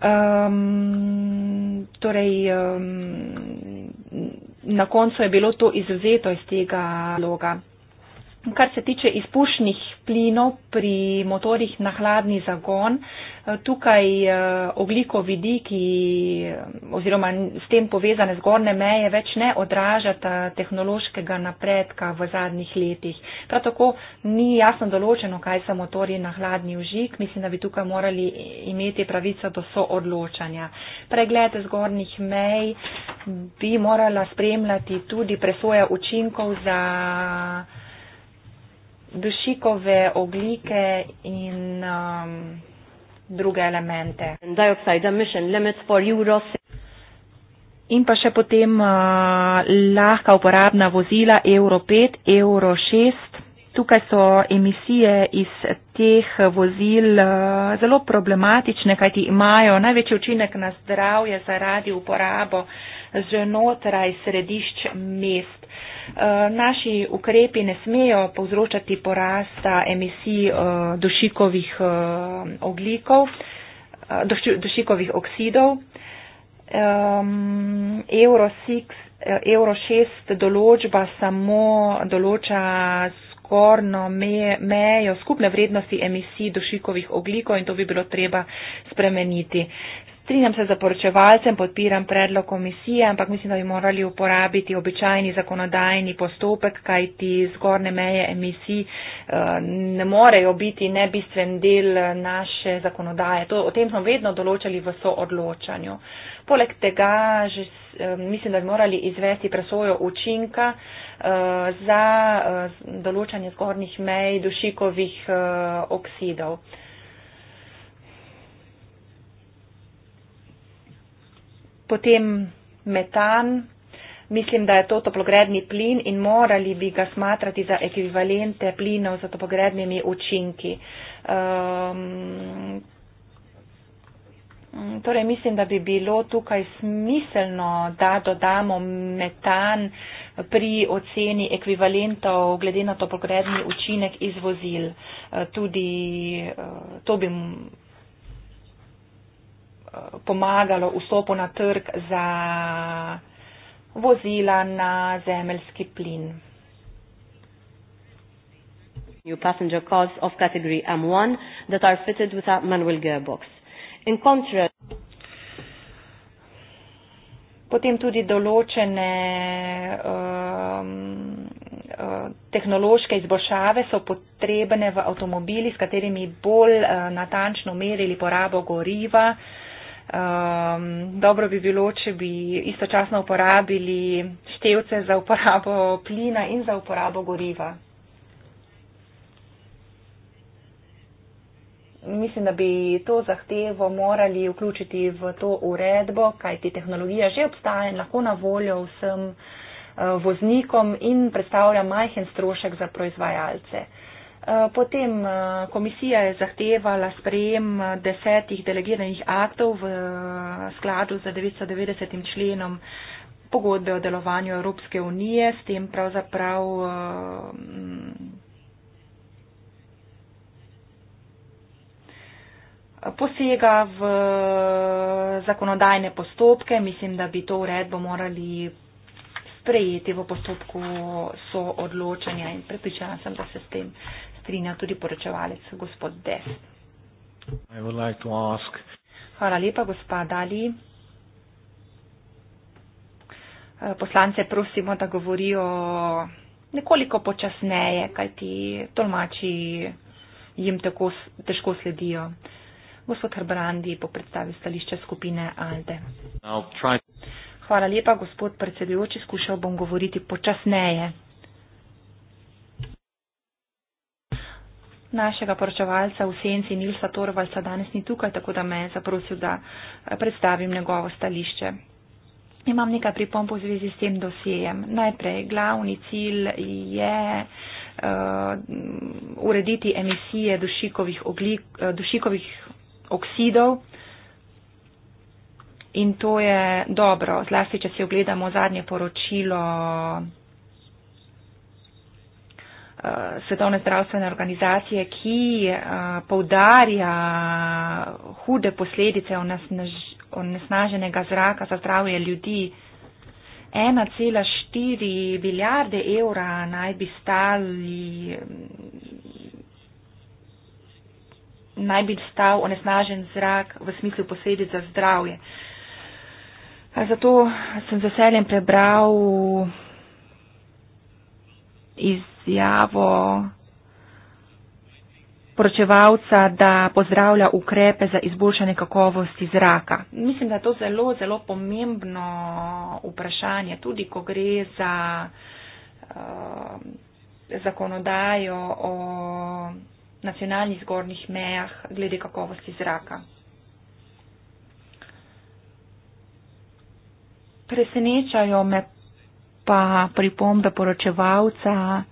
Um, torej, um, na koncu je bilo to izuzeto iz tega loga. Kar se tiče izpušnih plinov pri motorjih na hladni zagon, eh, tukaj eh, oglikovidiki eh, oziroma s tem povezane zgornje meje več ne odražata tehnološkega napredka v zadnjih letih. Prav tako ni jasno določeno, kaj so motorji na hladni vžik. Mislim, da bi tukaj morali imeti pravico do soodločanja. Pregled zgornjih mej bi morala spremljati tudi presoja učinkov za dušikove oglike in um,
druge elemente.
In pa še potem uh, lahka uporabna vozila Euro 5, Euro 6. Tukaj so emisije iz teh vozil uh, zelo problematične, kajti imajo največji učinek na zdravje zaradi uporabo znotraj središč mest. Eh, naši ukrepi ne smejo povzročati porasta emisij eh, dušikovih eh, oglikov, dušikovih oksidov. Euro 6, Euro 6 določba samo določa skorno mejo skupne vrednosti emisij dušikovih oglikov in to bi bilo treba spremeniti. Strinjam se za poročevalcem, podpiram predlog komisije, ampak mislim, da bi morali uporabiti običajni zakonodajni postopek, kaj ti zgorne meje emisij eh, ne morejo biti nebistven del eh, naše zakonodaje. To, o tem smo vedno določali v soodločanju. Poleg tega že, eh, mislim, da bi morali izvesti presojo učinka za določanje zgornjih mej dušikovih oksidov. Potem metan, mislim, da je to toplogredni plin in morali bi ga smatrati za ekvivalente plinov za toplogrednimi učinki. Um, torej mislim, da bi bilo tukaj smiselno, da dodamo metan pri oceni ekvivalentov glede na toplogredni učinek iz vozil. Uh, tudi uh, to bi pomagalo vstopu na trg za vozila na zemeljski plin.
New passenger cars of category M1 that are fitted with a manual gearbox. In contrast. Potem tudi
določene um, uh, tehnološke izboljšave so potrebne v avtomobili, s katerimi bolj uh, natančno merili porabo goriva. Uh, Um, dobro bi bilo, če bi istočasno uporabili števce za uporabo plina in za uporabo goriva. Mislim, da bi to zahtevo morali vključiti v to uredbo, kajti tehnologija že obstaja in lahko na voljo vsem eh, voznikom in predstavlja majhen strošek za proizvajalce. Uh, Eh, potem eh, komisija je zahtevala sprejem eh, desetih delegiranih aktov v skladu z 990. členom pogodbe o delovanju Evropske unije, s tem pravzaprav posega v zakonodajne postopke. Mislim, da bi to uredbo morali sprejeti v postopku soodločanja in prepričana sem, da se s tem strinjal tudi poročevalec gospod Des. Like Hvala lepa, gospa Dali. Eh, poslance prosimo, da govorijo nekoliko počasneje, kajti tolmači jim tako težko sledijo. Gospod Herbrandi po predstavi stališča skupine Alde. Hvala lepa, gospod predsedujoči, skušal bom govoriti počasneje. našega poročevalca v senci Nilsa Torvalca danes ni tukaj, tako da me je zaprosil, da eh, predstavim njegovo stališče. Imam nekaj pripomp v zvezi s tem dosijem. Najprej, glavni cilj je uh, urediti emisije dušikovih, oglik, uh, dušikovih oksidov in to je dobro, zlasti, če si ogledamo zadnje poročilo Eh, Svetovne zdravstvene organizacije, ki eh, poudarja hude posledice onesnaženega zraka za zdravje ljudi. 1,4 milijarde evra naj bi stali naj bi stal onesnažen zrak v smislu posledic za zdravje. Zato sem z veseljem prebral iz izjavo poročevalca, da pozdravlja ukrepe za izboljšanje kakovosti zraka. Mislim, da je to zelo, zelo pomembno vprašanje, tudi ko gre za uh, zakonodajo o nacionalnih zgornjih mejah glede kakovosti zraka. Presenečajo me pa pripombe poročevalca,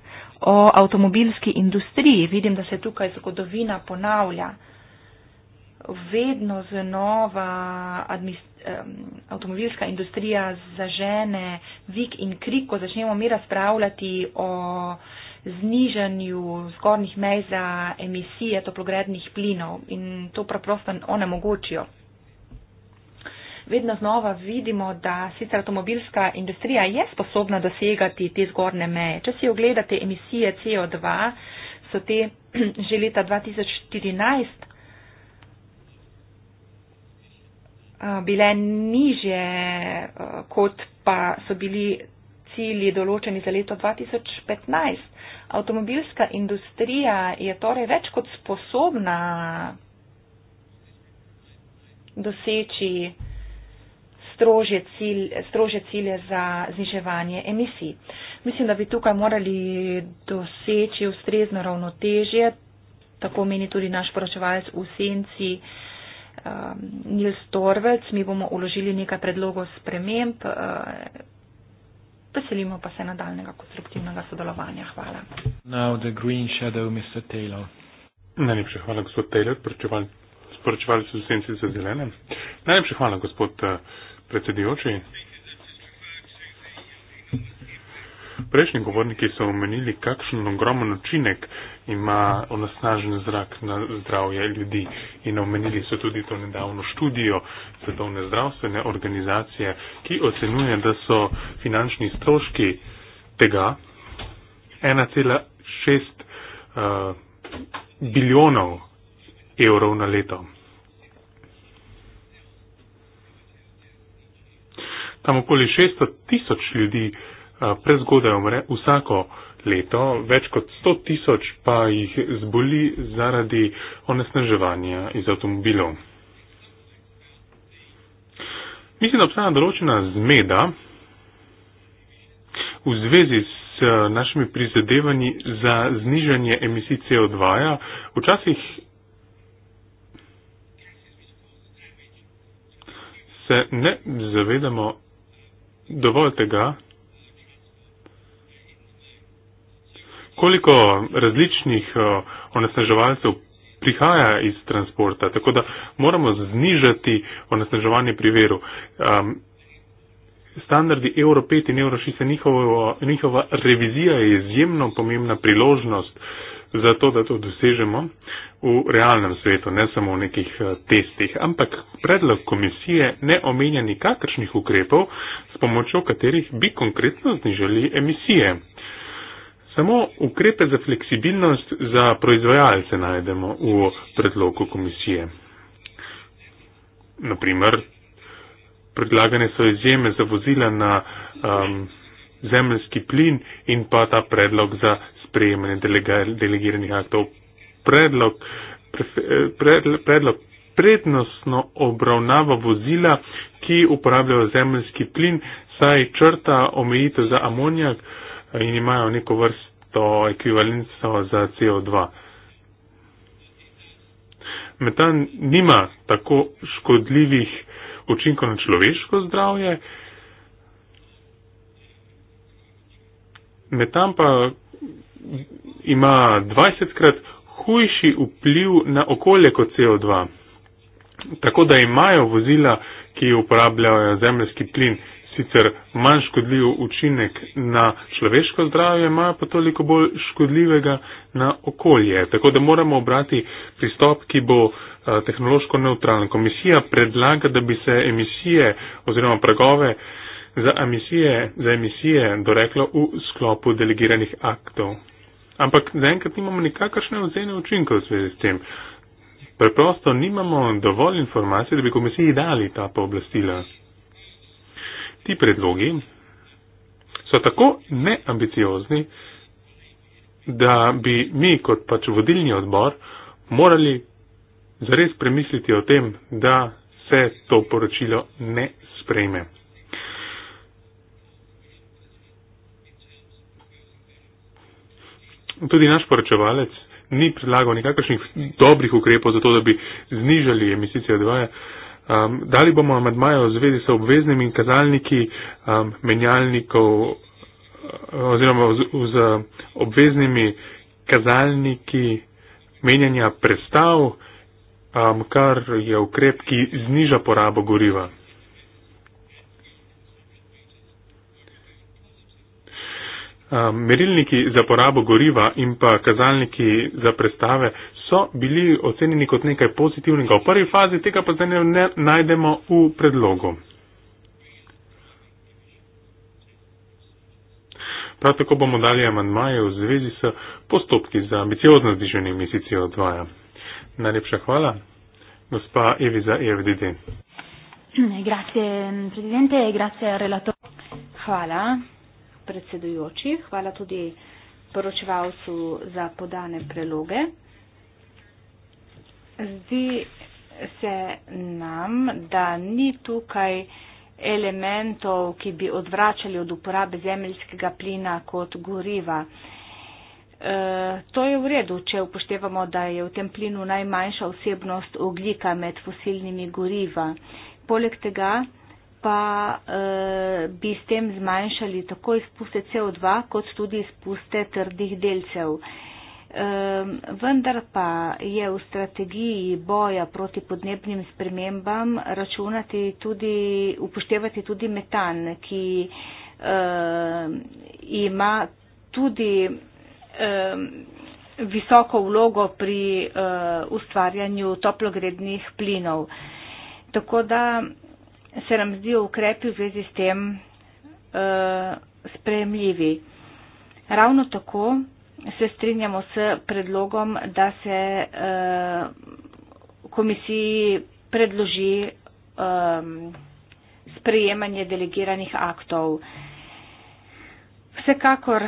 o avtomobilski industriji. Vidim, da se tukaj zgodovina ponavlja vedno znova um, avtomobilska industrija zažene vik in krik, ko začnemo mi razpravljati o znižanju zgornjih mej za emisije toplogrednih plinov in to preprosto onemogočijo vedno znova vidimo, da sicer avtomobilska industrija je sposobna dosegati te zgornje meje. Če si ogledate emisije CO2, so te že leta 2014 eh, bile niže, eh, kot pa so bili cilji določeni za leto 2015. Avtomobilska industrija je torej več kot sposobna doseči strožje, cilj, strožje cilje za zniževanje emisij. Mislim, da bi tukaj morali doseči ustrezno ravnotežje, tako meni tudi naš poročevalec v senci uh, Nils Torvec. Mi bomo uložili nekaj predlogov sprememb. Uh, Veselimo pa se nadaljnega konstruktivnega sodelovanja. Hvala.
Shadow, Najlepša hvala, gospod Taylor, sporočevalec v senci za zelenem. Najlepša hvala, gospod uh, predsedujoči. Prejšnji govorniki so omenili, kakšen ogromen učinek ima onesnažen zrak na zdravje ljudi in omenili so tudi to nedavno študijo Svetovne zdravstvene organizacije, ki ocenjuje, da so finančni stroški tega 1,6 uh, eh, bilijonov evrov na leto. tam okoli 600 tisoč ljudi eh, prezgodaj umre vsako leto, več kot 100 tisoč pa jih zboli zaradi onesnaževanja iz avtomobilov. Mislim, da obstaja določena zmeda v zvezi s eh, našimi prizadevanji za znižanje emisij CO2. -ja. Včasih se ne zavedamo dovolj tega, koliko različnih eh, onesnaževalcev prihaja iz transporta, tako da moramo znižati onesnaževanje pri veru. Um, standardi Euro 5 in Euro 6, njihovo, njihova revizija je izjemno pomembna priložnost uh, za to, da to dosežemo v realnem svetu, ne samo v nekih eh, testih. Ampak predlog komisije ne omenja nikakršnih ukrepov, s pomočjo katerih bi konkretno znižali emisije. Samo ukrepe za fleksibilnost za proizvajalce najdemo v predlogu komisije. Naprimer, predlagane so izjeme za vozila na um, ehm, zemljski plin in pa ta predlog za sprejemanje delega, delegiranih aktov. Predlog, pre, eh, predlog prednostno obravnava vozila, ki uporabljajo zemljski plin, saj črta omejitev za amonjak eh, in imajo neko vrsto ekvivalenco za CO2. Metan nima tako škodljivih učinkov na človeško zdravje, metan pa ima 20krat hujši vpliv na okolje kot CO2. Tako da imajo vozila, ki uporabljajo zemljski plin, sicer manj škodljiv učinek na človeško zdravje, imajo pa toliko bolj škodljivega na okolje. Tako da moramo obrati pristop, ki bo eh, tehnološko neutralen. Komisija predlaga, da bi se emisije oziroma pragove za emisije, za emisije doreklo v sklopu delegiranih aktov ampak zaenkrat nimamo nikakršne ocene učinkov v zvezi s tem. Preprosto nimamo dovolj informacij, da bi komisiji dali ta pooblastila. Ti predlogi so tako neambiciozni, da bi mi kot pač vodilni odbor morali zares premisliti o tem, da se to poročilo ne sprejme. tudi naš poročevalec ni predlagal nikakršnih dobrih ukrepov za to, da bi znižali emisije CO2. Um, dali bomo amadmaje v zvezi s obveznimi kazalniki um, menjalnikov uh, oziroma z, z obveznimi kazalniki menjanja prestav, um, kar je ukrep, ki zniža porabo goriva. Merilniki za porabo goriva in pa kazalniki za prestave so bili ocenjeni kot nekaj pozitivnega. V prvi fazi tega pa zdaj ne najdemo v predlogu. Prav tako bomo dali amandmaje v zvezi s postopki za ambiciozno zdiženje emisij CO2. Najlepša hvala, gospa Evi za EFDD.
Grazie, predsednik, grazie, relator. Hvala predsedujoči, hvala tudi poročevalcu za podane preloge. Zdi se nam, da ni tukaj elementov, ki bi odvračali od uporabe zemeljskega plina kot goriva. E, to je v redu, če upoštevamo, da je v tem plinu najmanjša vsebnost oglika med fosilnimi goriva. Poleg tega, pa uh, bi s tem zmanjšali tako izpuste CO2 kot tudi izpuste trdih delcev. Um, vendar pa je v strategiji boja proti podnebnim spremembam računati tudi, upoštevati tudi metan, ki um, ima tudi um, visoko vlogo pri uh, ustvarjanju toplogrednih plinov. Tako da se nam zdijo ukrepi v zvezi s tem uh, sprejemljivi. Ravno tako se strinjamo s predlogom, da se uh, komisiji predloži um, sprejemanje delegiranih aktov. Vsekakor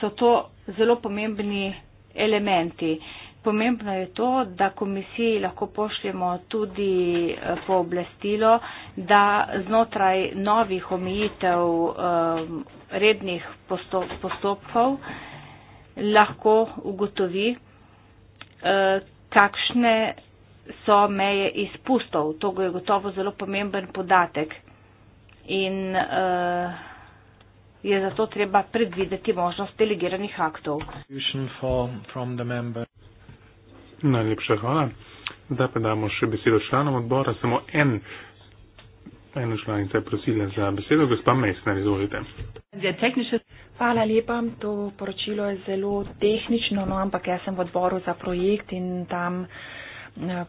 so to zelo pomembni elementi. Uh, Pomembno je to, da komisiji lahko pošljemo tudi eh, pooblastilo, da znotraj novih omejitev eh, rednih postopkov lahko ugotovi, eh, kakšne so meje izpustov. To je gotovo zelo pomemben podatek in je zato treba predvideti možnost delegiranih aktov.
Najlepša hvala. Zdaj pa damo še besedo članom odbora. Samo en, eno članico je prosila za besedo, gospa Mejsner, izvolite.
Hvala lepa. To poročilo je zelo tehnično, no, ampak jaz sem v odboru za projekt in tam eh,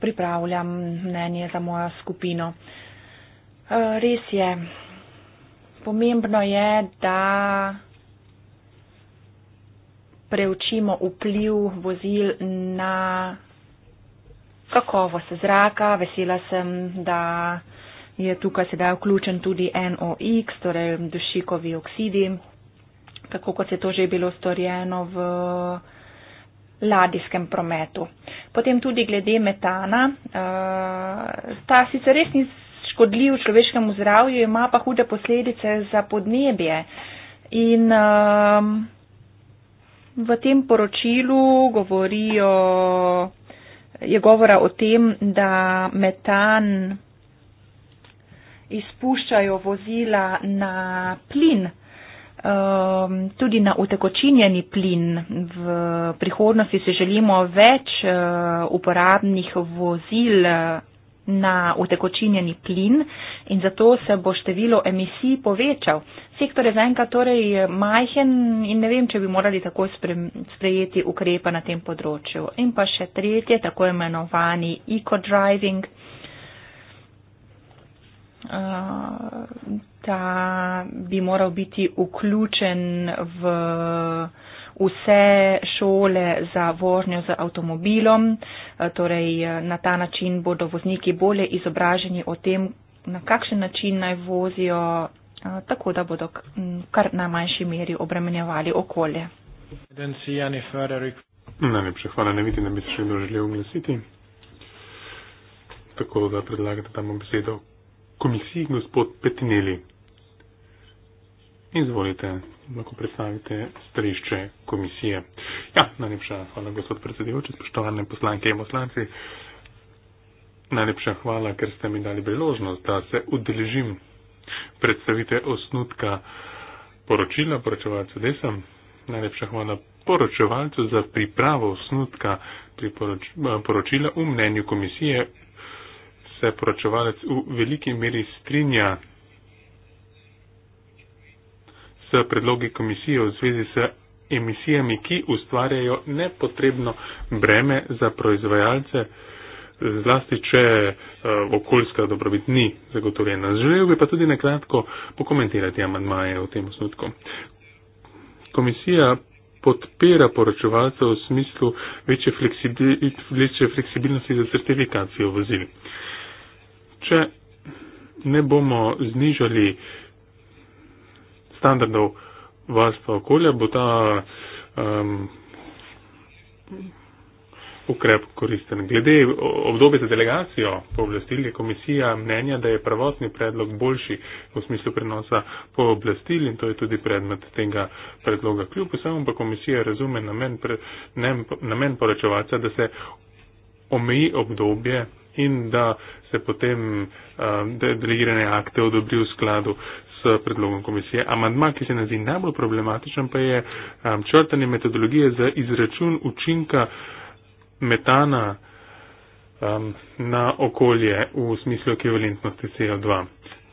pripravljam mnenje za mojo skupino. Eh, res je, pomembno je, da preučimo vpliv vozil na kakovost zraka. Vesela sem, da je tukaj sedaj vključen tudi NOx, torej dušikovi oksidi, tako kot je to že bilo storjeno v ladijskem prometu. Potem tudi glede metana. Eh, ta sicer res ni škodljiv človeškemu zdravju, ima pa hude posledice za podnebje. In um, v tem poročilu govorijo, je govora o tem, da metan izpuščajo vozila na plin, um, tudi na utekočinjeni plin. V prihodnosti se želimo več uh, uporabnih vozil na utekočinjeni plin in zato se bo število emisij povečal. Sektor je zaenkrat torej majhen in ne vem, če bi morali tako sprejeti ukrepa na tem področju. In pa še tretje, tako imenovani eco-driving. Ta bi moral biti vključen v vse šole za vožnjo z avtomobilom. Eh, torej, eh, na ta način bodo vozniki bolje izobraženi o tem, na kakšen način naj vozijo, eh, tako da bodo kar na manjši meri obremenjevali okolje.
Najlepša hvala, ne vidim, da bi se še kdo želel oglasiti. Tako da predlagate tam besedo komisiji, gospod Petineli. Izvolite, lahko predstavite stališče komisije. Ja, najlepša hvala, gospod predsedujoči, spoštovane poslanke in poslanci. Najlepša hvala, ker ste mi dali priložnost, da se udeležim predstavite osnutka poročila poročevalcu desa. Najlepša hvala poročevalcu za pripravo osnutka priporoč, poročila v mnenju komisije. Se poročevalec v veliki meri strinja s predlogi komisije v zvezi s emisijami, ki ustvarjajo nepotrebno breme za proizvajalce, zlasti če eh, okoljska dobrobit ni zagotovljena. Želel bi pa tudi nekratko pokomentirati amadmaje v tem osnutku. Komisija podpira poročevalce v smislu večje, fleksibil, večje fleksibilnosti za certifikacijo vozil. Če ne bomo znižali eh, standardov varstva okolja, bo ta um, ukrep koristen. Glede obdobja za delegacijo pooblastil je komisija mnenja, da je prvotni predlog boljši v smislu prenosa pooblastil in to je tudi predmet tega predloga. Kljub vsemu pa komisija razume namen, pre, namen poračevalca, da se omeji obdobje in da se potem uh, delegirane akte odobri v skladu predlogom komisije. Amandma, ki se nam zdi najbolj problematičen, pa je um, črtanje metodologije za izračun učinka metana um, na okolje v smislu ekvivalentnosti CO2.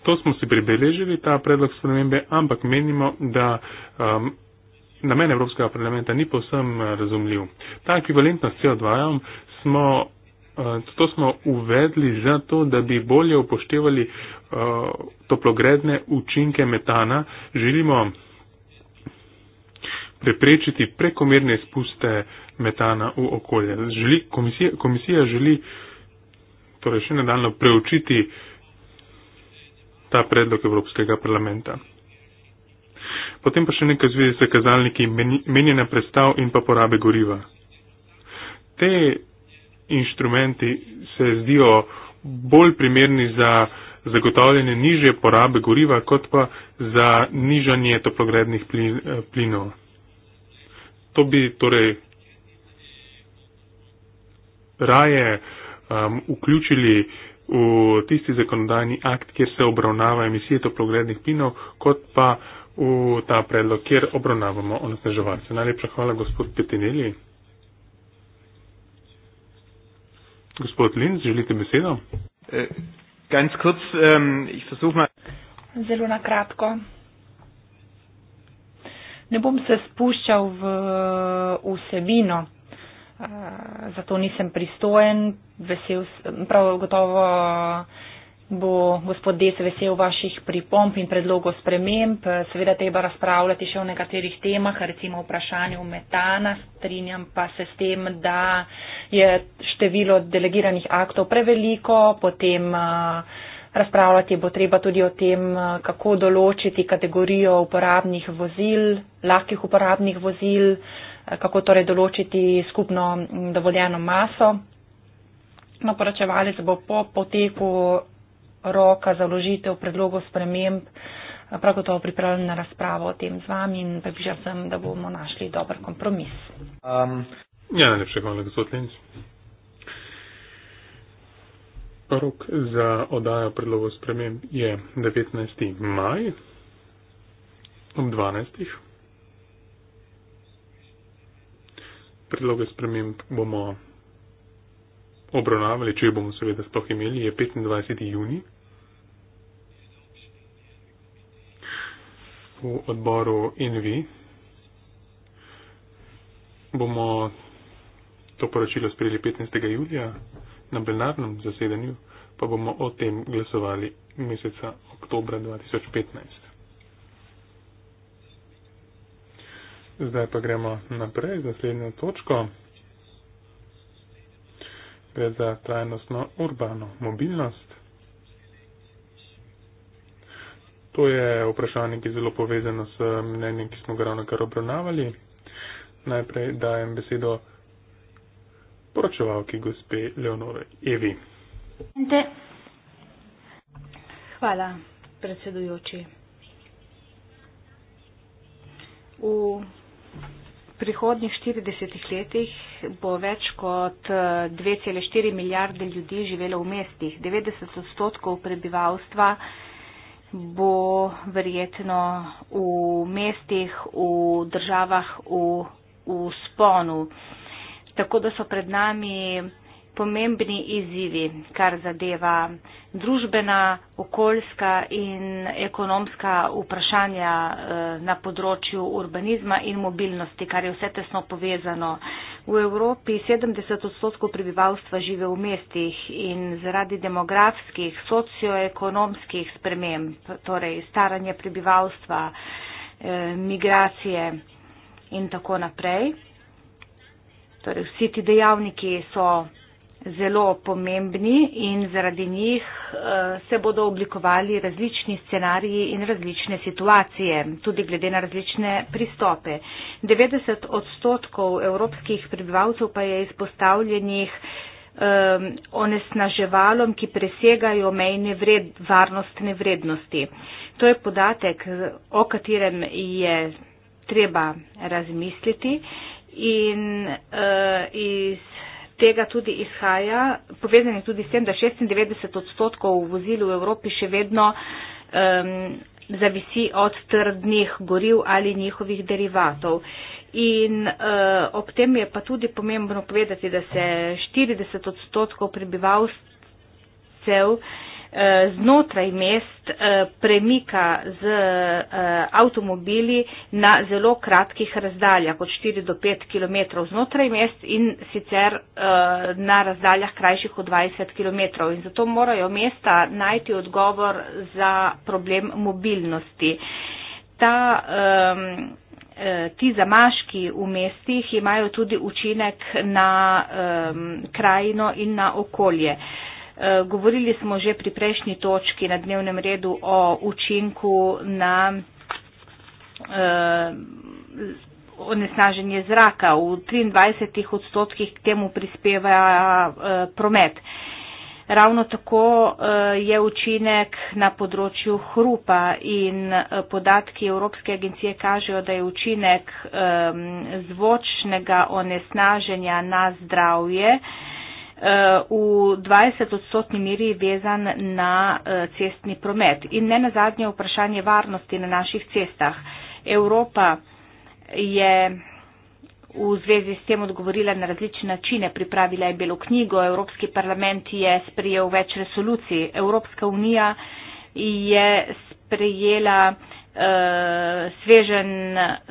To smo si pribeležili, ta predlog spremembe, ampak menimo, da um, namen Evropskega parlamenta ni povsem uh, razumljiv. Ta ekvivalentnost CO2 smo To smo uvedli zato, da bi bolje upoštevali uh, toplogredne učinke metana. Želimo preprečiti prekomerne izpuste metana v okolje. Želi, komisija, komisija želi torej še nadaljno preučiti ta predlog Evropskega parlamenta. Potem pa še nekaj zvezi z kazalniki menjene predstav in pa porabe goriva. Te inštrumenti se zdijo bolj primerni za zagotavljanje nižje porabe goriva, kot pa za nižanje toplogrednih plin, eh, plinov. To bi torej raje um, vključili v tisti zakonodajni akt, kjer se obravnava emisije toplogrednih plinov, kot pa v ta predlog, kjer obravnavamo onesnaževalce. Najlepša hvala, gospod Petinelli. Gospod Linz, želite besedo? Eh, ganz kurz, ähm, ich versuche mal.
Zelo na kratko. Ne bom se spuščal v vsebino, eh, zato nisem pristojen, vesel, prav gotovo bo gospod Des vesel vaših pripomp in predlogov sprememb. Seveda treba razpravljati še o nekaterih temah, recimo o vprašanju metana. Strinjam pa se s tem, da je število delegiranih aktov preveliko, potem razpravljati bo treba tudi o tem, kako določiti kategorijo uporabnih vozil, lahkih uporabnih vozil, kako torej določiti skupno dovoljeno maso. No, poročevalec bo po poteku roka za vložitev predlogov sprememb prav gotovo pripravljen na razpravo o tem z vami in prepričan sem, da bomo našli dober kompromis.
Um, ja, najlepše hvala, gospod Lenc. Rok za odajo predlogov sprememb je 19. maj ob 12. Predloge sprememb bomo obravnavali, če jih bomo seveda sploh imeli, je 25. juni v odboru NV. Bomo to poročilo sprejeli 15. julija na plenarnem zasedanju, pa bomo o tem glasovali meseca oktobra 2015. Zdaj pa gremo naprej z naslednjo točko gre za trajnostno urbano mobilnost. To je vprašanje, ki je zelo povezano s mnenjem, ki smo ga ravno kar obravnavali. Najprej dajem besedo poročevalki gospe Leonore Evi.
Hvala, predsedujoči. V prihodnjih 40 letih bo več kot 2,4 eh, milijarde ljudi živelo v mestih. 90 odstotkov prebivalstva bo verjetno v mestih, v državah, v, v sponu. Tako da so pred nami pomembni izzivi, kar zadeva družbena, okoljska in ekonomska vprašanja eh, na področju urbanizma in mobilnosti, kar je vse tesno povezano. V Evropi 70 odstotkov prebivalstva žive v mestih in zaradi demografskih, socioekonomskih sprememb, torej staranje prebivalstva, eh, migracije in tako naprej. Torej, vsi ti dejavniki so zelo pomembni in zaradi njih eh, se bodo oblikovali različni scenariji in različne situacije, tudi glede na različne pristope. 90 odstotkov evropskih prebivalcev pa je izpostavljenih ehm, onesnaževalom, ki presegajo mejne vred, varnostne vrednosti. To je podatek, o katerem je treba razmisliti in uh, iz tega tudi izhaja, povezani tudi s tem, da 96 odstotkov vozil v Evropi še vedno um, zavisi od trdnih goriv ali njihovih derivatov. In uh, ob tem je pa tudi pomembno povedati, da se 40 odstotkov prebivalcev Eh, znotraj mest eh, premika z eh, avtomobili na zelo kratkih razdaljah, od 4 do 5 km znotraj mest in sicer na razdaljah krajših od 20 km. In zato morajo mesta najti odgovor za problem mobilnosti. Ta, um, Ti zamaški v mestih imajo tudi učinek na um, krajino in na okolje. Uh, Eh, govorili smo že pri prejšnji točki na dnevnem redu o učinku na eh, onesnaženje zraka. V 23 odstotkih k temu prispeva eh, promet. Ravno tako je učinek na področju hrupa in podatki Evropske agencije kažejo, da je učinek zvočnega onesnaženja na zdravje v 20 odstotni meri vezan na eh, cestni promet. In ne nazadnje vprašanje varnosti na naših cestah. Evropa je v zvezi s tem odgovorila na različne načine. Pripravila je belo knjigo, Evropski parlament je sprejel več resolucij, Evropska unija je sprejela uh, eh, svežen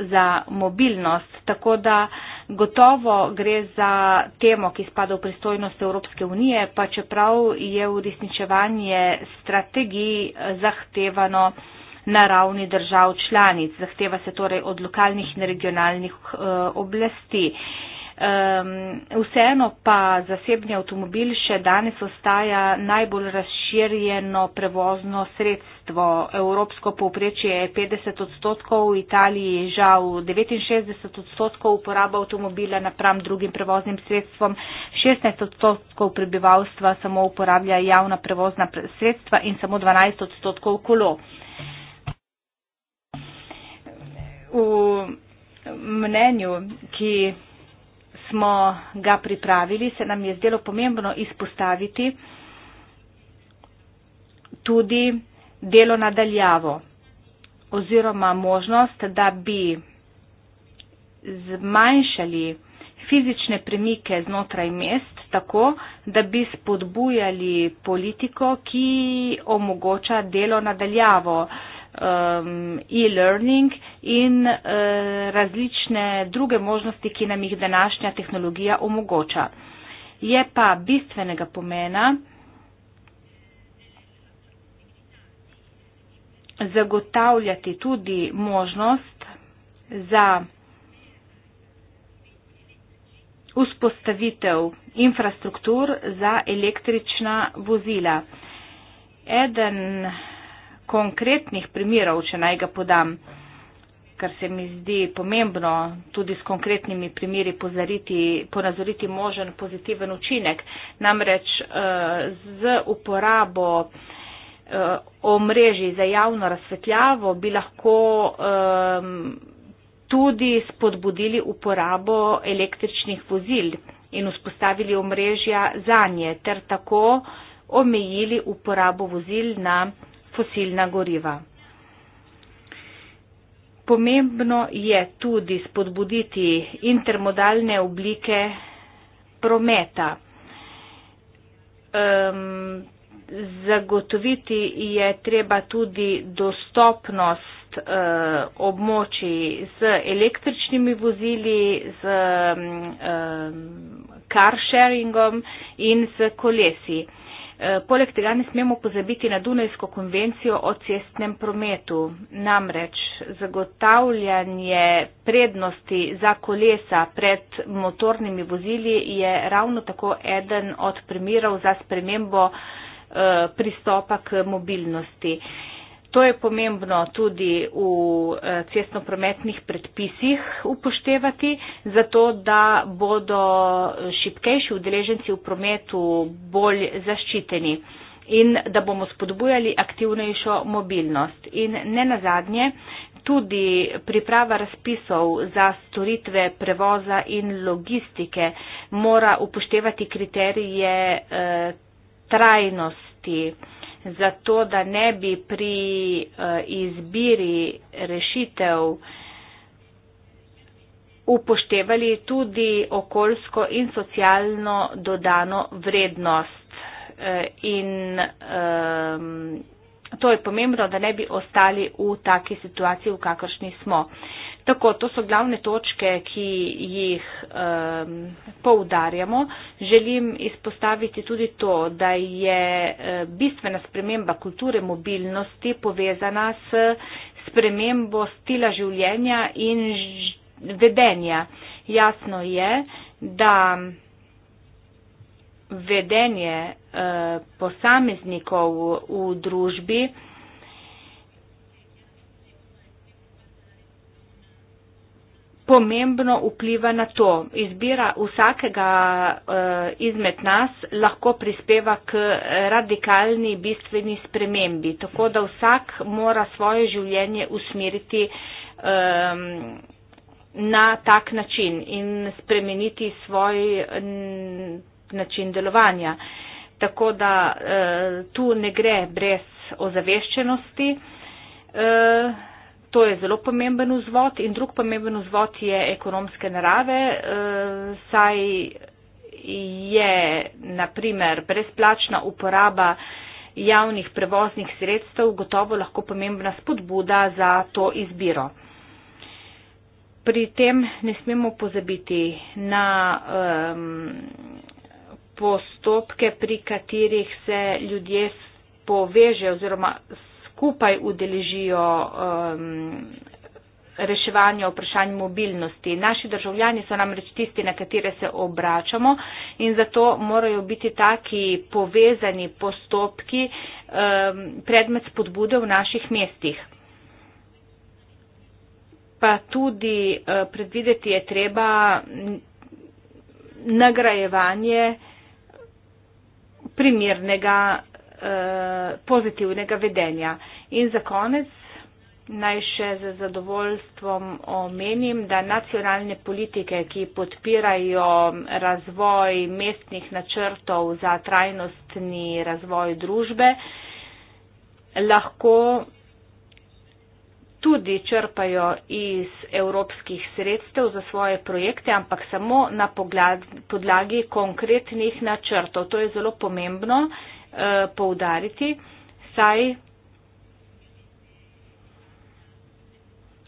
za mobilnost. Tako da uh, Gotovo gre za temo, ki spada v pristojnost Evropske unije, pa čeprav je uresničevanje strategij zahtevano na ravni držav članic. Zahteva se torej od lokalnih in regionalnih uh, oblasti. Um, vseeno pa zasebni avtomobil še danes ostaja najbolj razširjeno prevozno sredstvo zadovoljstvo. Evropsko povprečje je 50 odstotkov, v Italiji je žal 69 odstotkov uporaba avtomobila napram drugim prevoznim sredstvom, 16 odstotkov prebivalstva samo uporablja javna prevozna sredstva in samo 12 odstotkov kolo. V mnenju, ki smo ga pripravili, se nam je zdelo pomembno izpostaviti tudi delo nadaljavo oziroma možnost, da bi zmanjšali fizične premike znotraj mest tako, da bi spodbujali politiko, ki omogoča delo nadaljavo, um, e-learning in uh, različne druge možnosti, ki nam jih današnja tehnologija omogoča. Je pa bistvenega pomena, zagotavljati tudi možnost za vzpostavitev infrastruktur za električna vozila. Eden konkretnih primerov, če naj ga podam, kar se mi zdi pomembno tudi s konkretnimi primeri pozariti, ponazoriti možen pozitiven učinek, namreč eh, z uporabo uh, Eh, o mreži za javno razsvetljavo bi lahko tudi spodbudili uporabo električnih vozil in vzpostavili omrežja za nje ter tako omejili uporabo vozil na fosilna goriva. Pomembno je tudi spodbuditi intermodalne oblike prometa zagotoviti je treba tudi dostopnost eh, območij z električnimi vozili, z mm, eh, car sharingom in z kolesi. Eh, poleg tega ne smemo pozabiti na Dunajsko konvencijo o cestnem prometu. Namreč zagotavljanje prednosti za kolesa pred motornimi vozili je ravno tako eden od primerov za spremembo eh, Eh, pristopa k mobilnosti. To je pomembno tudi v eh, cestnoprometnih predpisih upoštevati, zato da bodo šipkejši udeleženci v prometu bolj zaščiteni in da bomo spodbujali aktivnejšo mobilnost. In ne nazadnje, tudi priprava razpisov za storitve prevoza in logistike mora upoštevati kriterije. Eh, trajnosti, zato da ne bi pri eh, izbiri rešitev upoštevali tudi okoljsko in socialno dodano vrednost. Eh, in ehm, to je pomembno, da ne bi ostali v taki situaciji, v kakršni smo. Tako, to so glavne točke, ki jih um, poudarjamo. Želim izpostaviti tudi to, da je e, bistvena sprememba kulture mobilnosti povezana s spremembo stila življenja in vedenja. Jasno je, da vedenje uh, posameznikov v družbi uh, pomembno vpliva na to. Izbira vsakega uh, izmed nas lahko prispeva k radikalni bistveni spremembi, tako da vsak mora svoje življenje usmeriti um, na tak način in spremeniti svoj um, način delovanja. Tako da uh, tu ne gre brez ozaveščenosti. Uh, to je zelo pomemben vzvod in drug pomemben vzvod je ekonomske narave, eh, saj je naprimer brezplačna uporaba javnih prevoznih sredstev gotovo lahko pomembna spodbuda za to izbiro. Pri tem ne smemo pozabiti na um, postopke, pri katerih se ljudje poveže oziroma skupaj udeležijo um, reševanja vprašanj mobilnosti. Naši državljani so namreč tisti, na katere se obračamo in zato morajo biti taki povezani postopki um, predmet spodbude v naših mestih. Pa tudi uh, predvideti je treba nagrajevanje primernega Eh, pozitivnega vedenja. In za konec naj še z zadovoljstvom omenim, da nacionalne politike, ki podpirajo razvoj mestnih načrtov za trajnostni razvoj družbe, lahko tudi črpajo iz evropskih sredstev za svoje projekte, ampak samo na podlagi konkretnih načrtov. To je zelo pomembno, Eh, poudariti, saj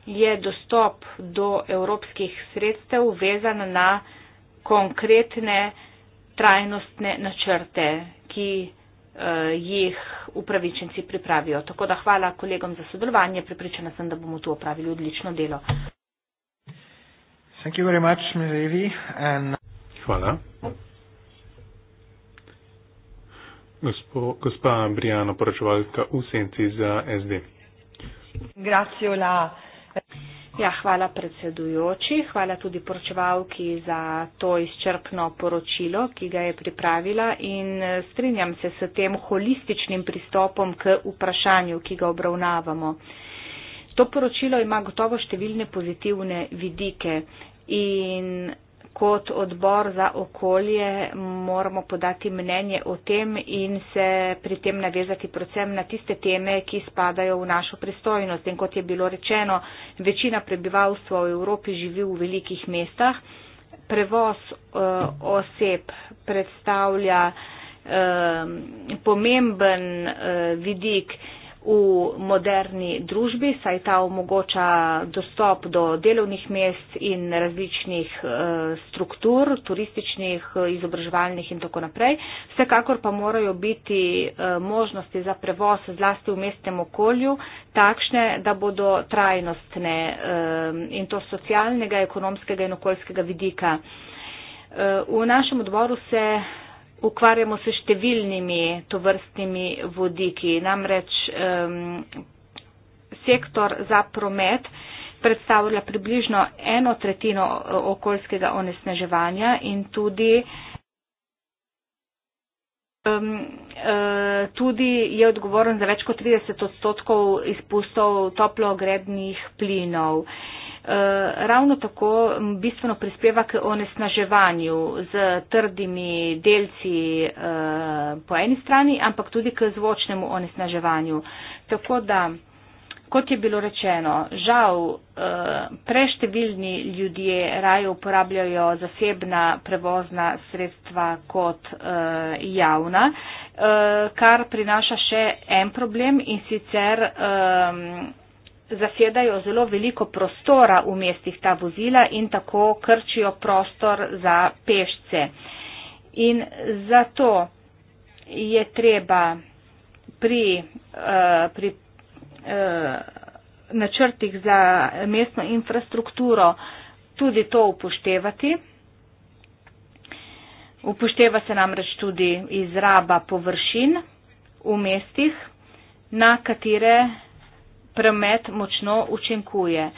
je dostop do evropskih sredstev vezan na konkretne trajnostne načrte, ki eh, jih upravičenci pripravijo. Tako da hvala kolegom za sodelovanje. Pripričana sem, da bomo tu opravili odlično delo.
Hvala gospo, gospa Brijana poročevalka v senci za SD.
Grazie, ja, hvala predsedujoči, hvala tudi poročevalki za to izčrpno poročilo, ki ga je pripravila in eh, strinjam se s tem holističnim pristopom k vprašanju, ki ga obravnavamo. To poročilo ima gotovo številne pozitivne vidike in kot odbor za okolje moramo podati mnenje o tem in se pri tem navezati predvsem na tiste teme, ki spadajo v našo pristojnost. In kot je bilo rečeno, večina prebivalstva v Evropi živi v velikih mestah. Prevoz uh, oseb predstavlja uh, pomemben uh, vidik uh, v moderni družbi, saj ta omogoča dostop do delovnih mest in različnih eh, struktur, turističnih, eh, izobraževalnih in tako naprej. Vsekakor pa morajo biti eh, možnosti za prevoz zlasti v mestnem okolju takšne, da bodo trajnostne in to socialnega, ekonomskega in okoljskega vidika. V našem odboru se ukvarjamo se številnimi tovrstnimi vodiki. Namreč um, sektor za promet predstavlja približno eno tretjino eh, okoljskega onesnaževanja in tudi Um, uh, tudi je odgovoren za več kot 30 odstotkov izpustov toplogrednih plinov. Uh, ravno tako bistveno prispeva k onesnaževanju z trdimi delci uh, po eni strani, ampak tudi k zvočnemu onesnaževanju. Tako da. Kot je bilo rečeno, žal eh, preštevilni ljudje raje uporabljajo zasebna prevozna sredstva kot eh, javna, eh, kar prinaša še en problem in sicer ehm, zasedajo zelo veliko prostora v mestih ta vozila in tako krčijo prostor za pešce. In zato je treba pri, pri Eh, načrtih za mestno infrastrukturo tudi to upoštevati. Upošteva se namreč tudi izraba površin v mestih, na katere promet močno učinkuje. Uh,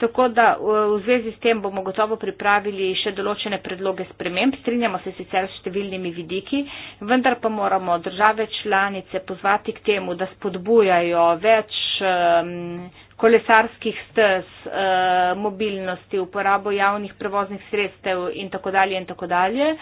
Tako da v zvezi s tem bomo gotovo pripravili še določene predloge sprememb. Strinjamo se sicer s številnimi vidiki, vendar pa moramo države članice pozvati k temu, da spodbujajo več um, kolesarskih stez, uh, mobilnosti, uporabo javnih prevoznih sredstev in tako dalje in tako dalje.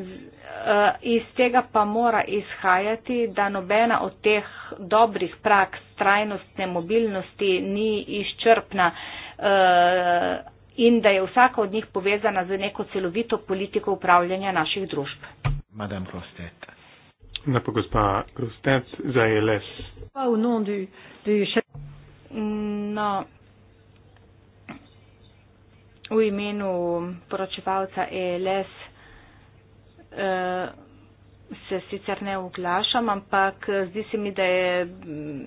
Z, uh, iz tega pa mora izhajati, da nobena od teh dobrih praks trajnostne mobilnosti ni izčrpna. Uh, Eh, in da je vsaka od njih povezana z neko celovito politiko upravljanja naših družb.
Madame Grostet. Na pa gospa Grostet za ELS.
Mm, no, v imenu poročevalca ELS. Uh, eh, se sicer ne oglašam, ampak eh, zdi se mi, da je mm,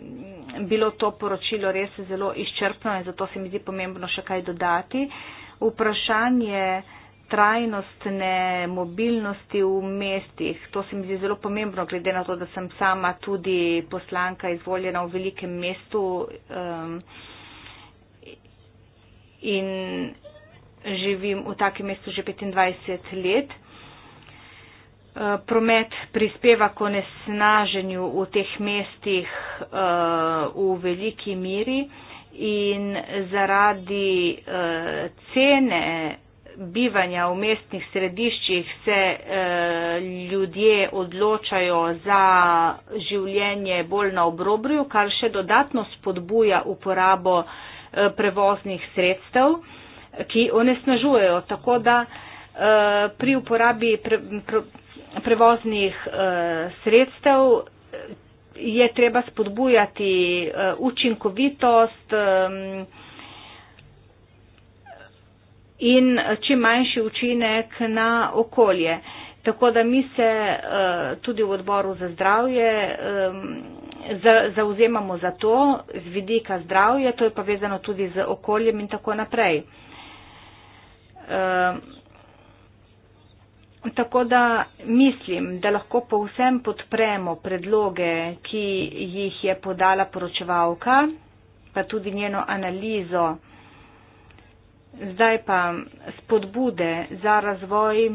bilo to poročilo res zelo izčrpno in zato se mi zdi pomembno še kaj dodati. Vprašanje trajnostne mobilnosti v mestih, to se mi zdi zelo pomembno, glede na to, da sem sama tudi poslanka izvoljena v velikem mestu um, in živim v takem mestu že 25 let. Eh, promet prispeva k onesnaženju v teh mestih eh, v veliki miri in zaradi eh, cene bivanja v mestnih središčih se ljudje odločajo za življenje bolj na obrobju, kar še dodatno spodbuja uporabo prevoznih sredstev, ki onesnažujejo. Tako da pri uporabi pre, pre, prevoznih eh, sredstev je treba spodbujati eh, učinkovitost in čim manjši učinek na okolje. Tako da mi se eh, tudi v odboru za zdravje zauzemamo za to z vidika zdravja, to je povezano tudi z okoljem in tako naprej. Tako da mislim, da lahko povsem podpremo predloge, ki jih je podala poročevalka, pa tudi njeno analizo. Zdaj pa spodbude za razvoj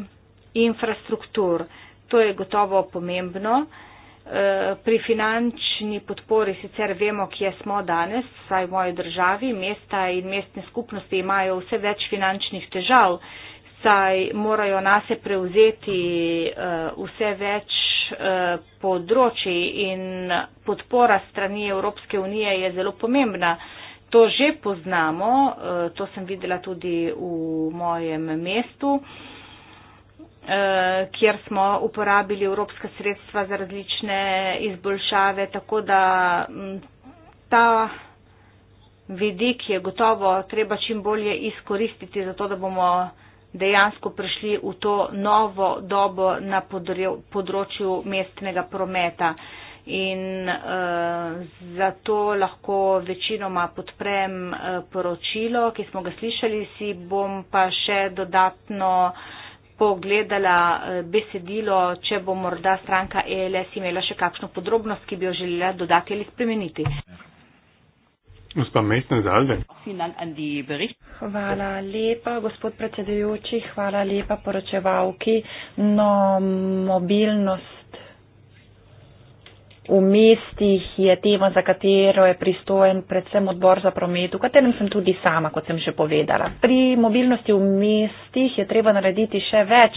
infrastruktur. To je gotovo pomembno. E, pri finančni podpori sicer vemo, kje smo danes, saj v moji državi mesta in mestne skupnosti imajo vse več finančnih težav, saj morajo nase prevzeti uh, vse več uh, eh, področji in podpora strani Evropske unije je zelo pomembna. To že poznamo, uh, to sem videla tudi v mojem mestu, uh, kjer smo uporabili evropska sredstva za različne izboljšave, tako da m, mm, ta vidik je gotovo treba čim bolje izkoristiti, zato da bomo dejansko prišli v to novo dobo na podrjo, področju mestnega prometa. In uh, zato lahko večinoma podprem uh, poročilo, ki smo ga slišali, si bom pa še dodatno pogledala uh, besedilo, če bo morda stranka ELS imela še kakšno podrobnost, ki bi jo želela dodati ali spremeniti.
Gospa mestna zalve.
Hvala lepa, gospod predsedujoči, hvala lepa poročevalki. No, mobilnost v mestih je tema, za katero je pristojen predvsem odbor za promet, v katerem sem tudi sama, kot sem že povedala. Pri mobilnosti v mestih je treba narediti še več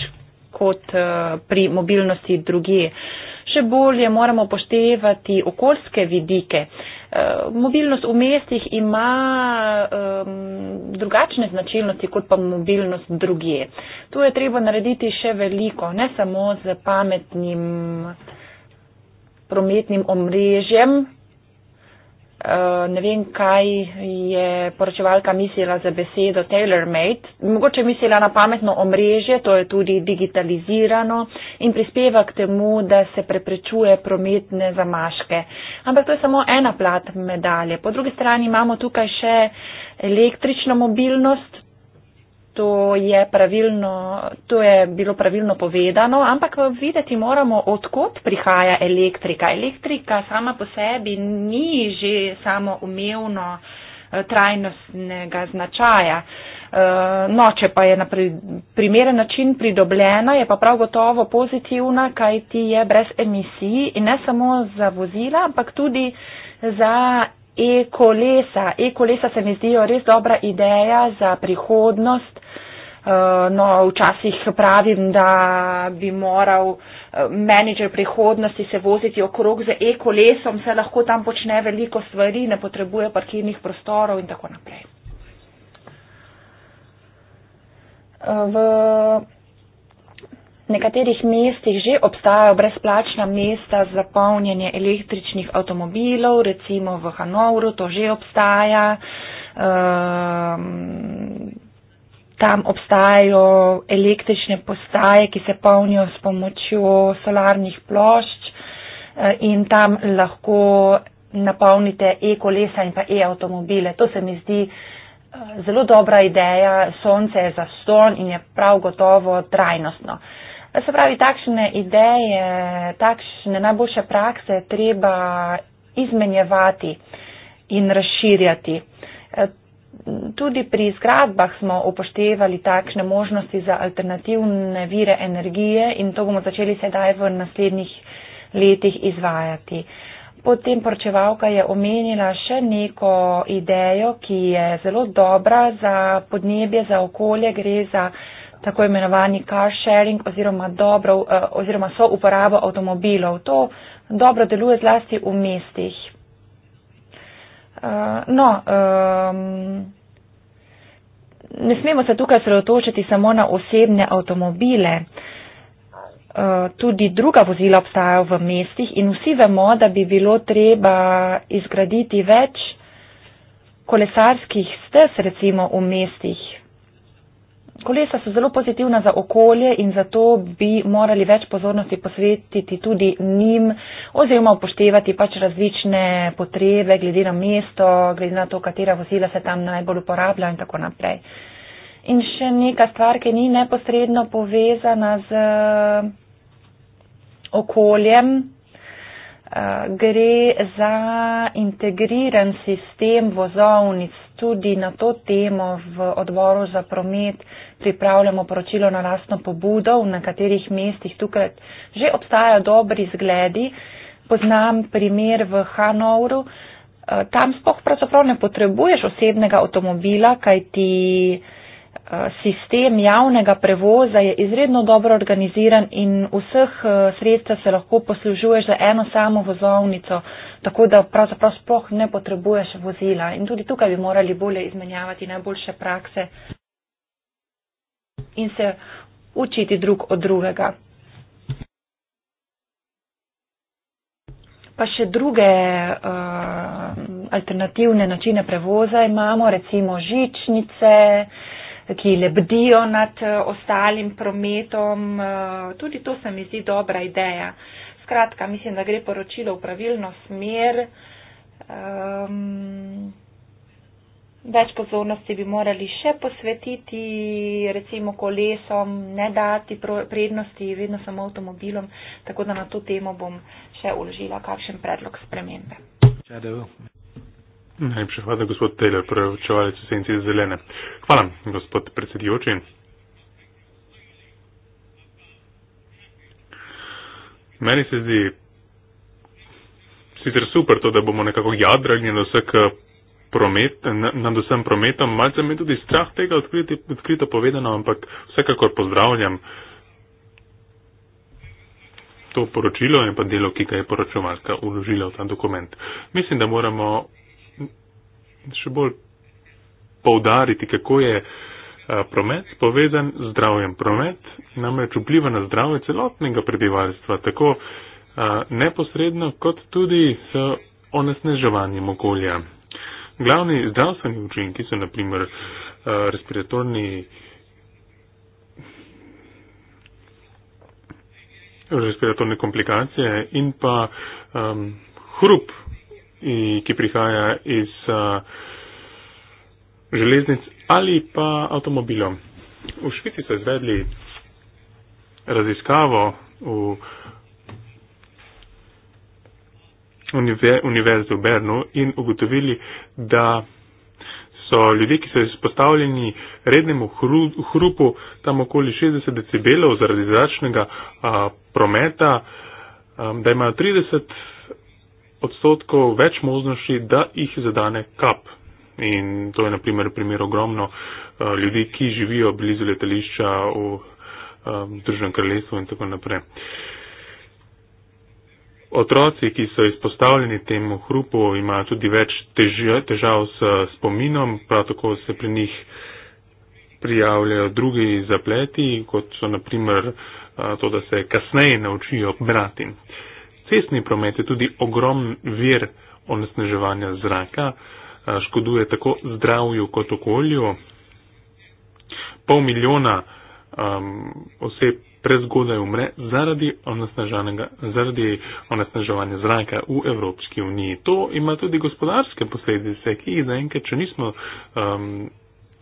kot eh, pri mobilnosti druge. Še bolje moramo poštevati okoljske vidike. Eh, mobilnost v mestih ima um, drugačne značilnosti, kot pa mobilnost druge. Tu je treba narediti še veliko, ne samo z pametnim prometnim omrežjem, Eh, ne vem, kaj je poročevalka mislila za besedo tailor-made. Mogoče mislila na pametno omrežje, to je tudi digitalizirano in prispeva k temu, da se preprečuje prometne zamaške. Ampak to je samo ena plat medalje. Po drugi strani imamo tukaj še električno mobilnost, to je pravilno, to je bilo pravilno povedano, ampak videti moramo, odkot prihaja elektrika. Elektrika sama po sebi ni že samo umevno eh, trajnostnega značaja. Eh, no, če pa je na primeren način pridobljena, je pa prav gotovo pozitivna, kaj ti je brez emisij in ne samo za vozila, ampak tudi za e-kolesa. E-kolesa se mi zdijo res dobra ideja za prihodnost. Eh, no, včasih pravim, da bi moral eh, menedžer prihodnosti se voziti okrog z e-kolesom, se lahko tam počne veliko stvari, ne potrebuje parkirnih prostorov in tako naprej. Eh, v nekaterih mestih že obstajajo brezplačna mesta za polnjenje električnih avtomobilov, recimo v Hanovru to že obstaja. Um, Tam obstajajo električne postaje, ki se polnijo s pomočjo solarnih plošč e, in tam lahko napolnite e-kolesa in pa e-avtomobile. To se mi zdi e, zelo dobra ideja. Sonce je za ston in je prav gotovo trajnostno. Uh, Se pravi, takšne ideje, takšne najboljše prakse je treba izmenjevati in razširjati. E, tudi pri zgradbah smo upoštevali takšne možnosti za alternativne vire energije in to bomo začeli sedaj v naslednjih letih izvajati. Potem poročevalka je omenila še neko idejo, ki je zelo dobra za podnebje, za okolje, gre za tako imenovani car sharing oziroma, dobro, eh, oziroma so uporabo avtomobilov. To dobro deluje zlasti v mestih. Eh, no, um, ne smemo se tukaj sredotočiti samo na osebne avtomobile. Eh, tudi druga vozila obstajajo v mestih in vsi vemo, da bi bilo treba izgraditi več kolesarskih stez recimo v mestih. Kolesa so zelo pozitivna za okolje in zato bi morali več pozornosti posvetiti tudi njim oziroma upoštevati pač različne potrebe glede na mesto, glede na to, katera vozila se tam najbolj uporablja in tako naprej. In še neka stvar, ki ni neposredno povezana z eh, okoljem, eh, gre za integriran sistem vozovnic. Tudi na to temo v odboru za promet pripravljamo poročilo na lastno pobudo, na katerih mestih tukaj že obstajajo dobri zgledi. Poznam primer v Hanovru. E, tam spoh pravzaprav ne potrebuješ osebnega avtomobila, kaj ti e, sistem javnega prevoza je izredno dobro organiziran in vseh e, sredstev se lahko poslužuješ za eno samo vozovnico, tako da pravzaprav spoh ne potrebuješ vozila. In tudi tukaj bi morali bolje izmenjavati najboljše prakse in se učiti drug od drugega. Pa še druge uh, alternativne načine prevoza imamo, recimo žičnice, ki lebdijo nad eh, ostalim prometom. Uh, tudi to se mi zdi dobra ideja. Skratka, mislim, da gre poročilo v pravilno smer. Um, Več pozornosti bi morali še posvetiti, recimo kolesom, ne dati prednosti vedno samo avtomobilom, tako da na to temo bom še uložila kakšen predlog spremembe.
Najlepša hvala, gospod Taylor, preučevalec v senci zelene. Hvala, gospod predsedujoči. Meni se zdi sicer super to, da bomo nekako jadrali na vsak promet, nad vsem prometom, malce me tudi strah tega odkriti, odkrito povedano, ampak vsekakor pozdravljam to poročilo in pa delo, ki ga je poročovarska uložila v ta dokument. Mislim, da moramo še bolj poudariti, kako je promet povezan z zdravjem. Promet namreč vpliva na zdravje celotnega prebivalstva, tako neposredno kot tudi s onesneževanjem okolja. Glavni zdravstveni učinki so naprimer eh, respiratorni, respiratorne komplikacije in pa um, hrup, ki prihaja iz uh, železnic ali pa avtomobilov. V Švici so izvedli raziskavo v univerze v Bernu in ugotovili, da so ljudje, ki so izpostavljeni rednemu hru, hrupu tam okoli 60 decibelov zaradi zračnega a, prometa, a, da imajo 30 odstotkov več možnosti, da jih zadane kap. In to je na primer primer ogromno a, ljudi, ki živijo blizu letališča v a, Držnem kraljestvu in tako naprej. Otroci, ki so izpostavljeni temu hrupu, imajo tudi več težav s spominom, prav tako se pri njih prijavljajo drugi zapleti, kot so naprimer to, da se kasneje naučijo brati. Cestni promet je tudi ogromen vir onesneževanja zraka, škoduje tako zdravju kot okolju. Pol milijona um, oseb prezgodaj umre zaradi, zaradi onesnaževanja zraka v Evropski uniji. To ima tudi gospodarske posledice, ki jih zaenkrat, če nismo um,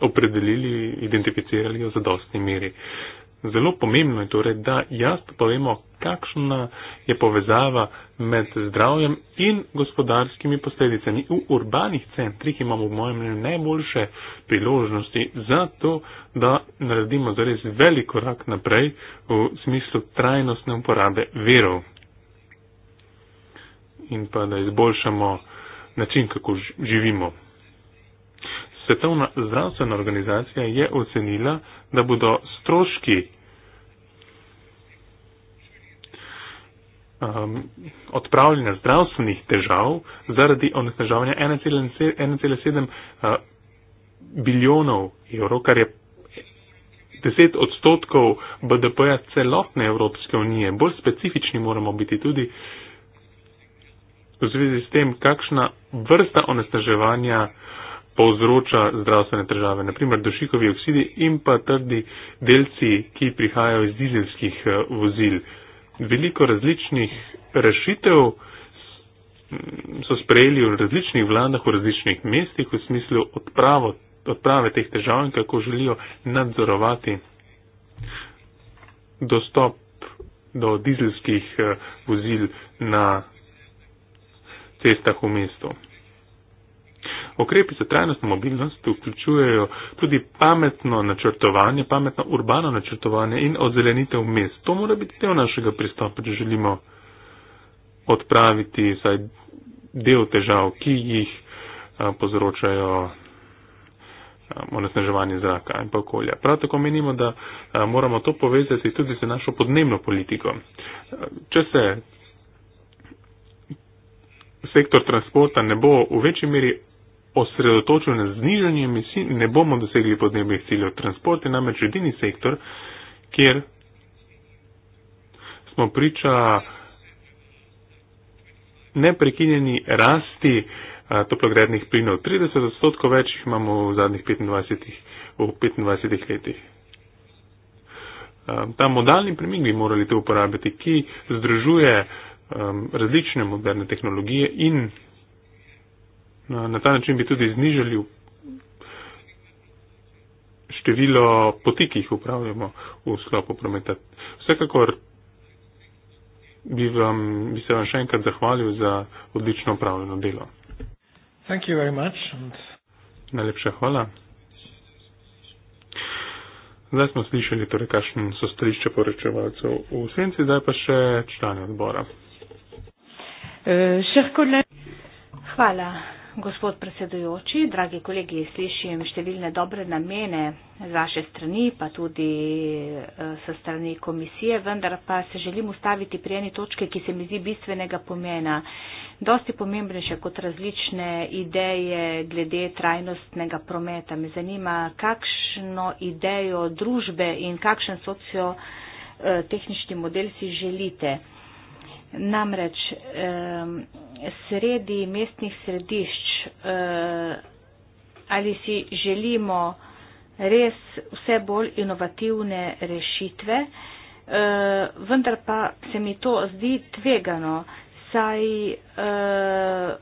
opredelili, identificirali v zadostni meri. Zelo pomembno je torej, da jasno povemo, kakšna je povezava med zdravjem in gospodarskimi posledicami. V urbanih centrih imamo v mojem mnenju najboljše priložnosti za to, da naredimo zares velik korak naprej v smislu trajnostne uporabe verov in pa da izboljšamo način, kako živimo. Svetovna zdravstvena organizacija je ocenila, da bodo stroški um, odpravljanja zdravstvenih težav zaradi onesnaževanja 1,7 uh, bilijonov evrov, kar je 10 odstotkov BDP-ja celotne Evropske unije. Bolj specifični moramo biti tudi v zvezi s tem, kakšna vrsta onesnaževanja povzroča zdravstvene težave, naprimer dušikovi oksidi in pa trdi delci, ki prihajajo iz dizelskih uh, vozil. Uh, veliko različnih rešitev so sprejeli v različnih vladah, v različnih mestih, v smislu odpravo, odprave teh težav in kako želijo nadzorovati dostop do dizelskih eh, vozil na cestah v mestu. Okrepi za trajnostno mobilnost vključujejo tudi pametno načrtovanje, pametno urbano načrtovanje in ozelenitev mest. To mora biti del našega pristopa, če želimo odpraviti vsaj del težav, ki jih povzročajo onesnaževanje zraka in pa okolja. Prav tako menimo, da moramo to povezati tudi z našo podnebno politiko. Če se sektor transporta ne bo v večji meri osredotočil na znižanje emisij, ne bomo dosegli podnebnih ciljev. Transport je namreč edini sektor, kjer smo priča neprekinjeni rasti toplogrednih plinov. 30 odstotkov več jih imamo v zadnjih 25, v 25 letih. Ta modalni premik bi morali to uporabiti, ki združuje različne moderne tehnologije in Na ta način bi tudi znižali število poti, ki jih upravljamo v sklopu prometa. Vsekakor bi, vam, bi se vam še enkrat zahvalil za odlično upravljeno delo.
Thank you very much.
Najlepša hvala. Zdaj smo slišali, torej, kakšne so stališče poročevalcev v senci, zdaj pa še člani odbora.
Uh,
hvala gospod predsedujoči, dragi kolegi, slišim številne dobre namene z vaše strani, pa tudi eh, s strani komisije, vendar pa se želim ustaviti pri eni točki, ki se mi zdi bistvenega pomena. Dosti pomembnejše kot različne ideje glede trajnostnega prometa. Me zanima, kakšno idejo družbe in kakšen sociotehnični model si želite. Namreč eh, sredi mestnih središč eh, ali si želimo res vse bolj inovativne rešitve, eh, vendar pa se mi to zdi tvegano, saj eh,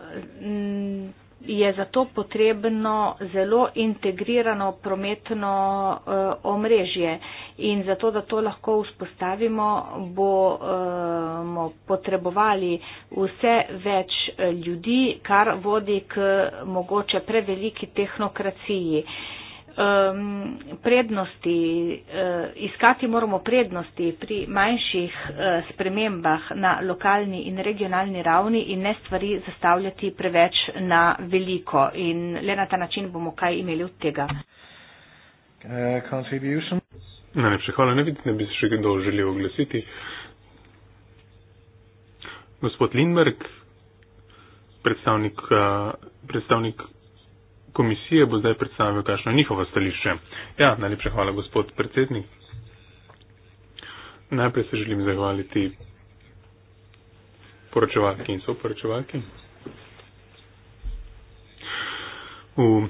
je zato potrebno zelo integrirano prometno uh, omrežje in zato, da to lahko vzpostavimo, bomo uh, potrebovali vse več eh, ljudi, kar vodi k mogoče preveliki tehnokraciji. Uh, um, prednosti, uh, iskati moramo prednosti pri manjših uh, spremembah na lokalni in regionalni ravni in ne stvari zastavljati preveč na veliko. In le na ta način bomo kaj imeli od tega.
Uh, Najlepša hvala. Ne vidim, da bi se še kdo želel oglasiti. Gospod Lindberg, predstavnik, uh, predstavnik komisije bo zdaj predstavil, kakšno je njihovo stališče. Ja, najlepša hvala, gospod predsednik. Najprej se želim zahvaliti poročevalki in soporočevalki. V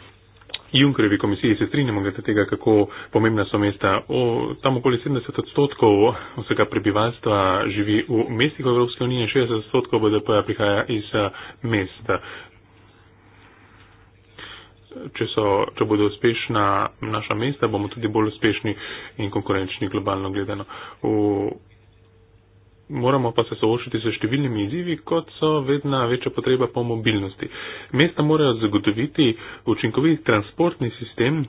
Junkerjevi komisiji se strinjamo glede tega, kako pomembna so mesta. O, tam okoli 70 odstotkov vsega prebivalstva živi v mestih Evropske unije, 60 odstotkov BDP prihaja iz eh, mesta če, so, če bodo uspešna naša mesta, bomo tudi bolj uspešni in konkurenčni globalno gledano. V, moramo pa se soočiti se številnimi izzivi, kot so vedno večja potreba po mobilnosti. Mesta morajo zagotoviti učinkovit transportni sistem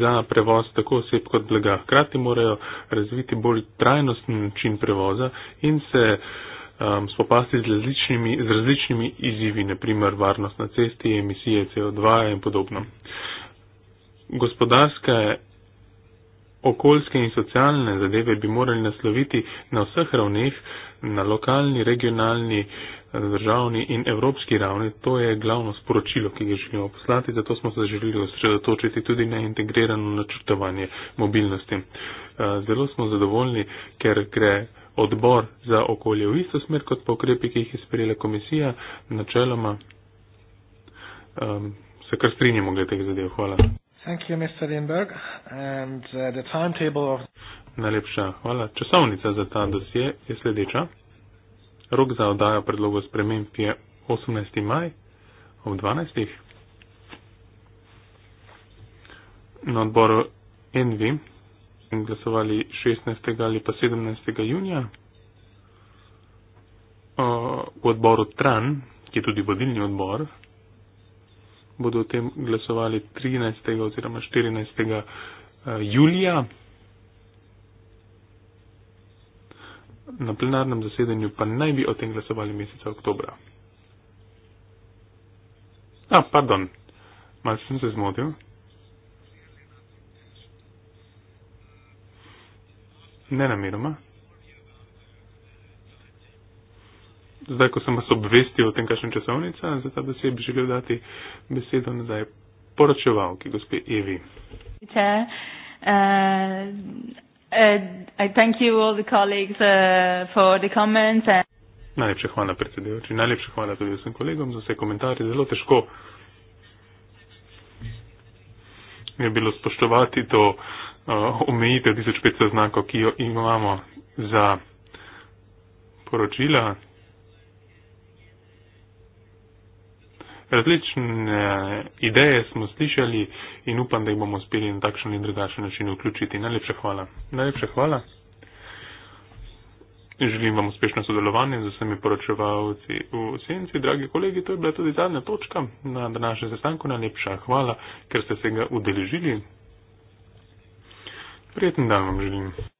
za prevoz tako oseb kot blaga. Hkrati morajo razviti bolj trajnostni način prevoza in se. Uh, um, spopasti z različnimi, z različnimi izzivi, naprimer varnost na cesti, emisije CO2 in podobno. Gospodarske, okoljske in socialne zadeve bi morali nasloviti na vseh ravneh, na lokalni, regionalni, državni in evropski ravni. To je glavno sporočilo, ki ga želimo poslati, zato smo se želeli osredotočiti tudi na integrirano načrtovanje mobilnosti. Uh, zelo smo zadovoljni, ker gre odbor za okolje v isto smer kot po ukrepi, ki jih je sprejela komisija, načeloma um, se kar strinjamo glede teh zadev. Hvala.
You, And, uh, of...
Najlepša hvala. Časovnica za ta dosje je sledeča. Rok za oddajo predlogo sprememb je 18. maj ob 12. Na odboru NV in glasovali 16. ali pa 17. junija v odboru Tran, ki je tudi vodilni odbor, bodo o tem glasovali 13. oziroma 14. Eh, julija na plenarnem zasedanju, pa naj bi o tem glasovali meseca oktobra. A, pardon, malo sem se zmotil. ne namenoma. Zdaj, ko sem vas obvestil o tem, kakšna je časovnica, za ta besed bi želel dati besedo nazaj poročevalki, gospe Evi.
Uh, uh, uh and...
Najlepša hvala, predsedujoči. Najlepša hvala tudi vsem kolegom za vse komentarje. Zelo težko je bilo spoštovati to. Uh, Eh, omejitev 1500 znakov, ki jo imamo za poročila. Različne ideje smo slišali in upam, da jih bomo uspeli na takšen in drugačen način vključiti. Najlepša hvala. Najlepša hvala. Želim vam uspešno sodelovanje z vsemi poročevalci v senci. Dragi kolegi, to je bila tudi zadnja točka na današnjem sestanku. Najlepša hvala, ker ste se ga udeležili. Prijeten dan vam želim.